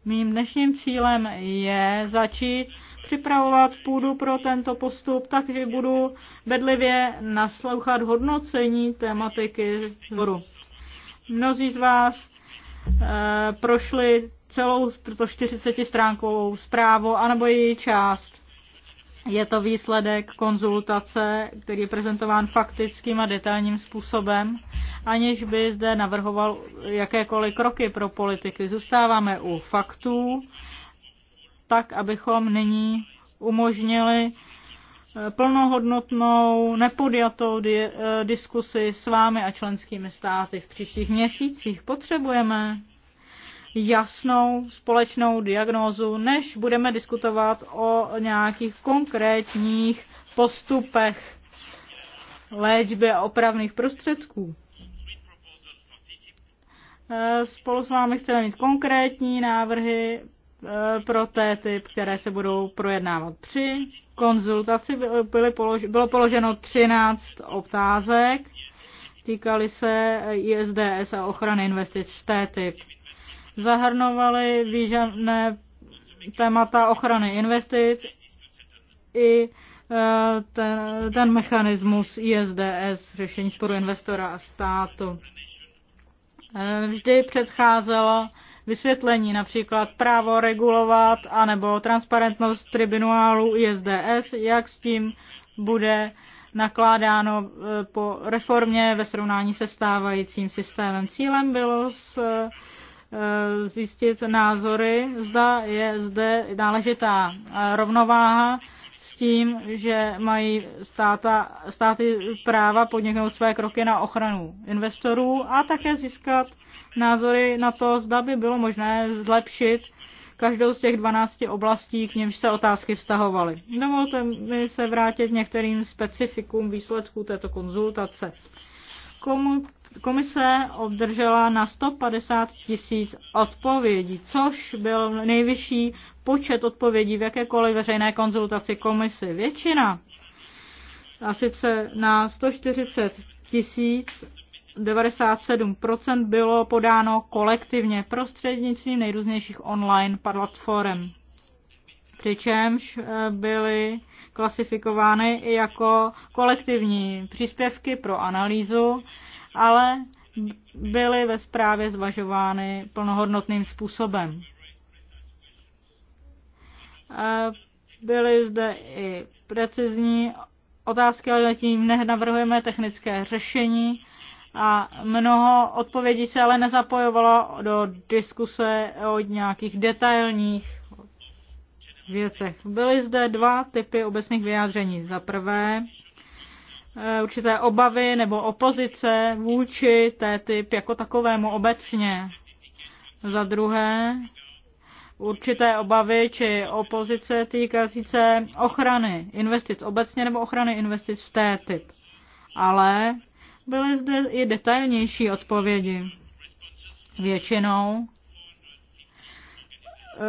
Mým dnešním cílem je začít připravovat půdu pro tento postup, takže budu bedlivě naslouchat hodnocení tématiky zboru. Mnozí z vás eh, prošli celou tuto 40 stránkovou zprávu, anebo její část. Je to výsledek konzultace, který je prezentován faktickým a detailním způsobem, aniž by zde navrhoval jakékoliv kroky pro politiky. Zůstáváme u faktů, tak abychom nyní umožnili Eh, plnohodnotnou, nepodjatou di- eh, diskusi s vámi a členskými státy v příštích měsících. Potřebujeme jasnou společnou diagnózu, než budeme diskutovat o nějakých konkrétních postupech léčby a opravných prostředků. Eh, spolu s vámi chceme mít konkrétní návrhy Eh, pro té typ, které se budou projednávat při konzultaci, byly polož, bylo položeno 13 otázek, týkaly se ISDS a ochrany investic v té typ. Zahrnovaly významné témata ochrany investic i eh, ten, ten mechanismus ISDS, řešení sporu investora a státu. Eh, vždy předcházelo vysvětlení, například právo regulovat anebo transparentnost tribunálu ISDS, jak s tím bude nakládáno e, po reformě ve srovnání se stávajícím systémem. Cílem bylo s e, zjistit názory, zda je zde náležitá e, rovnováha s tím, že mají státa, státy práva podniknout své kroky na ochranu investorů a také získat názory na to, zda by bylo možné zlepšit každou z těch 12 oblastí, k němž se otázky vztahovaly. Dovolte mi se vrátit některým specifikům výsledků této konzultace. Komise obdržela na 150 tisíc odpovědí, což byl nejvyšší počet odpovědí v jakékoliv veřejné konzultaci komisy. Většina, a sice na 140 tisíc, 97% bylo podáno kolektivně prostřednictvím nejrůznějších online platform. Přičemž eh, byly klasifikovány i jako kolektivní příspěvky pro analýzu, ale byly ve zprávě zvažovány plnohodnotným způsobem. Eh, byly zde i precizní otázky, ale tím nenavrhujeme technické řešení, a mnoho odpovědí se ale nezapojovalo do diskuse o nějakých detailních věcech. Byly zde dva typy obecných vyjádření. Za prvé, eh, určité obavy nebo opozice vůči té typ jako takovému obecně. Za druhé, určité obavy či opozice týkající se ochrany investic obecně nebo ochrany investic v té typ. Ale Byly zde i detailnější odpovědi. Většinou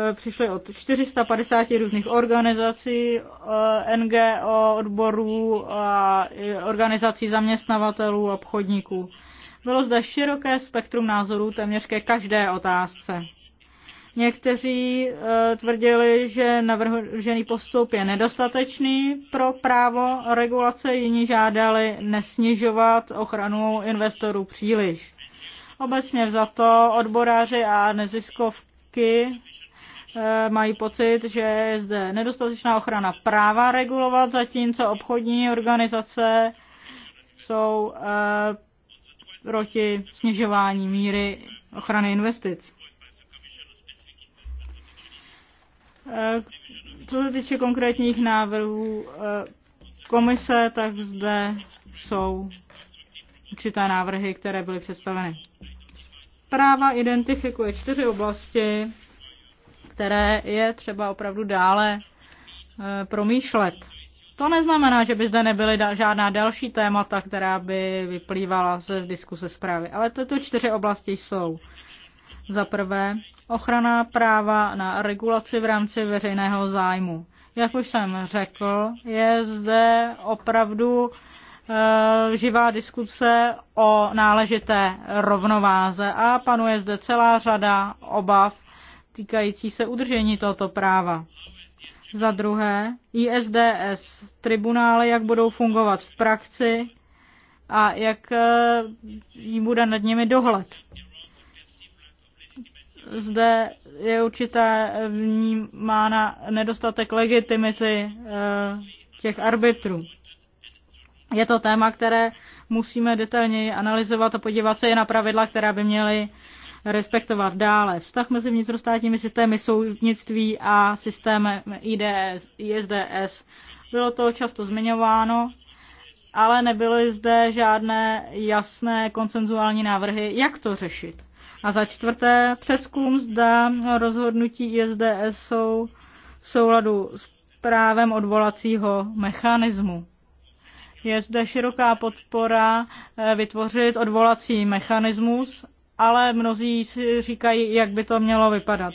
e, přišly od 450 různých organizací, e, NGO, odborů a organizací zaměstnavatelů a obchodníků. Bylo zde široké spektrum názorů téměř ke každé otázce. Někteří eh, tvrdili, že navržený postup je nedostatečný pro právo regulace, jiní žádali nesnižovat ochranu investorů příliš. Obecně vzato odboráři a neziskovky eh, mají pocit, že je zde nedostatečná ochrana práva regulovat, zatímco obchodní organizace jsou eh, proti snižování míry ochrany investic. Eh, co se týče konkrétních návrhů eh, komise, tak zde jsou určité návrhy, které byly představeny. Práva identifikuje čtyři oblasti, které je třeba opravdu dále eh, promýšlet. To neznamená, že by zde nebyly žádná další témata, která by vyplývala ze diskuse zprávy, ale tyto čtyři oblasti jsou. Za prvé, ochrana práva na regulaci v rámci veřejného zájmu. Jak už jsem řekl, je zde opravdu eh, živá diskuse o náležité rovnováze a panuje zde celá řada obav týkající se udržení tohoto práva. Za druhé, ISDS, tribunály, jak budou fungovat v praxi a jak eh, jim bude nad nimi dohled zde je určitá vnímána nedostatek legitimity eh, těch arbitrů. Je to téma, které musíme detailněji analyzovat a podívat se i na pravidla, která by měly respektovat dále. Vztah mezi vnitrostátními systémy soudnictví a systémem IDS, ISDS. Bylo to často zmiňováno, ale nebyly zde žádné jasné konsenzuální návrhy, jak to řešit. A za čtvrté, přeskum zda rozhodnutí ISDS jsou v souladu s právem odvolacího mechanismu. Je zde široká podpora eh, vytvořit odvolací mechanismus, ale mnozí si říkají, jak by to mělo vypadat.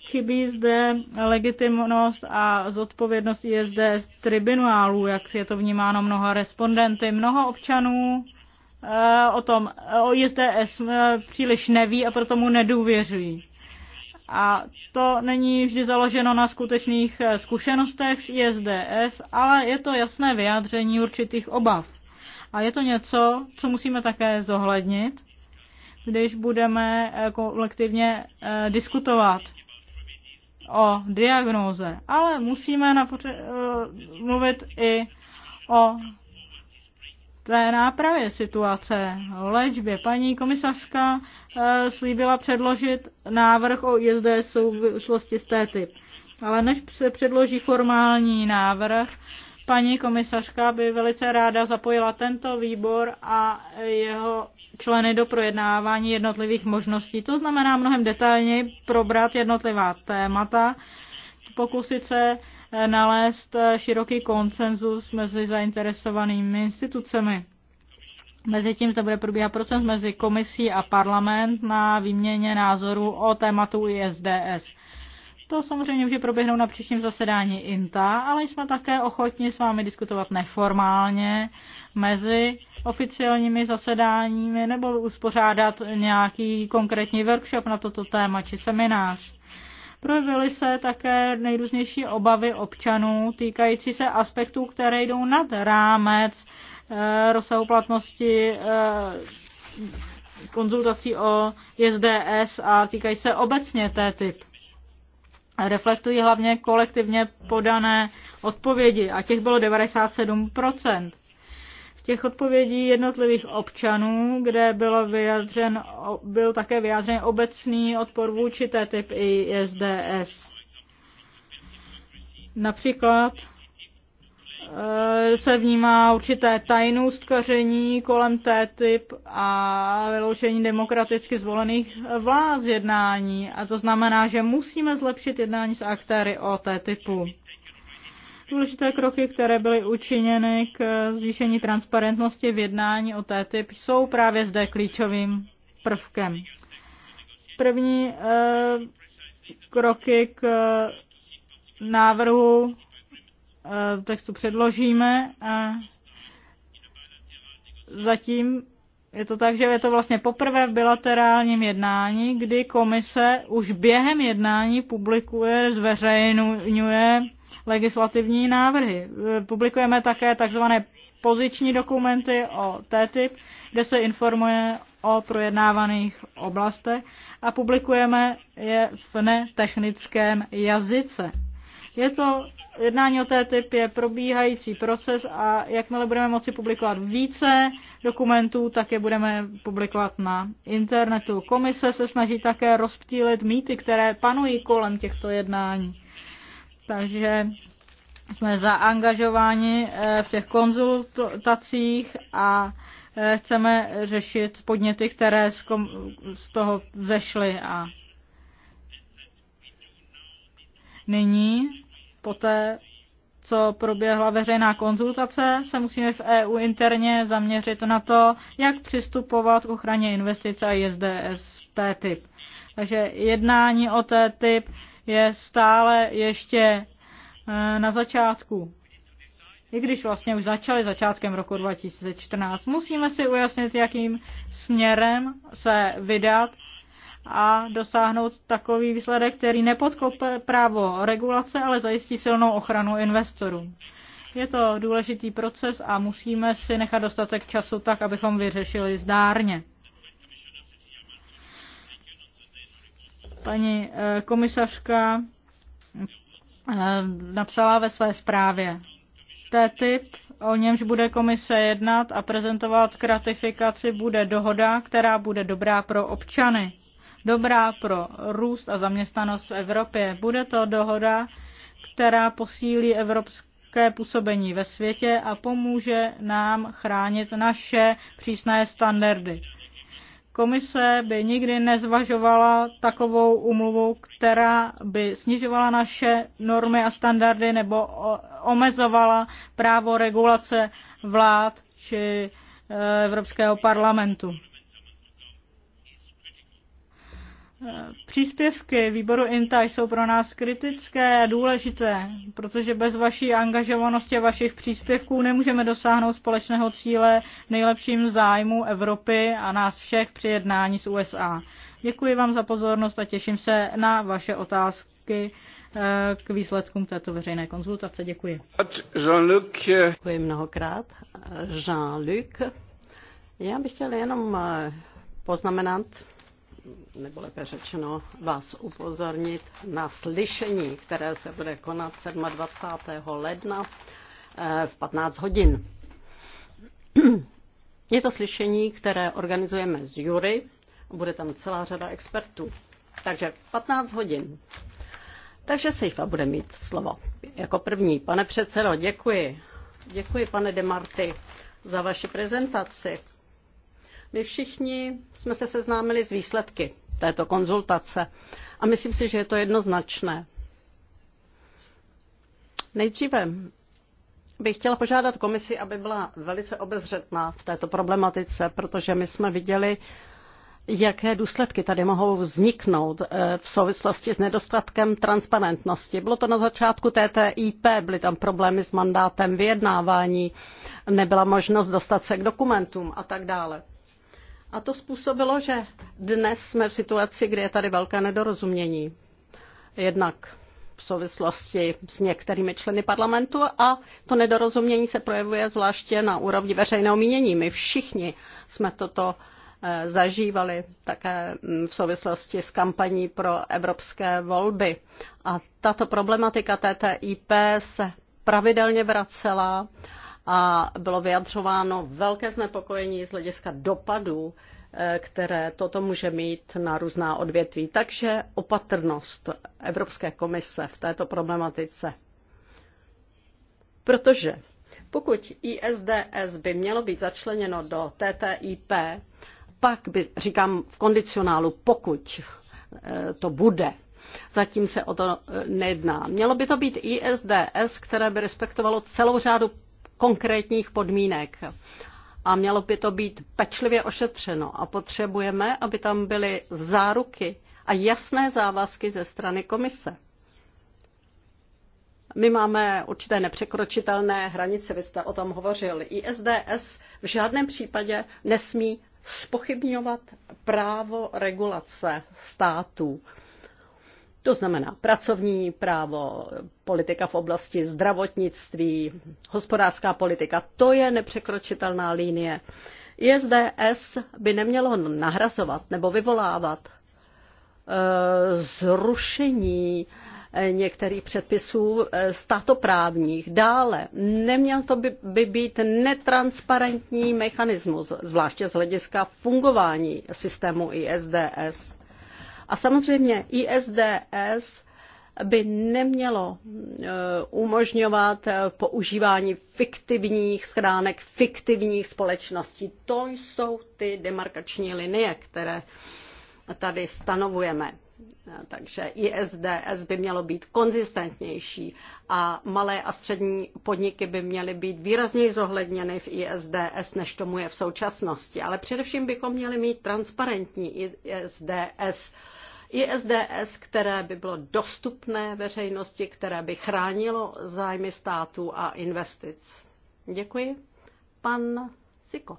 Chybí zde legitimnost a zodpovědnost ISDS tribunálů, jak je to vnímáno mnoha respondenty. Mnoho občanů Eh, o tom, eh, o ISDS eh, příliš neví a proto mu nedůvěřují. A to není vždy založeno na skutečných zkušenostech s ISDS, ale je to jasné vyjádření určitých obav. A je to něco, co musíme také zohlednit, když budeme kolektivně diskutovat o diagnóze. Ale musíme napře- mluvit i o té nápravě situace, o léčbě. Paní komisařka e, slíbila předložit návrh o ISD souvislosti s typ. Ale než se předloží formální návrh, paní komisařka by velice ráda zapojila tento výbor a jeho členy do projednávání jednotlivých možností. To znamená mnohem detailněji probrat jednotlivá témata, pokusit se nalézt široký konsenzus mezi zainteresovanými institucemi. Mezitím zde bude probíhat proces mezi komisí a parlament na výměně názorů o tématu ISDS. To samozřejmě může proběhnout na příštím zasedání INTA, ale jsme také ochotni s vámi diskutovat neformálně mezi oficiálními zasedáními nebo uspořádat nějaký konkrétní workshop na toto téma či seminář. Projevily se také nejrůznější obavy občanů týkající se aspektů, které jdou nad rámec eh, rozsahu platnosti eh, konzultací o SDS a týkají se obecně té typ. Reflektují hlavně kolektivně podané odpovědi a těch bylo 97% těch odpovědí jednotlivých občanů, kde bylo vyjadřen, byl také vyjádřen obecný odpor vůči TTIP i SDS. Například eh, se vnímá určité tajnou stkaření kolem TTIP a vyloučení demokraticky zvolených vlád z jednání. A to znamená, že musíme zlepšit jednání s aktéry o TTIPu. Důležité kroky, které byly učiněny k eh, zvýšení transparentnosti v jednání o TTIP, jsou právě zde klíčovým prvkem. První eh, kroky k eh, návrhu textu předložíme. A zatím je to tak, že je to vlastně poprvé v bilaterálním jednání, kdy komise už během jednání publikuje, zveřejňuje legislativní návrhy. E, publikujeme také tzv. poziční dokumenty o TTIP, kde se informuje o projednávaných oblastech a publikujeme je v netechnickém jazyce. Je to jednání o TTIP je probíhající proces a jakmile budeme moci publikovat více dokumentů, tak je budeme publikovat na internetu. Komise se snaží také rozptýlit mýty, které panují kolem těchto jednání takže jsme zaangažováni eh, v těch konzultacích a eh, chceme řešit podněty, které z toho zešly. a nyní, po té, co proběhla veřejná konzultace, se musíme v EU interně zaměřit na to, jak přistupovat k ochraně investice a ISDS v té typ. Takže jednání o té typ je stále ještě eh, na začátku. I když vlastně už začaly začátkem roku 2014, musíme si ujasnit, jakým směrem se vydat a dosáhnout takový výsledek, který nepodkope právo regulace, ale zajistí silnou ochranu investorům. Je to důležitý proces a musíme si nechat dostatek času tak, abychom vyřešili zdárně. paní eh, komisařka eh, napsala ve své zprávě. TTIP, o němž bude komise jednat a prezentovat k ratifikaci, bude dohoda, která bude dobrá pro občany, dobrá pro růst a zaměstnanost v Evropě. Bude to dohoda, která posílí evropské působení ve světě a pomůže nám chránit naše přísné standardy. Komise by nikdy nezvažovala takovou umluvu, která by snižovala naše normy a standardy nebo omezovala právo regulace vlád či eh, Evropského parlamentu. Příspěvky výboru INTA jsou pro nás kritické a důležité, protože bez vaší angažovanosti a vašich příspěvků nemůžeme dosáhnout společného cíle nejlepším zájmu Evropy a nás všech při jednání s USA. Děkuji vám za pozornost a těším se na vaše otázky eh, k výsledkům této veřejné konzultace. Děkuji. Jean-Luc. Děkuji mnohokrát. Jean-Luc. Já bych chtěl jenom eh, poznamenat, nebo lépe řečeno, vás upozornit na slyšení, které se bude konat 27. ledna eh, v 15 hodin. Je to slyšení, které organizujeme z jury, bude tam celá řada expertů. Takže 15 hodin. Takže Sejfa bude mít slovo. Jako první, pane předsedo, děkuji. Děkuji, pane Demarty, za vaši prezentaci. My všichni jsme se seznámili s výsledky této konzultace a myslím si, že je to jednoznačné. Nejdříve bych chtěla požádat komisi, aby byla velice obezřetná v této problematice, protože my jsme viděli, jaké důsledky tady mohou vzniknout eh, v souvislosti s nedostatkem transparentnosti. Bylo to na začátku TTIP, byly tam problémy s mandátem vyjednávání, nebyla možnost dostat se k dokumentům a tak dále. A to způsobilo, že dnes jsme v situaci, kdy je tady velké nedorozumění. Jednak v souvislosti s některými členy parlamentu a to nedorozumění se projevuje zvláště na úrovni veřejného mínění. My všichni jsme toto eh, zažívali také mm, v souvislosti s kampaní pro evropské volby. A tato problematika TTIP se pravidelně vracela a bylo vyjadřováno velké znepokojení z hlediska dopadů, eh, které toto může mít na různá odvětví. Takže opatrnost Evropské komise v této problematice. Protože pokud ISDS by mělo být začleněno do TTIP, pak by, říkám v kondicionálu, pokud eh, to bude, zatím se o to eh, nejedná. Mělo by to být ISDS, které by respektovalo celou řádu konkrétních podmínek. A mělo by to být pečlivě ošetřeno a potřebujeme, aby tam byly záruky a jasné závazky ze strany komise. My máme určité nepřekročitelné hranice, vy jste o tom hovořil. ISDS v žádném případě nesmí spochybňovat právo regulace států. To znamená pracovní právo, politika v oblasti zdravotnictví, hospodářská politika, to je nepřekročitelná linie. ISDS by nemělo nahrazovat nebo vyvolávat eh, zrušení eh, některých předpisů eh, státoprávních. Dále neměl to by, by být netransparentní mechanismus, zvláště z hlediska fungování systému ISDS. A samozřejmě ISDS by nemělo eh, umožňovat eh, používání fiktivních schránek, fiktivních společností. To jsou ty demarkační linie, které tady stanovujeme. Eh, takže ISDS by mělo být konzistentnější a malé a střední podniky by měly být výrazněji zohledněny v ISDS, než tomu je v současnosti. Ale především bychom měli mít transparentní ISDS ISDS, které by bylo dostupné veřejnosti, které by chránilo zájmy států a investic. Děkuji. Pan Siko.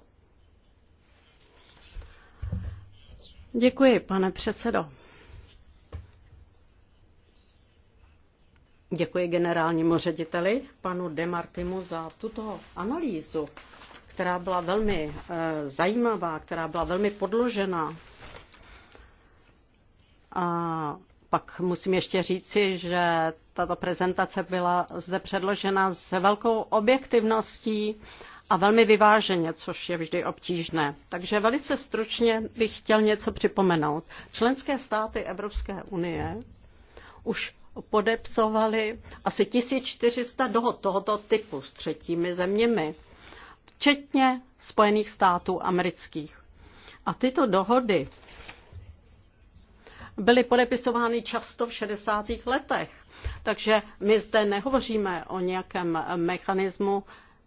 Děkuji, pane předsedo. Děkuji generálnímu řediteli, panu Demartimu, za tuto analýzu, která byla velmi eh, zajímavá, která byla velmi podložená. A pak musím ještě říci, že tato prezentace byla zde předložena s velkou objektivností a velmi vyváženě, což je vždy obtížné. Takže velice stručně bych chtěl něco připomenout. Členské státy Evropské unie už podepsovali asi 1400 dohod tohoto typu s třetími zeměmi, včetně Spojených států amerických. A tyto dohody byly podepisovány často v 60. letech. Takže my zde nehovoříme o nějakém mechanismu,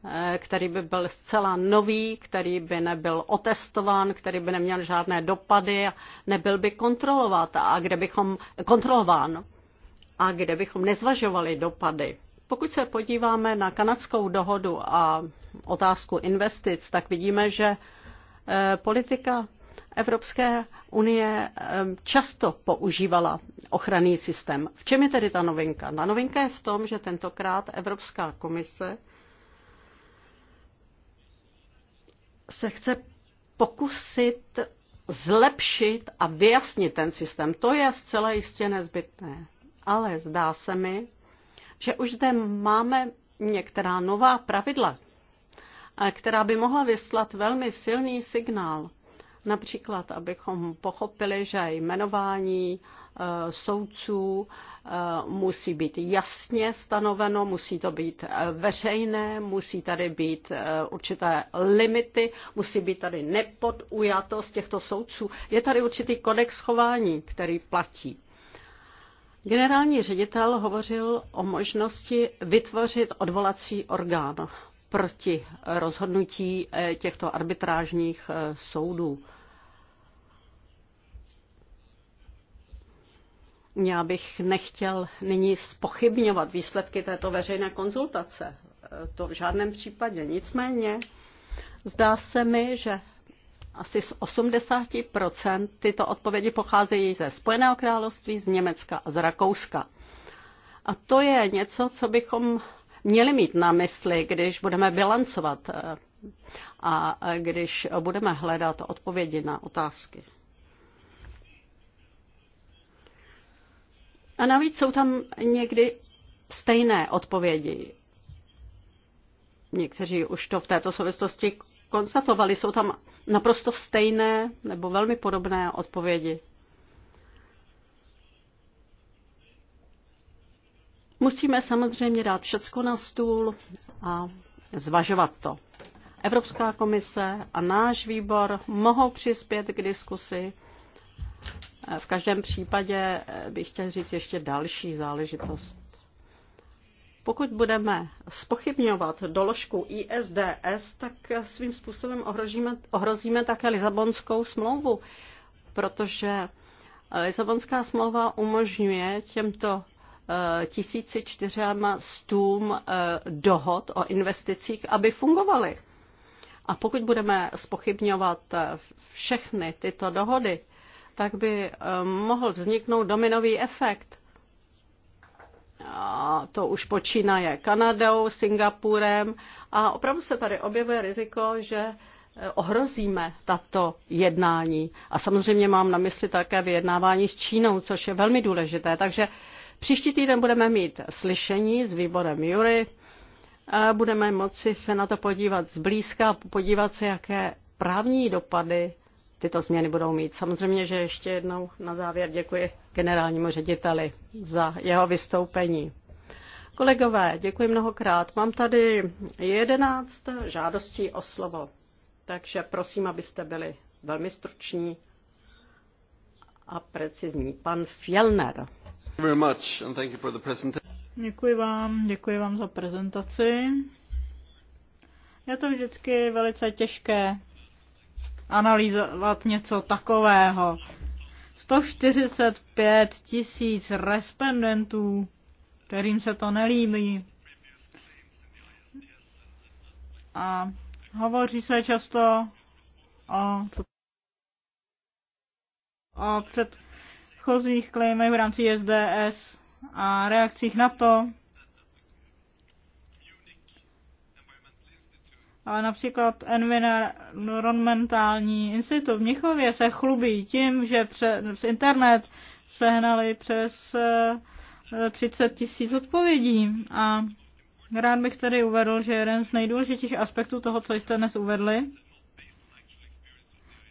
eh, který by byl zcela nový, který by nebyl otestován, který by neměl žádné dopady, nebyl by kontrolovat a kde bychom kontrolován a kde bychom nezvažovali dopady. Pokud se podíváme na kanadskou dohodu a otázku investic, tak vidíme, že eh, politika Evropské unie eh, často používala ochranný systém. V čem je tedy ta novinka? Na novinka je v tom, že tentokrát Evropská komise se chce pokusit zlepšit a vyjasnit ten systém. To je zcela jistě nezbytné. Ale zdá se mi, že už zde máme některá nová pravidla, eh, která by mohla vyslat velmi silný signál Například, abychom pochopili, že jmenování eh, soudců eh, musí být jasně stanoveno, musí to být eh, veřejné, musí tady být určité limity, musí být tady nepodujatost těchto soudců. Je tady určitý kodex chování, který platí. Generální ředitel hovořil o možnosti vytvořit odvolací orgán proti rozhodnutí těchto arbitrážních soudů. Já bych nechtěl nyní spochybňovat výsledky této veřejné konzultace. To v žádném případě. Nicméně zdá se mi, že asi z 80% tyto odpovědi pocházejí ze Spojeného království, z Německa a z Rakouska. A to je něco, co bychom měli mít na mysli, když budeme bilancovat eh, a eh, když budeme hledat odpovědi na otázky. A navíc jsou tam někdy stejné odpovědi. Někteří už to v této souvislosti konstatovali, jsou tam naprosto stejné nebo velmi podobné odpovědi. Musíme samozřejmě dát všecko na stůl a zvažovat to. Evropská komise a náš výbor mohou přispět k diskusi v každém případě eh, bych chtěl říct ještě další záležitost. Pokud budeme spochybňovat doložku ISDS, tak svým způsobem ohrožíme, ohrozíme také Lisabonskou smlouvu, protože Lisabonská smlouva umožňuje těmto 1400 eh, eh, dohod o investicích, aby fungovaly. A pokud budeme spochybňovat všechny tyto dohody, tak by eh, mohl vzniknout dominový efekt. A to už počínaje Kanadou, Singapurem a opravdu se tady objevuje riziko, že eh, ohrozíme tato jednání. A samozřejmě mám na mysli také vyjednávání s Čínou, což je velmi důležité. Takže příští týden budeme mít slyšení s výborem Jury. Budeme moci se na to podívat zblízka, podívat se, jaké právní dopady tyto změny budou mít. Samozřejmě, že ještě jednou na závěr děkuji generálnímu řediteli za jeho vystoupení. Kolegové, děkuji mnohokrát. Mám tady 11 žádostí o slovo, takže prosím, abyste byli velmi struční a precizní. Pan Fjellner. Děkuji vám, děkuji vám za prezentaci. Je to vždycky velice těžké analyzovat něco takového. 145 tisíc respondentů, kterým se to nelíbí. A hovoří se často o, o předchozích klejmech v rámci SDS a reakcích na to, ale například Environmentální institut v Mnichově se chlubí tím, že přes internet sehnali přes 30 eh, tisíc odpovědí. A rád bych tady uvedl, že jeden z nejdůležitějších aspektů toho, co jste dnes uvedli,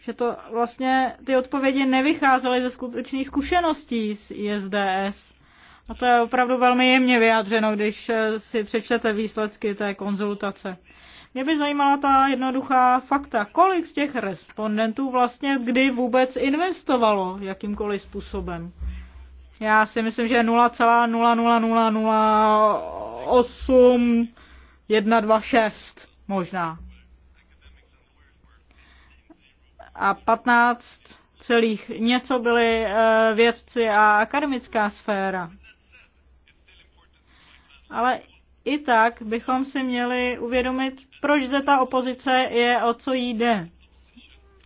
že to vlastně ty odpovědi nevycházely ze skutečných zkušeností z ISDS. A to je opravdu velmi jemně vyjádřeno, když eh, si přečtete výsledky té konzultace. Mě by zajímala ta jednoduchá fakta. Kolik z těch respondentů vlastně kdy vůbec investovalo jakýmkoliv způsobem? Já si myslím, že 0,00008 možná. A 15 celých něco byly eh, vědci a akademická sféra. Ale i tak bychom si měli uvědomit, proč zde ta opozice je, o co jí jde.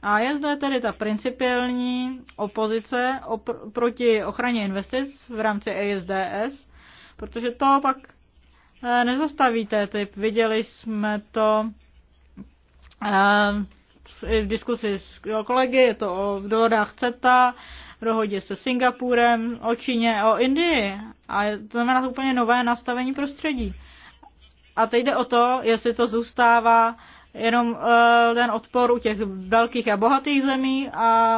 A je zde tedy ta principiální opozice opr- proti ochraně investic v rámci ESDS, protože to pak eh, nezastavíte typ. Viděli jsme to eh, v diskusi s kolegy, je to o dohodách CETA, dohodě se Singapurem, o Číně, o Indii. A to znamená to úplně nové nastavení prostředí. A teď jde o to, jestli to zůstává jenom eh, ten odpor u těch velkých a bohatých zemí a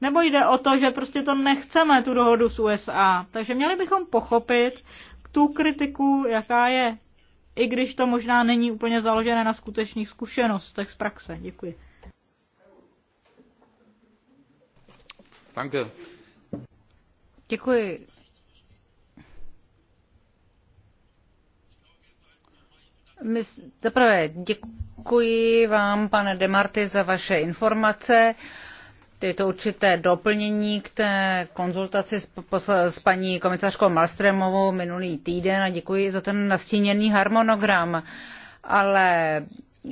nebo jde o to, že prostě to nechceme, tu dohodu s USA. Takže měli bychom pochopit tu kritiku, jaká je, i když to možná není úplně založené na skutečných zkušenostech z praxe. Děkuji. Danke. Děkuji. Za prvé děkuji vám, pane Demarty, za vaše informace. Je to určité doplnění k té konzultaci s, paní komisařkou Malstremovou minulý týden a děkuji za ten nastíněný harmonogram. Ale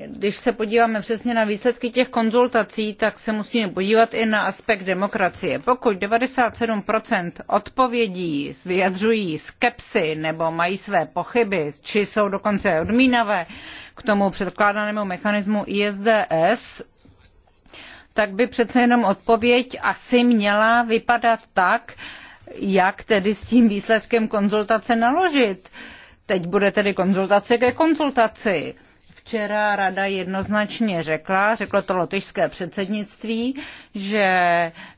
když se podíváme přesně na výsledky těch konzultací, tak se musíme podívat i na aspekt demokracie. Pokud 97% odpovědí vyjadřují skepsy nebo mají své pochyby, či jsou dokonce odmínavé k tomu předkládanému mechanismu ISDS, tak by přece jenom odpověď asi měla vypadat tak, jak tedy s tím výsledkem konzultace naložit. Teď bude tedy konzultace ke konzultaci Včera rada jednoznačně řekla, řeklo to lotyšské předsednictví, že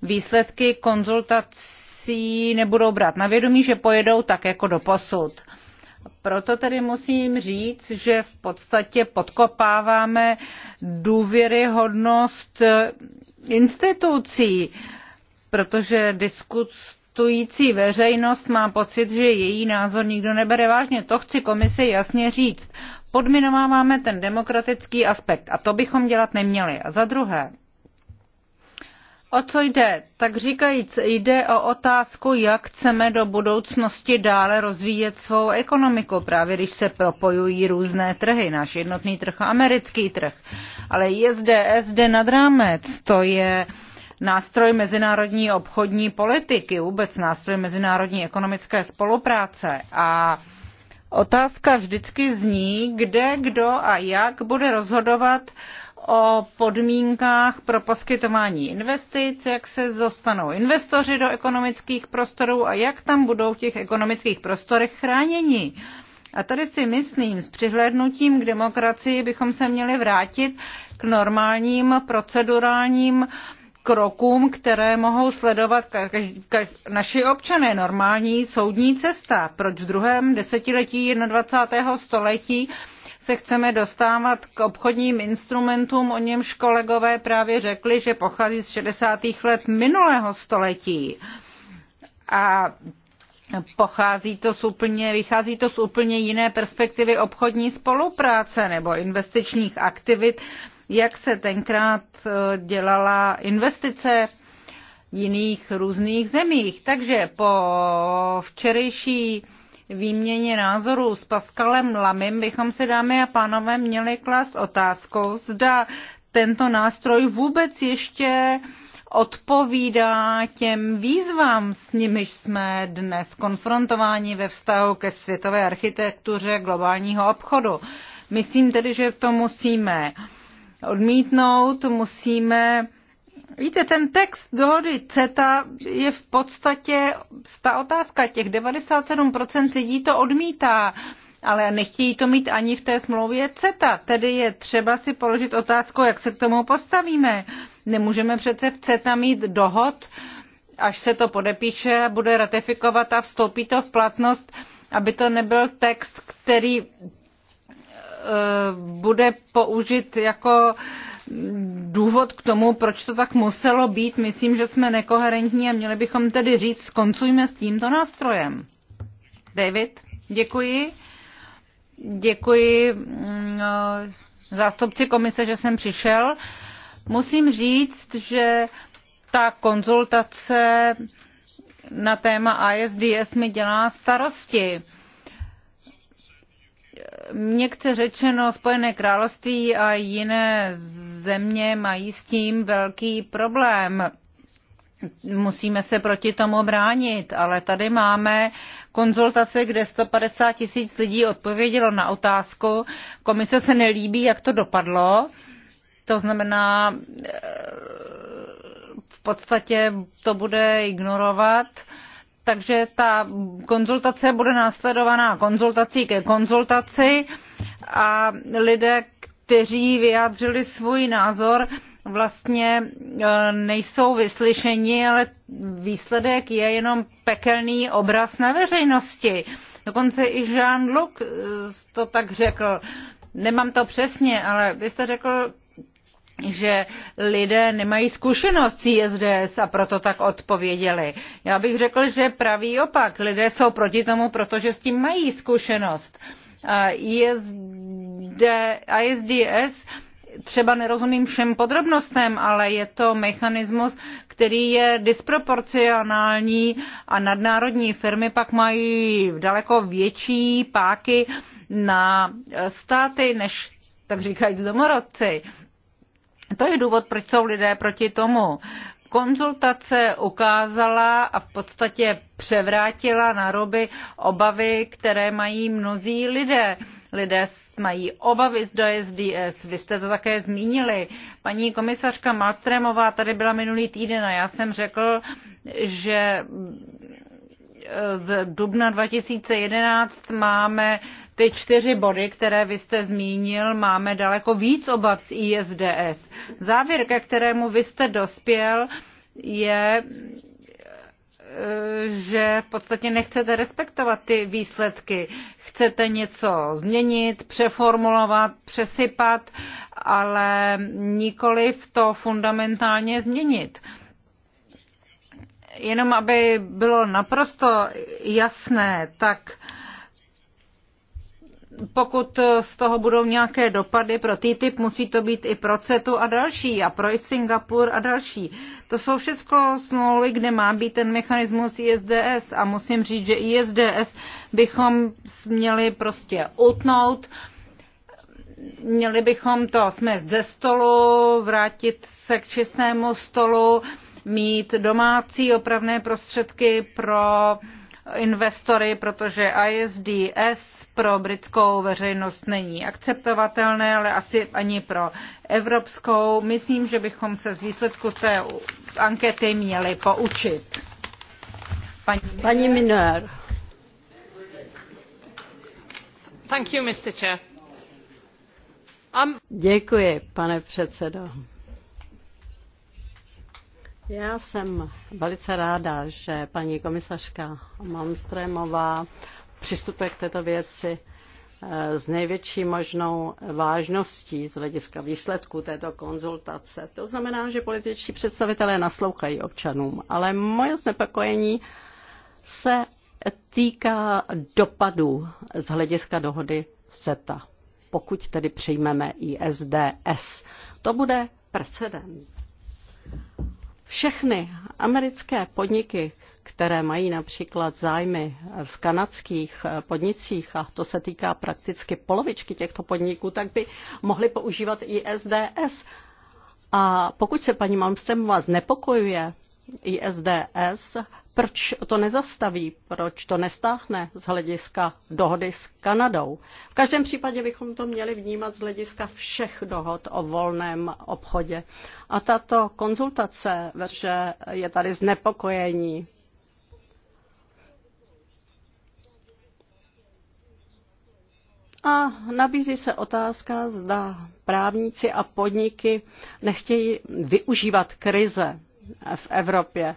výsledky konzultací nebudou brát na vědomí, že pojedou tak jako do posud. Proto tedy musím říct, že v podstatě podkopáváme důvěryhodnost institucí, protože diskus protestující veřejnost má pocit, že její názor nikdo nebere vážně. To chci komisi jasně říct. Podminováváme ten demokratický aspekt a to bychom dělat neměli. A za druhé, O co jde? Tak říkajíc, jde o otázku, jak chceme do budoucnosti dále rozvíjet svou ekonomiku, právě když se propojují různé trhy, náš jednotný trh a americký trh. Ale je zde nad rámec, to je uh, nástroj mezinárodní obchodní politiky, vůbec nástroj mezinárodní ekonomické spolupráce. A otázka vždycky zní, kde, kdo a jak bude rozhodovat o podmínkách pro poskytování investic, jak se dostanou investoři do ekonomických prostorů a jak tam budou v těch ekonomických prostorech chráněni. A tady si myslím, s přihlédnutím k demokracii bychom se měli vrátit k normálním procedurálním uh, krokům, které mohou sledovat naši občané. Normální soudní cesta. Proč v druhém desetiletí 21. století se chceme dostávat k obchodním instrumentům, o němž kolegové právě řekli, že pochází z 60. let minulého století. A pochází to z úplně, vychází to z úplně jiné perspektivy obchodní spolupráce nebo investičních aktivit, jak se tenkrát eh, dělala investice v jiných různých zemích. Takže po včerejší výměně názorů s Pascalem Lamim bychom se dámy a pánové, měli klást otázkou, zda tento nástroj vůbec ještě odpovídá těm výzvám, s nimiž jsme dnes konfrontováni ve vztahu ke světové architektuře globálního obchodu. Myslím tedy, že to musíme uh, odmítnout, musíme Víte, ten text dohody CETA je v podstatě ta otázka. Těch 97% lidí to odmítá, ale nechtějí to mít ani v té smlouvě CETA. Tedy je třeba si položit otázku, jak se k tomu postavíme. Nemůžeme přece v CETA mít dohod, až se to podepíše a bude ratifikovat a vstoupí to v platnost, aby to nebyl text, který Eh, bude použit jako důvod k tomu, proč to tak muselo být. Myslím, že jsme nekoherentní a měli bychom tedy říct, skoncujme s tímto nástrojem. David, děkuji. Děkuji mm, no, zástupci komise, že jsem přišel. Musím říct, že ta konzultace na téma ISDS mi dělá starosti měkce řečeno Spojené království a jiné země mají s tím velký problém. Musíme se proti tomu bránit, ale tady máme konzultace, kde 150 tisíc lidí odpovědělo na otázku. Komise se nelíbí, jak to dopadlo. To znamená, eh, v podstatě to bude ignorovat. Uh, takže ta konzultace bude následovaná konzultací ke konzultaci a lidé, kteří vyjádřili svůj názor, vlastně e, nejsou vyslyšeni, ale výsledek je jenom pekelný obraz na veřejnosti. Dokonce i Jean-Luc e, to tak řekl. Nemám to přesně, ale vy jste řekl že lidé nemají zkušenost CSDS a proto tak odpověděli. Já bych řekl, že pravý opak. Lidé jsou proti tomu, protože s tím mají zkušenost. A ISD, ISDS třeba nerozumím všem podrobnostem, ale je to mechanismus, který je disproporcionální a nadnárodní firmy pak mají daleko větší páky na státy než tak říkají domorodci. To je důvod, proč jsou lidé proti tomu. Konzultace ukázala a v podstatě převrátila na roby obavy, které mají mnozí lidé. Lidé mají obavy z DSDS, vy jste to také zmínili. Paní komisařka Malstremová tady byla minulý týden a já jsem řekl, že z dubna 2011 máme ty čtyři body, které vy jste zmínil, máme daleko víc obav z ISDS. Závěr, ke kterému vy jste dospěl, je, eh, že v podstatě nechcete respektovat ty výsledky. Chcete něco změnit, přeformulovat, přesypat, ale nikoli v to fundamentálně změnit. Uh, jenom aby bylo naprosto jasné, tak pokud z toho budou nějaké dopady pro TTIP, musí to být i pro CETu a další a pro Singapur a další. To jsou všechno smlouvy, kde má být ten mechanismus ISDS a musím říct, že ISDS bychom měli prostě utnout, měli bychom to smést ze stolu, vrátit se k čistému stolu, mít domácí opravné prostředky pro investory, protože ISDS pro britskou veřejnost není akceptovatelné, ale asi ani pro evropskou. Myslím, že bychom se z výsledku té ankety měli poučit. Paní, Paní Minér. Thank you, Mr. Chair. Um, Děkuji, pane předsedo. Já jsem velice ráda, že paní komisařka Malmströmová přistupuje k této věci eh, s největší možnou vážností z hlediska výsledků této konzultace. To znamená, že političtí představitelé naslouchají občanům, ale moje znepokojení se týká dopadů z hlediska dohody CETA, pokud tedy přijmeme ISDS. To bude precedent všechny americké podniky, které mají například zájmy v kanadských eh, podnicích, a to se týká prakticky polovičky těchto podniků, tak by mohly používat i SDS. A pokud se paní vás znepokojuje ISDS, proč to nezastaví, proč to nestáhne z hlediska dohody s Kanadou. V každém případě bychom to měli vnímat z hlediska všech dohod o volném obchodě. A tato konzultace, že je tady znepokojení. A nabízí se otázka, zda právníci a podniky nechtějí využívat krize v Evropě.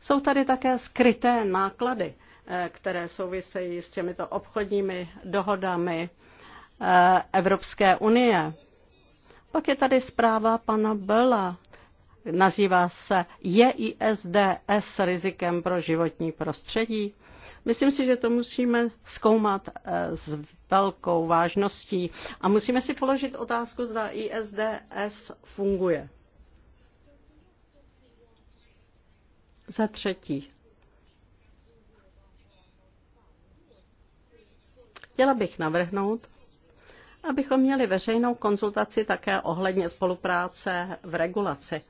Jsou tady také skryté náklady, eh, které souvisejí s těmito obchodními dohodami eh, Evropské unie. Pak je tady zpráva pana Bela. Nazývá se Je ISDS rizikem pro životní prostředí? Myslím si, že to musíme zkoumat eh, s velkou vážností a musíme si položit otázku, zda ISDS funguje. Za třetí, chtěla bych navrhnout, abychom měli veřejnou konzultaci také ohledně spolupráce v regulaci.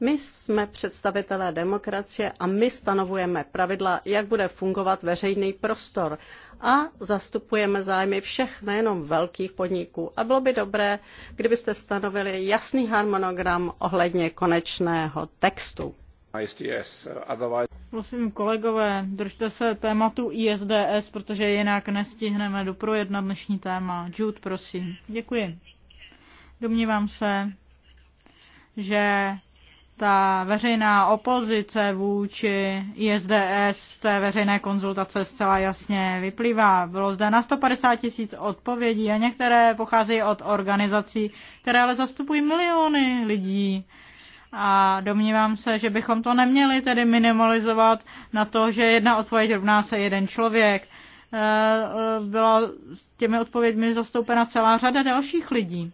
My jsme představitelé demokracie a my stanovujeme pravidla, jak bude fungovat veřejný prostor a zastupujeme zájmy všech, nejenom velkých podniků. A bylo by dobré, kdybyste stanovili jasný harmonogram ohledně konečného textu. ISDS. Otherwise... Prosím kolegové, držte se tématu ISDS, protože jinak nestihneme doprojednat dnešní téma. Jude, prosím. Děkuji. Domnívám se, že ta veřejná opozice vůči ISDS z té veřejné konzultace zcela jasně vyplývá. Bylo zde na 150 tisíc odpovědí a některé pocházejí od organizací, které ale zastupují miliony lidí a domnívám se, že bychom to neměli tedy minimalizovat na to, že jedna odpověď rovná se jeden člověk. Eh, byla s těmi odpověďmi zastoupena celá řada dalších lidí.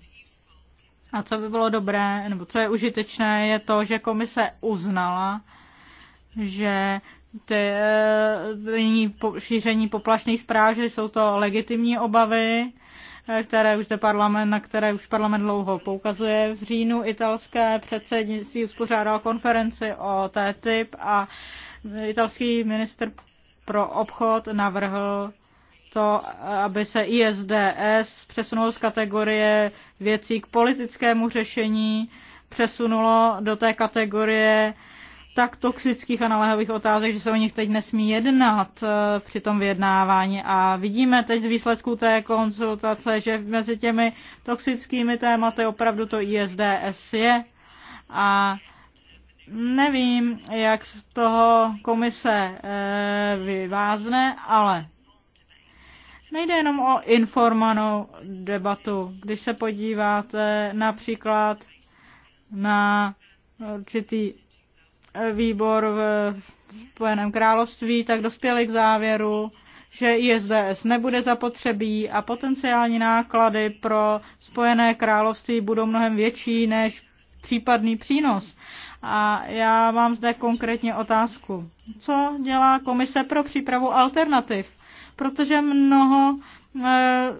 A co by bylo dobré, nebo co je užitečné, je to, že komise uznala, že ty, eh, šíření poplašných zpráv, že jsou to legitimní obavy které už zde parlament, na které už parlament dlouho poukazuje. V říjnu italské předsednictví uspořádalo konferenci o TTIP a italský minister pro obchod navrhl to, aby se ISDS přesunulo z kategorie věcí k politickému řešení, přesunulo do té kategorie tak toxických a naléhavých otázek, že se o nich teď nesmí jednat eh, při tom vyjednávání. A vidíme teď z výsledků té konzultace, že mezi těmi toxickými tématy opravdu to ISDS je. A nevím, jak z toho komise eh, vyvázne, ale Nejde jenom o informovanou debatu. Když se podíváte například na určitý výbor v Spojeném království, tak dospěli k závěru, že ISDS nebude zapotřebí a potenciální náklady pro Spojené království budou mnohem větší než případný přínos. A já mám zde konkrétně otázku. Co dělá komise pro přípravu alternativ? Protože mnoho eh,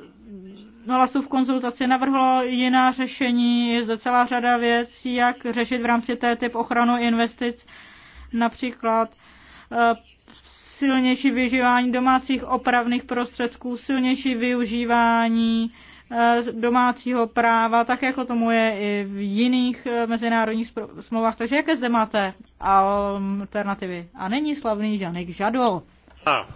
v konzultaci navrhlo jiná řešení, je zde celá řada věcí, jak řešit v rámci té typ ochranu investic, například eh, silnější využívání domácích opravných prostředků, silnější využívání eh, domácího práva, tak jako tomu je i v jiných eh, mezinárodních smlouvách. Takže jaké zde máte alternativy? A není slavný Žanek Žadol. A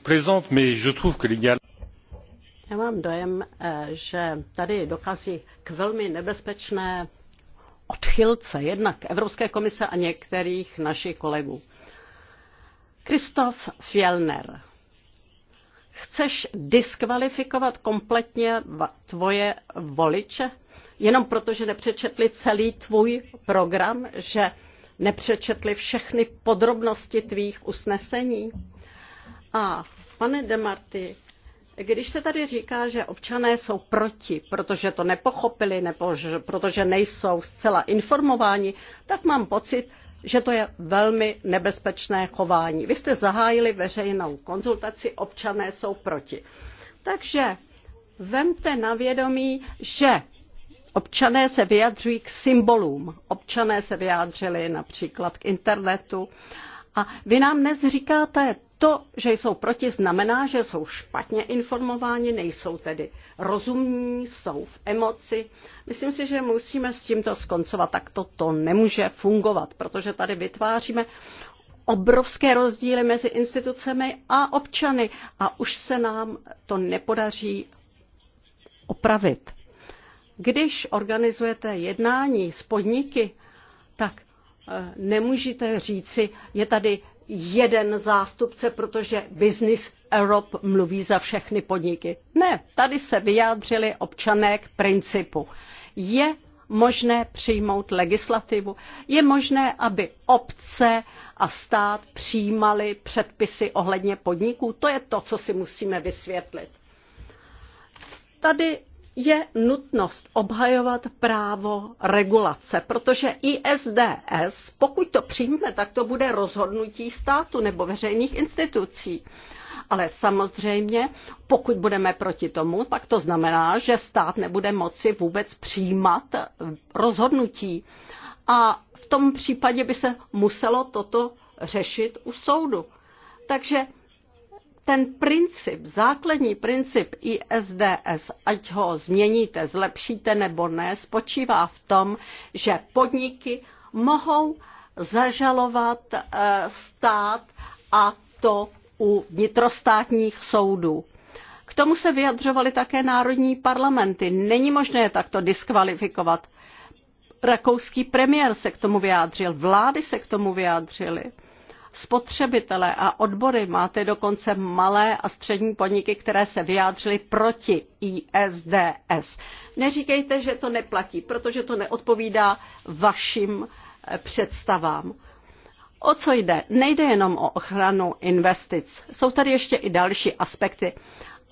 plaisante, mais je trouve que les Já mám dojem, eh, že tady dochází k velmi nebezpečné odchylce jednak Evropské komise a některých našich kolegů. Kristof Fjellner, chceš diskvalifikovat kompletně tvoje voliče, jenom protože nepřečetli celý tvůj program, že nepřečetli všechny podrobnosti tvých usnesení? A pane Demarty, když se tady říká, že občané jsou proti, protože to nepochopili nebo že, protože nejsou zcela informováni, tak mám pocit, že to je velmi nebezpečné chování. Vy jste zahájili veřejnou konzultaci, občané jsou proti. Takže vemte na vědomí, že občané se vyjadřují k symbolům. Občané se vyjádřili například k internetu. A vy nám dnes říkáte to, že jsou proti, znamená, že jsou špatně informováni, nejsou tedy rozumní, jsou v emoci. Myslím si, že musíme s tímto skoncovat. Tak to, to nemůže fungovat, protože tady vytváříme obrovské rozdíly mezi institucemi a občany a už se nám to nepodaří opravit. Když organizujete jednání s podniky, tak eh, nemůžete říci, je tady jeden zástupce, protože Business Europe mluví za všechny podniky. Ne, tady se vyjádřili občané k principu. Je možné přijmout legislativu. Je možné, aby obce a stát přijímali předpisy ohledně podniků. To je to, co si musíme vysvětlit. Tady je nutnost obhajovat právo regulace, protože ISDS, pokud to přijme, tak to bude rozhodnutí státu nebo veřejných institucí. Ale samozřejmě, pokud budeme proti tomu, pak to znamená, že stát nebude moci vůbec přijímat eh, rozhodnutí. A v tom případě by se muselo toto řešit u soudu. Takže ten princip, základní princip ISDS, ať ho změníte, zlepšíte nebo ne, spočívá v tom, že podniky mohou zažalovat eh, stát a to u vnitrostátních soudů. K tomu se vyjadřovaly také národní parlamenty. Není možné je takto diskvalifikovat. Rakouský premiér se k tomu vyjádřil, vlády se k tomu vyjádřily spotřebitelé a odbory. Máte dokonce malé a střední podniky, které se vyjádřily proti ISDS. Neříkejte, že to neplatí, protože to neodpovídá vašim eh, představám. O co jde? Nejde jenom o ochranu investic. Jsou tady ještě i další aspekty.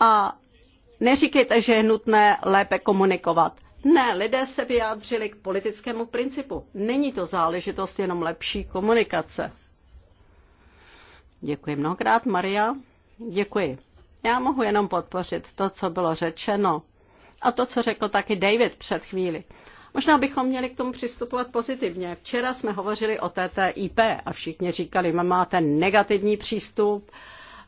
A neříkejte, že je nutné lépe komunikovat. Ne, lidé se vyjádřili k politickému principu. Není to záležitost jenom lepší komunikace. Děkuji mnohokrát, Maria. Děkuji. Já mohu jenom podpořit to, co bylo řečeno a to, co řekl taky David před chvíli. Možná bychom měli k tomu přistupovat pozitivně. Včera jsme hovořili o TTIP a všichni říkali, máte negativní přístup,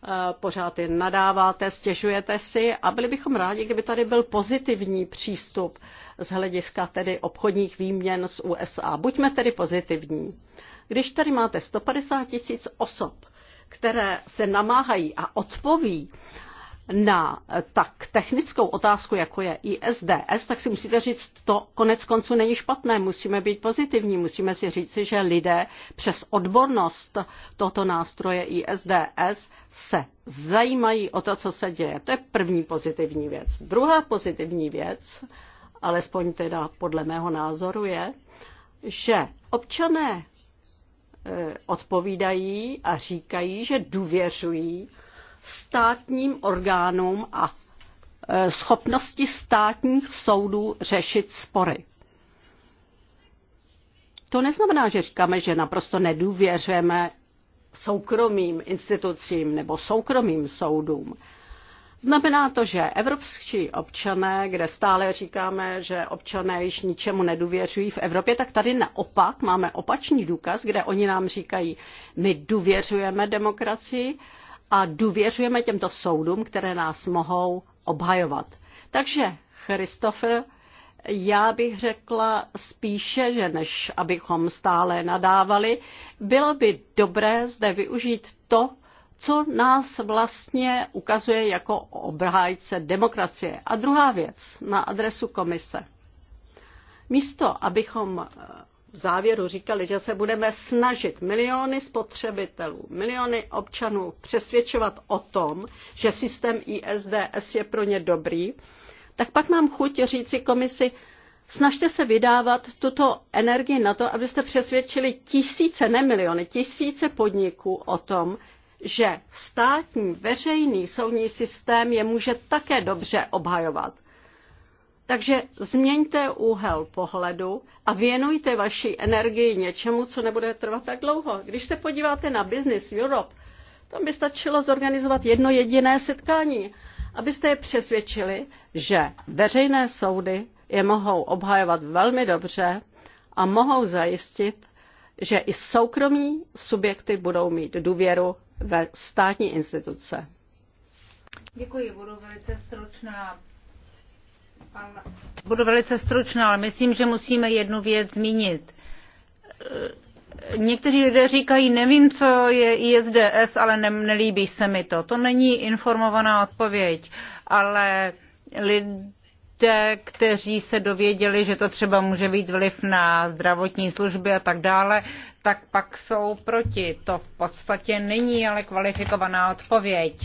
eh, pořád je nadáváte, stěžujete si a byli bychom rádi, kdyby tady byl pozitivní přístup z hlediska tedy obchodních výměn z USA. Buďme tedy pozitivní. Když tady máte 150 tisíc osob, které se namáhají a odpoví na eh, tak technickou otázku, jako je ISDS, tak si musíte říct, to konec konců není špatné, musíme být pozitivní, musíme si říct, že lidé přes odbornost tohoto nástroje ISDS se zajímají o to, co se děje. To je první pozitivní věc. Druhá pozitivní věc, alespoň teda podle mého názoru, je, že občané odpovídají a říkají, že důvěřují státním orgánům a e, schopnosti státních soudů řešit spory. To neznamená, že říkáme, že naprosto nedůvěřujeme soukromým institucím nebo soukromým soudům. Znamená to, že evropskí občané, kde stále říkáme, že občané již ničemu nedůvěřují v Evropě, tak tady naopak máme opačný důkaz, kde oni nám říkají, my důvěřujeme demokracii a důvěřujeme těmto soudům, které nás mohou obhajovat. Takže, Christophe, já bych řekla spíše, že než abychom stále nadávali, bylo by dobré zde využít to, co nás vlastně ukazuje jako obhájce demokracie. A druhá věc na adresu komise. Místo, abychom eh, v závěru říkali, že se budeme snažit miliony spotřebitelů, miliony občanů přesvědčovat o tom, že systém ISDS je pro ně dobrý, tak pak mám chuť říci komisi, snažte se vydávat tuto energii na to, abyste přesvědčili tisíce, ne miliony, tisíce podniků o tom, že státní veřejný soudní systém je může také dobře obhajovat. Takže změňte úhel pohledu a věnujte vaši energii něčemu, co nebude trvat tak dlouho. Když se podíváte na Business Europe, tam by stačilo zorganizovat jedno jediné setkání, abyste je přesvědčili, že veřejné soudy je mohou obhajovat velmi dobře a mohou zajistit, že i soukromí subjekty budou mít důvěru ve státní instituce. Děkuji, budu velice stručná. Pan... Budu velice stručná, ale myslím, že musíme jednu věc zmínit. Někteří lidé říkají, nevím, co je ISDS, ale ne, nelíbí se mi to. To není informovaná odpověď, ale lid, lidé, kteří se dověděli, že to třeba může být vliv na zdravotní služby a tak dále, tak pak jsou proti. To v podstatě není ale kvalifikovaná odpověď.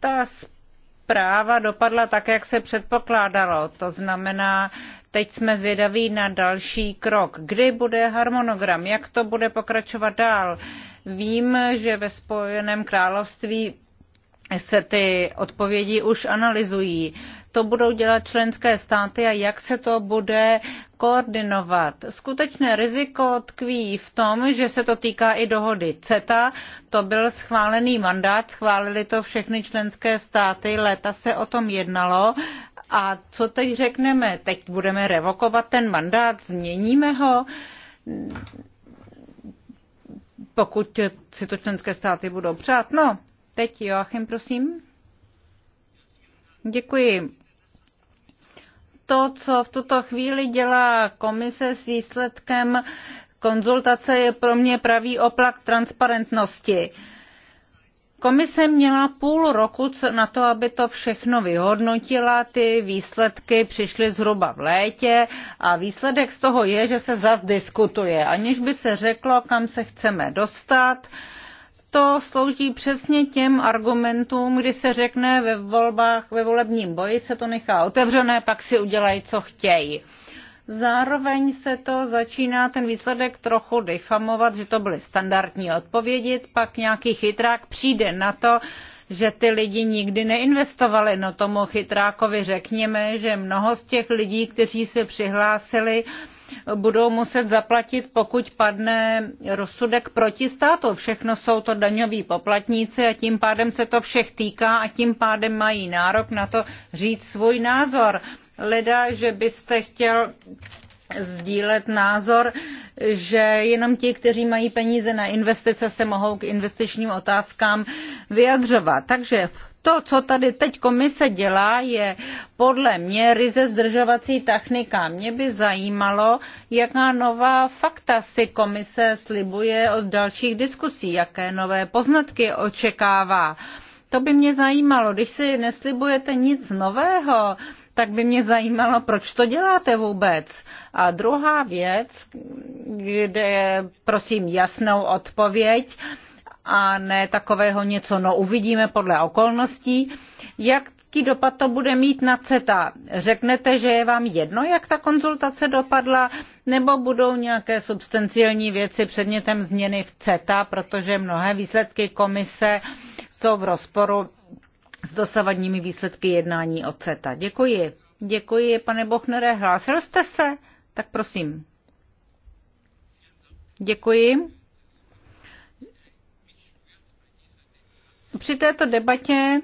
Ta zpráva dopadla tak, jak se předpokládalo. To znamená, teď jsme zvědaví na další krok. Kdy bude harmonogram? Jak to bude pokračovat dál? Vím, že ve Spojeném království se ty odpovědi už analyzují to budou dělat členské státy a jak se to bude koordinovat. Skutečné riziko tkví v tom, že se to týká i dohody CETA. To byl schválený mandát, schválili to všechny členské státy, léta se o tom jednalo. A co teď řekneme? Teď budeme revokovat ten mandát, změníme ho? Pokud si to členské státy budou přát. No, teď Joachim, prosím. Děkuji to, co v tuto chvíli dělá komise s výsledkem konzultace, je pro mě pravý oplak transparentnosti. Komise měla půl roku na to, aby to všechno vyhodnotila. Ty výsledky přišly zhruba v létě a výsledek z toho je, že se zase diskutuje, aniž by se řeklo, kam se chceme dostat. Uh, to slouží přesně těm argumentům, kdy se řekne ve volbách, ve volebním boji se to nechá otevřené, pak si udělají, co chtějí. Zároveň se to začíná ten výsledek trochu difamovat, že to byly standardní odpovědi, pak nějaký chytrák přijde na to, že ty lidi nikdy neinvestovali. No tomu chytrákovi řekněme, že mnoho z těch lidí, kteří se přihlásili, budou muset zaplatit, pokud padne rozsudek proti státu. Všechno jsou to daňoví poplatníci a tím pádem se to všech týká a tím pádem mají nárok na to říct svůj názor. Leda, že byste chtěl sdílet názor, že jenom ti, kteří mají peníze na investice, se mohou k investičním otázkám vyjadřovat. Takže to, co tady teď komise dělá, je podle mě ryze zdržovací technika. Mě by zajímalo, jaká nová fakta si komise slibuje od dalších diskusí, jaké nové poznatky očekává. To by mě zajímalo. Když si neslibujete nic nového, tak by mě zajímalo, proč to děláte vůbec. A druhá věc, kde prosím jasnou odpověď, a ne takového něco, no uvidíme podle okolností. Jaký dopad to bude mít na CETA? Řeknete, že je vám jedno, jak ta konzultace dopadla, nebo budou nějaké substanciální věci předmětem změny v CETA, protože mnohé výsledky komise jsou v rozporu s dosavadními výsledky jednání o CETA. Děkuji. Děkuji, pane Bochnere. Hlásil jste se? Tak prosím. Děkuji. Při této debatě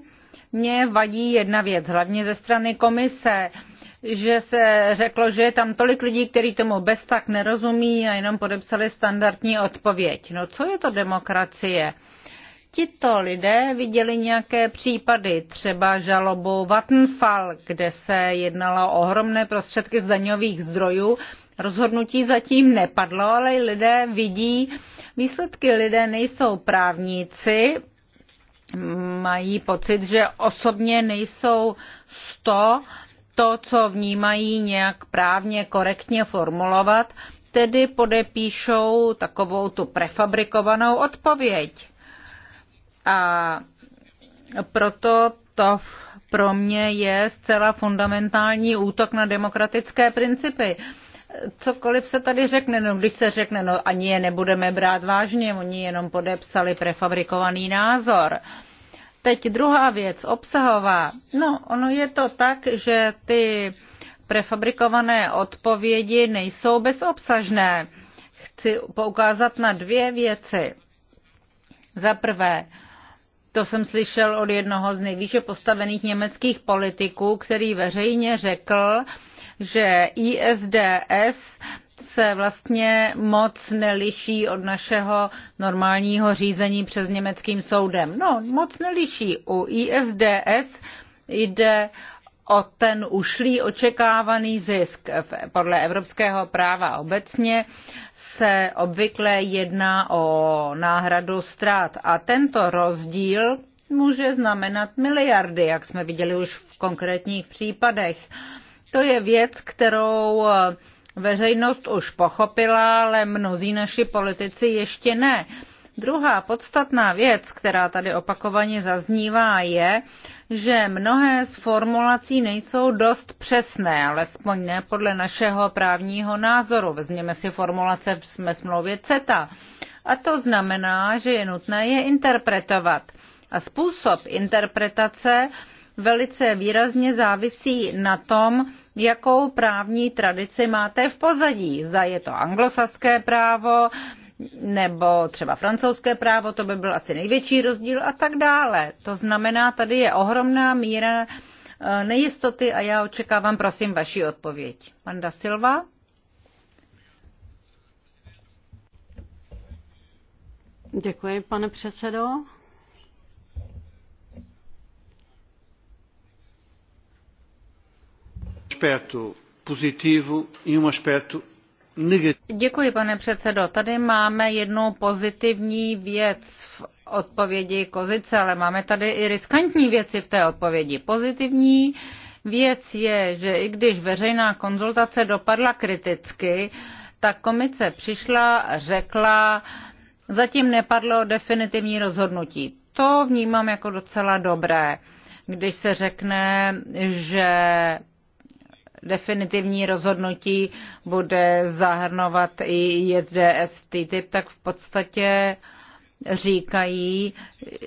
mě vadí jedna věc, hlavně ze strany komise, že se řeklo, že je tam tolik lidí, kteří tomu bez tak nerozumí a jenom podepsali standardní odpověď. No co je to demokracie? Tito lidé viděli nějaké případy, třeba žalobu Vattenfall, kde se jednalo o ohromné prostředky z daňových zdrojů. Rozhodnutí zatím nepadlo, ale lidé vidí výsledky. Lidé nejsou právníci, mají pocit, že osobně nejsou sto to, co vnímají nějak právně korektně formulovat, tedy podepíšou takovou tu prefabrikovanou odpověď. A proto to pro mě je zcela fundamentální útok na demokratické principy cokoliv se tady řekne, no když se řekne, no ani je nebudeme brát vážně, oni jenom podepsali prefabrikovaný názor. Teď druhá věc, obsahová. No, ono je to tak, že ty prefabrikované odpovědi nejsou bezobsažné. Chci poukázat na dvě věci. Za prvé, to jsem slyšel od jednoho z nejvýše postavených německých politiků, který veřejně řekl, že ISDS se vlastně moc neliší od našeho normálního řízení přes německým soudem. No, moc neliší. U ISDS jde o ten ušlý očekávaný zisk. Podle evropského práva obecně se obvykle jedná o náhradu ztrát a tento rozdíl může znamenat miliardy, jak jsme viděli už v konkrétních případech. To je věc, kterou eh, veřejnost už pochopila, ale mnozí naši politici ještě ne. Druhá podstatná věc, která tady opakovaně zaznívá, je, že mnohé z formulací nejsou dost přesné, alespoň ne podle našeho právního názoru. Vezměme si formulace v smlouvě CETA. A to znamená, že je nutné je interpretovat. A způsob interpretace velice výrazně závisí na tom, jakou právní tradici máte v pozadí. Zda je to anglosaské právo, nebo třeba francouzské právo, to by byl asi největší rozdíl a tak dále. To znamená, tady je ohromná míra eh, nejistoty a já očekávám, prosím, vaši odpověď. Panda Silva? Děkuji, pane předsedo. aspecto positivo e um aspecto negativo. Děkuji, pane předsedo. Tady máme jednu pozitivní věc v odpovědi Kozice, ale máme tady i riskantní věci v té odpovědi. Pozitivní věc je, že i když veřejná konzultace dopadla kriticky, tak komice přišla, řekla, zatím nepadlo definitivní rozhodnutí. To vnímám jako docela dobré. Když se řekne, že definitivní rozhodnutí bude zahrnovat i JSDS v TTIP, tak v podstatě říkají,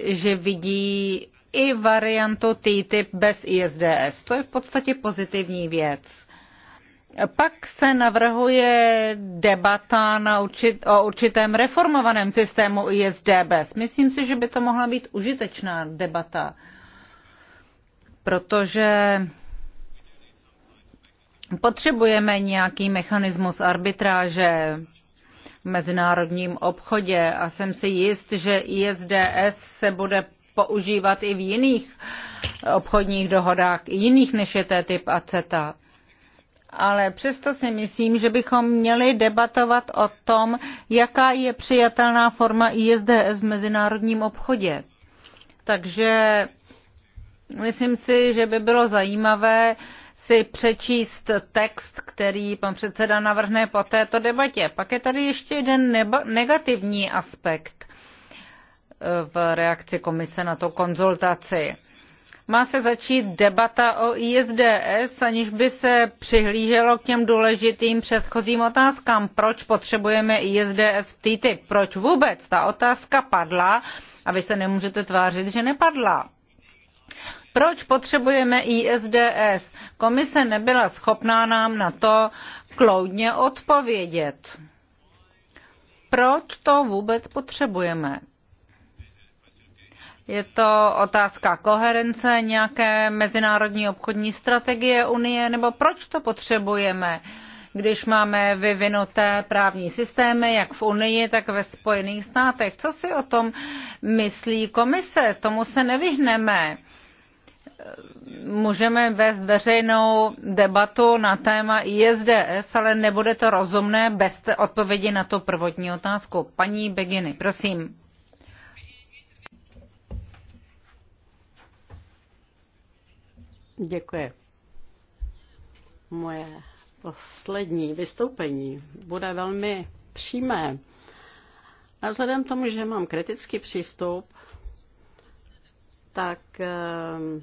že vidí i variantu TTIP bez ISDS. To je v podstatě pozitivní věc. Pak se navrhuje debata na určit, o určitém reformovaném systému ISDBS. Myslím si, že by to mohla být užitečná debata, protože Potřebujeme nějaký mechanismus arbitráže v mezinárodním obchodě a jsem si jist, že ISDS se bude používat i v jiných obchodních dohodách, i jiných než je TTIP a CETA. Ale přesto si myslím, že bychom měli debatovat o tom, jaká je přijatelná forma ISDS v mezinárodním obchodě. Takže myslím si, že by bylo zajímavé uh, si přečíst text, který pan předseda navrhne po této debatě. Pak je tady ještě jeden negativní aspekt eh, v reakci komise na to konzultaci. Má se začít debata o ISDS, aniž by se přihlíželo k těm důležitým předchozím otázkám. Proč potřebujeme ISDS v TTIP? Proč vůbec? Ta otázka padla a vy se nemůžete tvářit, že nepadla. Proč potřebujeme ISDS? Komise nebyla schopná nám na to kloudně odpovědět. Proč to vůbec potřebujeme? Je to otázka koherence nějaké mezinárodní obchodní strategie Unie, nebo proč to potřebujeme, když máme vyvinuté právní systémy, jak v Unii, tak ve Spojených státech. Co si o tom myslí komise? Tomu se nevyhneme můžeme vést veřejnou debatu na téma ISDS, ale nebude to rozumné bez odpovědi na tu prvotní otázku. Paní Beginy, prosím. Děkuji. Moje poslední vystoupení bude velmi přímé. A vzhledem tomu, že mám kritický přístup, tak ehm,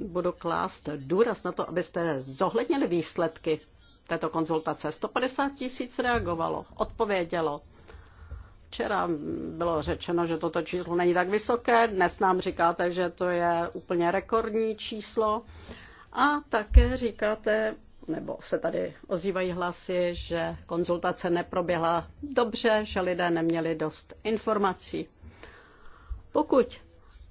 budu klást důraz na to, abyste zohlednili výsledky této konzultace. 150 tisíc reagovalo, odpovědělo. Včera bylo řečeno, že toto číslo není tak vysoké, dnes nám říkáte, že to je úplně rekordní číslo. A také říkáte, nebo se tady ozývají hlasy, že konzultace neproběhla dobře, že lidé neměli dost informací. Pokud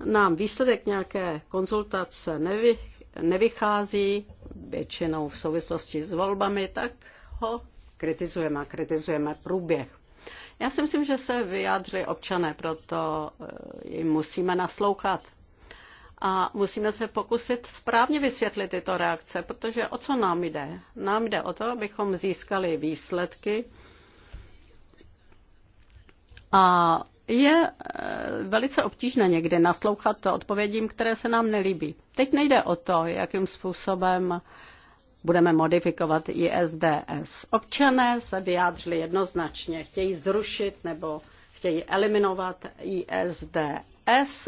nám výsledek nějaké konzultace nevy, nevychází, většinou v souvislosti s volbami, tak ho kritizujeme a kritizujeme průběh. Já si myslím, že se vyjádřili občané, proto eh, jim musíme naslouchat. A musíme se pokusit správně vysvětlit tyto reakce, protože o co nám jde? Nám jde o to, abychom získali výsledky a je eh, velice obtížné někdy naslouchat odpovědím, které se nám nelíbí. Teď nejde o to, jakým způsobem budeme modifikovat ISDS. Občané se vyjádřili jednoznačně, chtějí zrušit nebo chtějí eliminovat ISDS.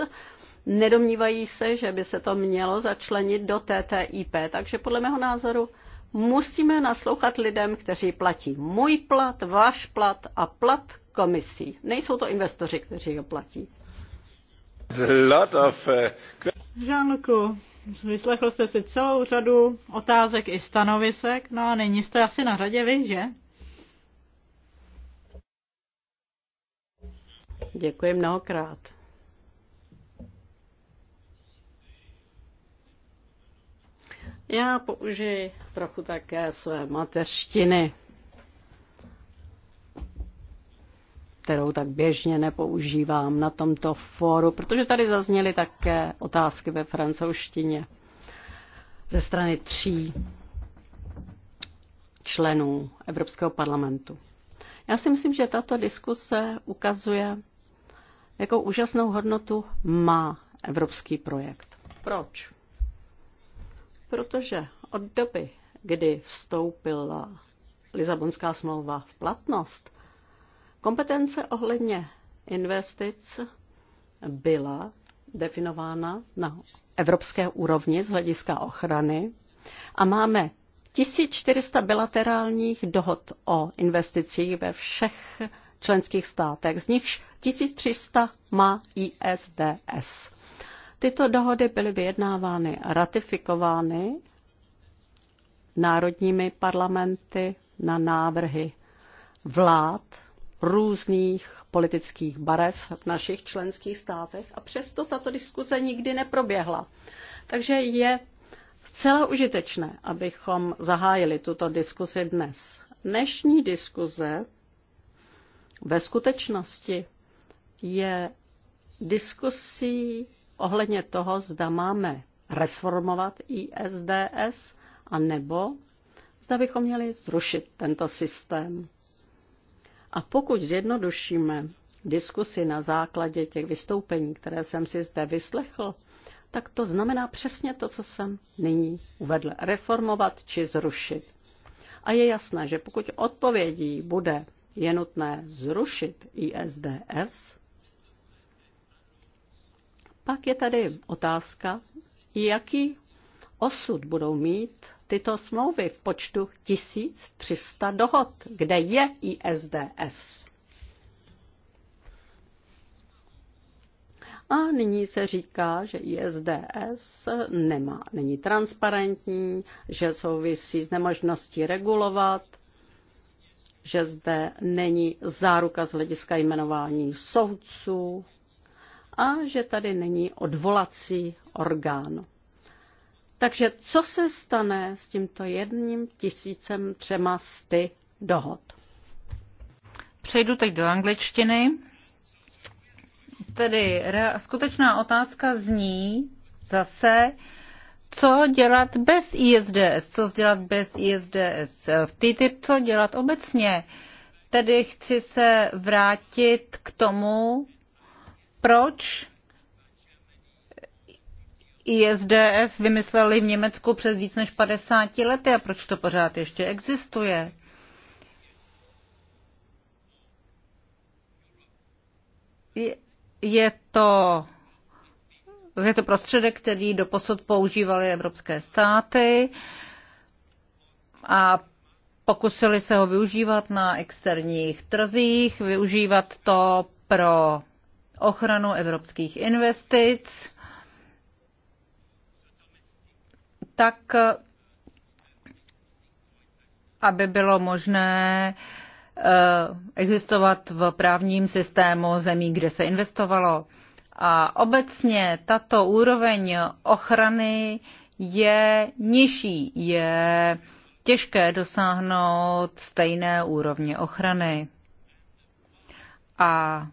Nedomnívají se, že by se to mělo začlenit do TTIP, takže podle mého názoru musíme naslouchat lidem, kteří platí můj plat, váš plat a plat komisí. Nejsou to investoři, kteří ho platí. Žánku, eh, vyslechl jste si celou řadu otázek i stanovisek, no a nyní jste asi na řadě vy, že? Děkuji mnohokrát. Já použiji trochu také své mateřštiny. kterou tak běžně nepoužívám na tomto fóru, protože tady zazněly také otázky ve francouzštině ze strany tří členů Evropského parlamentu. Já si myslím, že tato diskuse ukazuje, jakou úžasnou hodnotu má evropský projekt. Proč? Protože od doby, kdy vstoupila Lisabonská smlouva v platnost, Kompetence ohledně investic byla definována na evropské úrovni z hlediska ochrany a máme 1400 bilaterálních dohod o investicích ve všech členských státech, z nichž 1300 má ISDS. Tyto dohody byly vyjednávány a ratifikovány národními parlamenty na návrhy vlád různých politických barev v našich členských státech a přesto tato diskuze nikdy neproběhla. Takže je zcela užitečné, abychom zahájili tuto diskuzi dnes. Dnešní diskuze ve skutečnosti je diskusí ohledně toho, zda máme reformovat ISDS a nebo zda bychom měli zrušit tento systém. A pokud zjednodušíme diskusi na základě těch vystoupení, které jsem si zde vyslechl, tak to znamená přesně to, co jsem nyní uvedl. Reformovat či zrušit. A je jasné, že pokud odpovědí bude je nutné zrušit ISDS, pak je tady otázka, jaký osud budou mít tyto smlouvy v počtu 1300 dohod, kde je ISDS. A nyní se říká, že ISDS nemá, není transparentní, že souvisí s nemožností regulovat, že zde není záruka z hlediska jmenování soudců a že tady není odvolací orgán. Takže co se stane s tímto jedním tisícem třema sty dohod? Přejdu teď do angličtiny. Tedy skutečná otázka zní zase, co dělat bez ISDS, co dělat bez ISDS v TTIP, co dělat obecně. Tedy chci se vrátit k tomu, proč ISDS vymysleli v Německu před víc než 50 lety a proč to pořád ještě existuje? Je to, je to prostředek, který doposud používaly evropské státy a pokusili se ho využívat na externích trzích, využívat to pro ochranu evropských investic tak aby bylo možné eh, existovat v právním systému zemí, kde se investovalo. A obecně tato úroveň ochrany je nižší, je těžké dosáhnout stejné úrovně ochrany. A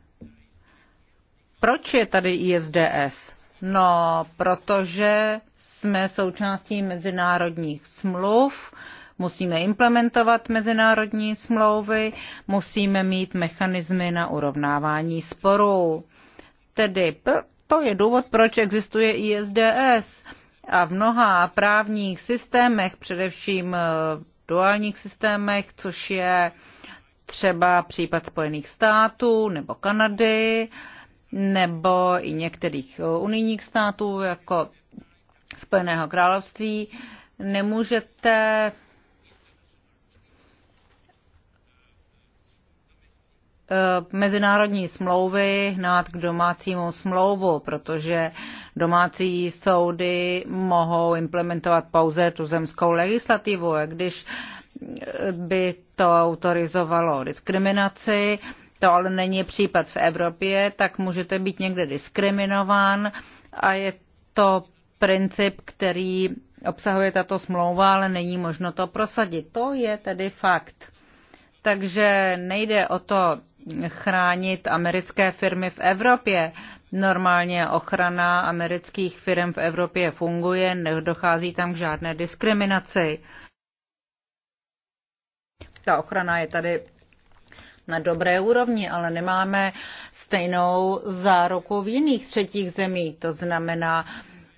proč je tady ISDS? No, protože jsme součástí mezinárodních smluv, musíme implementovat mezinárodní smlouvy, musíme mít mechanismy na urovnávání sporů. Tedy to je důvod, proč existuje ISDS. A v mnoha právních systémech, především v eh, duálních systémech, což je třeba případ Spojených států nebo Kanady, nebo i některých eh, unijních států, jako Spojeného království, nemůžete eh, mezinárodní smlouvy hnát k domácímu smlouvu, protože domácí soudy mohou implementovat pouze zemskou legislativu. A když eh, by to autorizovalo diskriminaci, to ale není případ v Evropě, tak můžete být někde diskriminován a je to princip, který obsahuje tato smlouva, ale není možno to prosadit. To je tedy fakt. Takže nejde o to chránit americké firmy v Evropě. Normálně ochrana amerických firm v Evropě funguje, nedochází tam k žádné diskriminaci. Ta ochrana je tady na dobré úrovni, ale nemáme stejnou záruku v jiných třetích zemích. To znamená,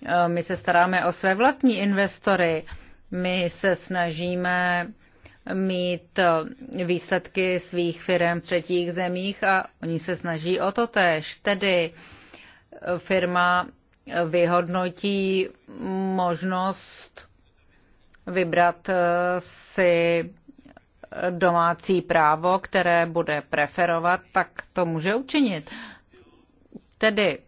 Eh, my se staráme o své vlastní investory. My se snažíme mít eh, výsledky svých firm v třetích zemích a oni se snaží o to tež. Tedy eh, firma vyhodnotí možnost vybrat si domácí právo, které bude preferovat, tak to může učinit. Tedy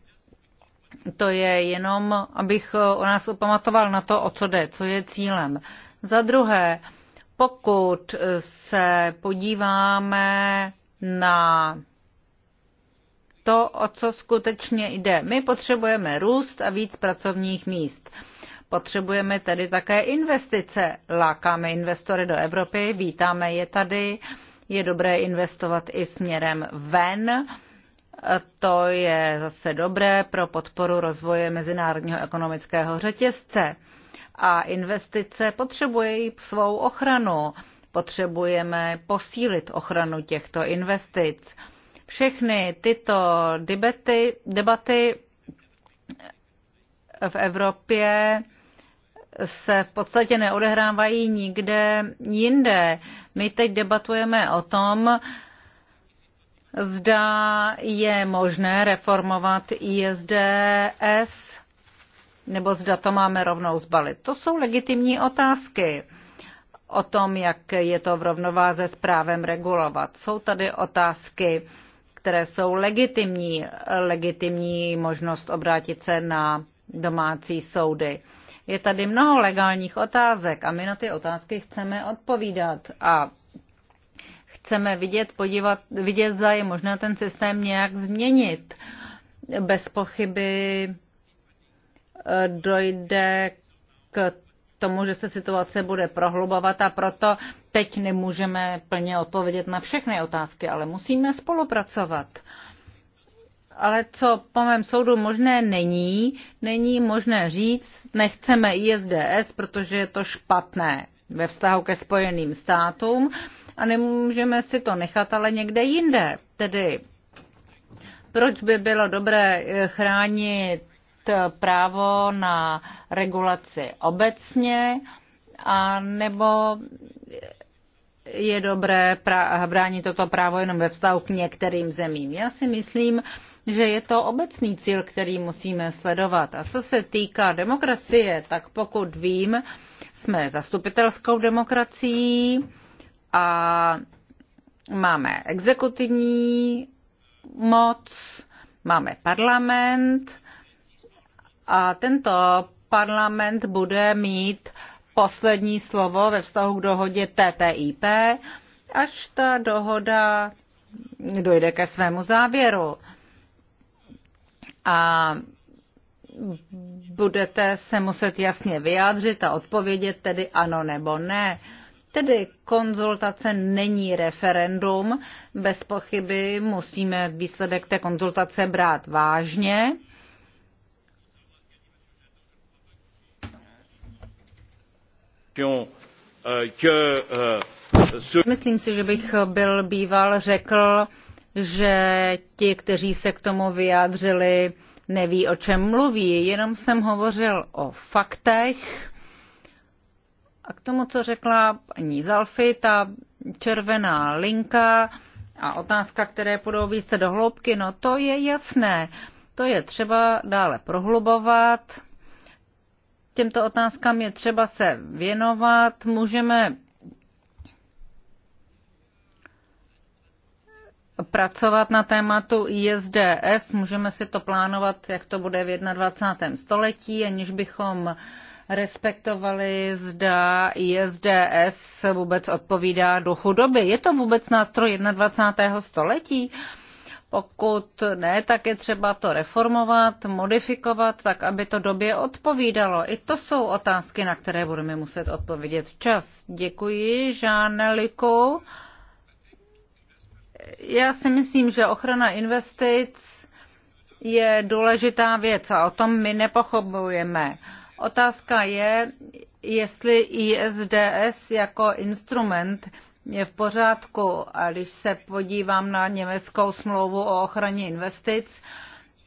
to je jenom, abych eh, o nás upamatoval na to, o co jde, co je cílem. Za druhé, pokud eh, se podíváme na to, o co skutečně jde. My potřebujeme růst a víc pracovních míst. Potřebujeme tedy také investice. Lákáme investory do Evropy, vítáme je tady. Je dobré investovat i směrem ven to je zase dobré pro podporu rozvoje mezinárodního ekonomického řetězce. A investice potřebují svou ochranu. Potřebujeme posílit ochranu těchto investic. Všechny tyto debaty, debaty v Evropě se v podstatě neodehrávají nikde jinde. My teď debatujeme o tom, zda je možné reformovat ISDS, nebo zda to máme rovnou zbalit. To jsou legitimní otázky o tom, jak je to v rovnováze s právem regulovat. Jsou tady otázky, které jsou legitimní, legitimní možnost obrátit se na domácí soudy. Je tady mnoho legálních otázek a my na ty otázky chceme odpovídat. A chceme vidět, podívat, vidět, zda je možné ten systém nějak změnit. Bez pochyby eh, dojde k tomu, že se situace bude prohlubovat a proto teď nemůžeme plně odpovědět na všechny otázky, ale musíme spolupracovat. Ale co po mém soudu možné není, není možné říct, nechceme ISDS, protože je to špatné ve vztahu ke Spojeným státům a nemůžeme si to nechat ale někde jinde. Tedy proč by bylo dobré eh, chránit eh, právo na regulaci obecně, a nebo je dobré bránit toto právo jenom ve vztahu k některým zemím. Já si myslím, že je to obecný cíl, který musíme sledovat. A co se týká demokracie, tak pokud vím, jsme zastupitelskou demokracií, a máme exekutivní moc, máme parlament a tento parlament bude mít poslední slovo ve vztahu k dohodě TTIP, až ta dohoda dojde ke svému závěru. A budete se muset jasně vyjádřit a odpovědět tedy ano nebo ne. Uh, Tedy konzultace není referendum, bez pochyby musíme výsledek té konzultace brát vážně. Myslím si, že bych byl býval řekl, že ti, kteří se k tomu vyjádřili, neví, o čem mluví. Jenom jsem hovořil o faktech a k tomu, co řekla paní Zalfi, ta červená linka a otázka, které půjdou více do hloubky, no to je jasné. To je třeba dále prohlubovat. Těmto otázkám je třeba se věnovat. Můžeme pracovat na tématu ISDS, můžeme si to plánovat, jak to bude v 21. století, aniž bychom uh, respektovali, zda ISDS vůbec odpovídá do chudoby. Je to vůbec nástroj 21. století? Pokud ne, tak je třeba to reformovat, modifikovat, tak aby to době odpovídalo. I to jsou otázky, na které budeme muset odpovědět včas. Děkuji, Žáneliku. Já si myslím, že ochrana investic je důležitá věc a o tom my nepochopujeme. Otázka je, jestli ISDS jako instrument je v pořádku. A když se podívám na německou smlouvu o ochraně investic,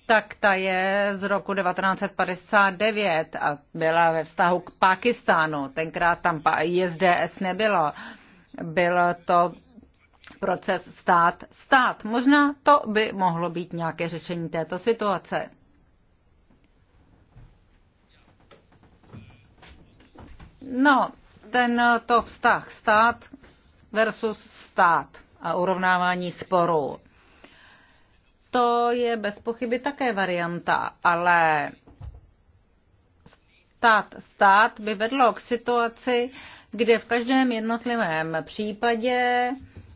tak ta je z roku 1959 a byla ve vztahu k Pakistánu. Tenkrát tam ISDS nebylo. Byl to proces stát-stát. Možná to by mohlo být nějaké řešení této situace. No, eh, to vztah stát versus stát a urovnávání sporů. To je bez pochyby také varianta, ale stát stát by vedlo k situaci, kde v každém jednotlivém případě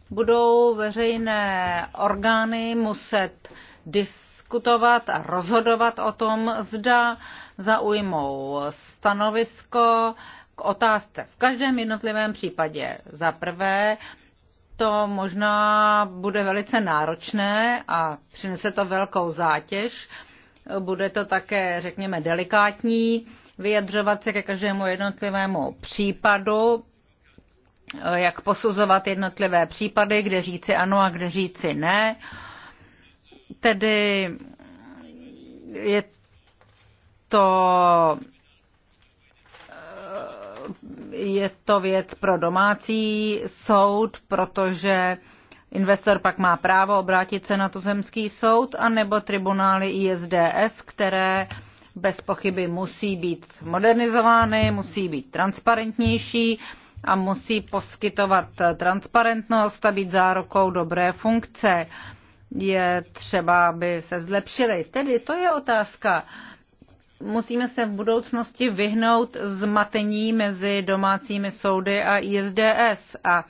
budou veřejné orgány muset diskutovat a rozhodovat o tom, zda zaujmou stanovisko k otázce. V každém jednotlivém případě za prvé to možná bude velice náročné a přinese to velkou zátěž. Bude to také, řekněme, delikátní vyjadřovat se ke každému jednotlivému případu, jak posuzovat jednotlivé případy, kde říci ano a kde říci ne. Tedy je to je to věc pro domácí soud, protože investor pak má právo obrátit se na tuzemský soud, anebo tribunály ISDS, které bez pochyby musí být modernizovány, musí být transparentnější a musí poskytovat transparentnost a být zárokou dobré funkce. Je třeba, aby se zlepšily. Tedy to je otázka musíme se v budoucnosti vyhnout zmatení mezi domácími soudy a ISDS. A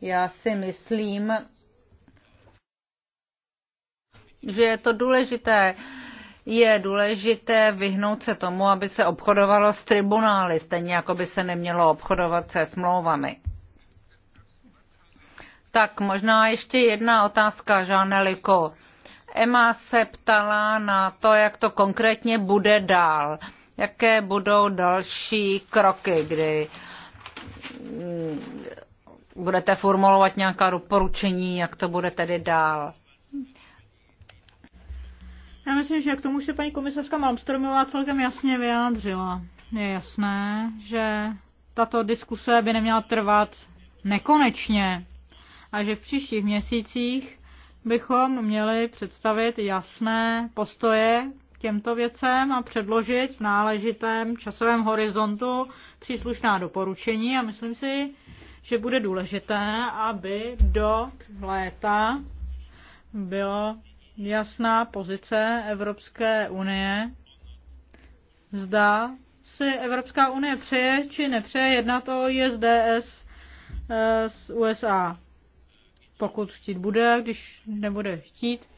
já si myslím, že je to důležité. Je důležité vyhnout se tomu, aby se obchodovalo s tribunály, stejně jako by se nemělo obchodovat se smlouvami. Tak možná ještě jedna otázka, Žáneliko. Liko. Emma se ptala na to, jak to konkrétně bude dál. Jaké budou další kroky, kdy mm, budete formulovat nějaká doporučení, jak to bude tedy dál. Já myslím, že k tomu se paní komisařka Malmstromová celkem jasně vyjádřila. Je jasné, že tato diskuse by neměla trvat nekonečně a že v příštích měsících bychom měli představit jasné postoje k těmto věcem a předložit v náležitém časovém horizontu příslušná doporučení a myslím si, že bude důležité, aby do léta byla jasná pozice Evropské unie. Zda si Evropská unie přeje či nepřeje jednat o ISDS z eh, USA pokud chtít bude, když nebude chtít,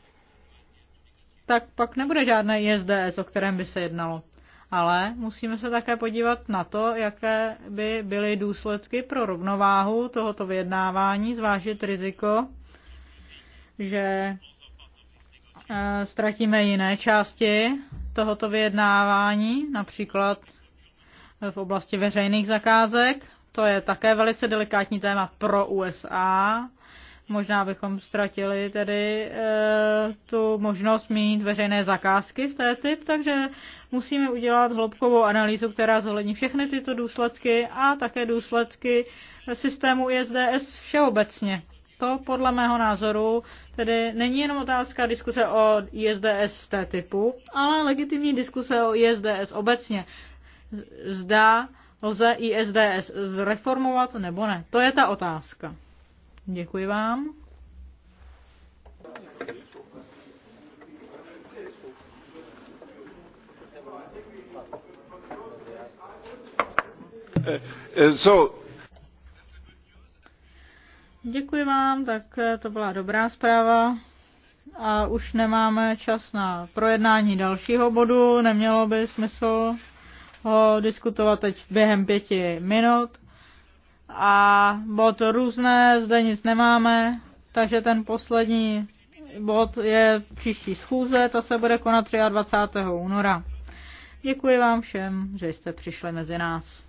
tak pak nebude žádné ISDS, o kterém by se jednalo. Ale musíme se také podívat na to, jaké by byly důsledky pro rovnováhu tohoto vyjednávání, zvážit riziko, že eh, ztratíme jiné části tohoto vyjednávání, například v oblasti veřejných zakázek. To je také velice delikátní téma pro USA, Možná bychom ztratili tedy e, tu možnost mít veřejné zakázky v té typ, takže musíme udělat hloubkovou analýzu, která zohlední všechny tyto důsledky a také důsledky systému ISDS všeobecně. To podle mého názoru tedy není jenom otázka diskuse o ISDS v té typu, ale legitimní diskuse o ISDS obecně. Zda lze ISDS zreformovat nebo ne? To je ta otázka. Děkuji vám. So. Děkuji vám, tak eh, to byla dobrá zpráva. A už nemáme čas na projednání dalšího bodu, nemělo by smysl ho diskutovat teď během pěti minut a bod různé, zde nic nemáme, takže ten poslední bod je příští schůze, ta se bude konat 23. února. Děkuji vám všem, že jste přišli mezi nás.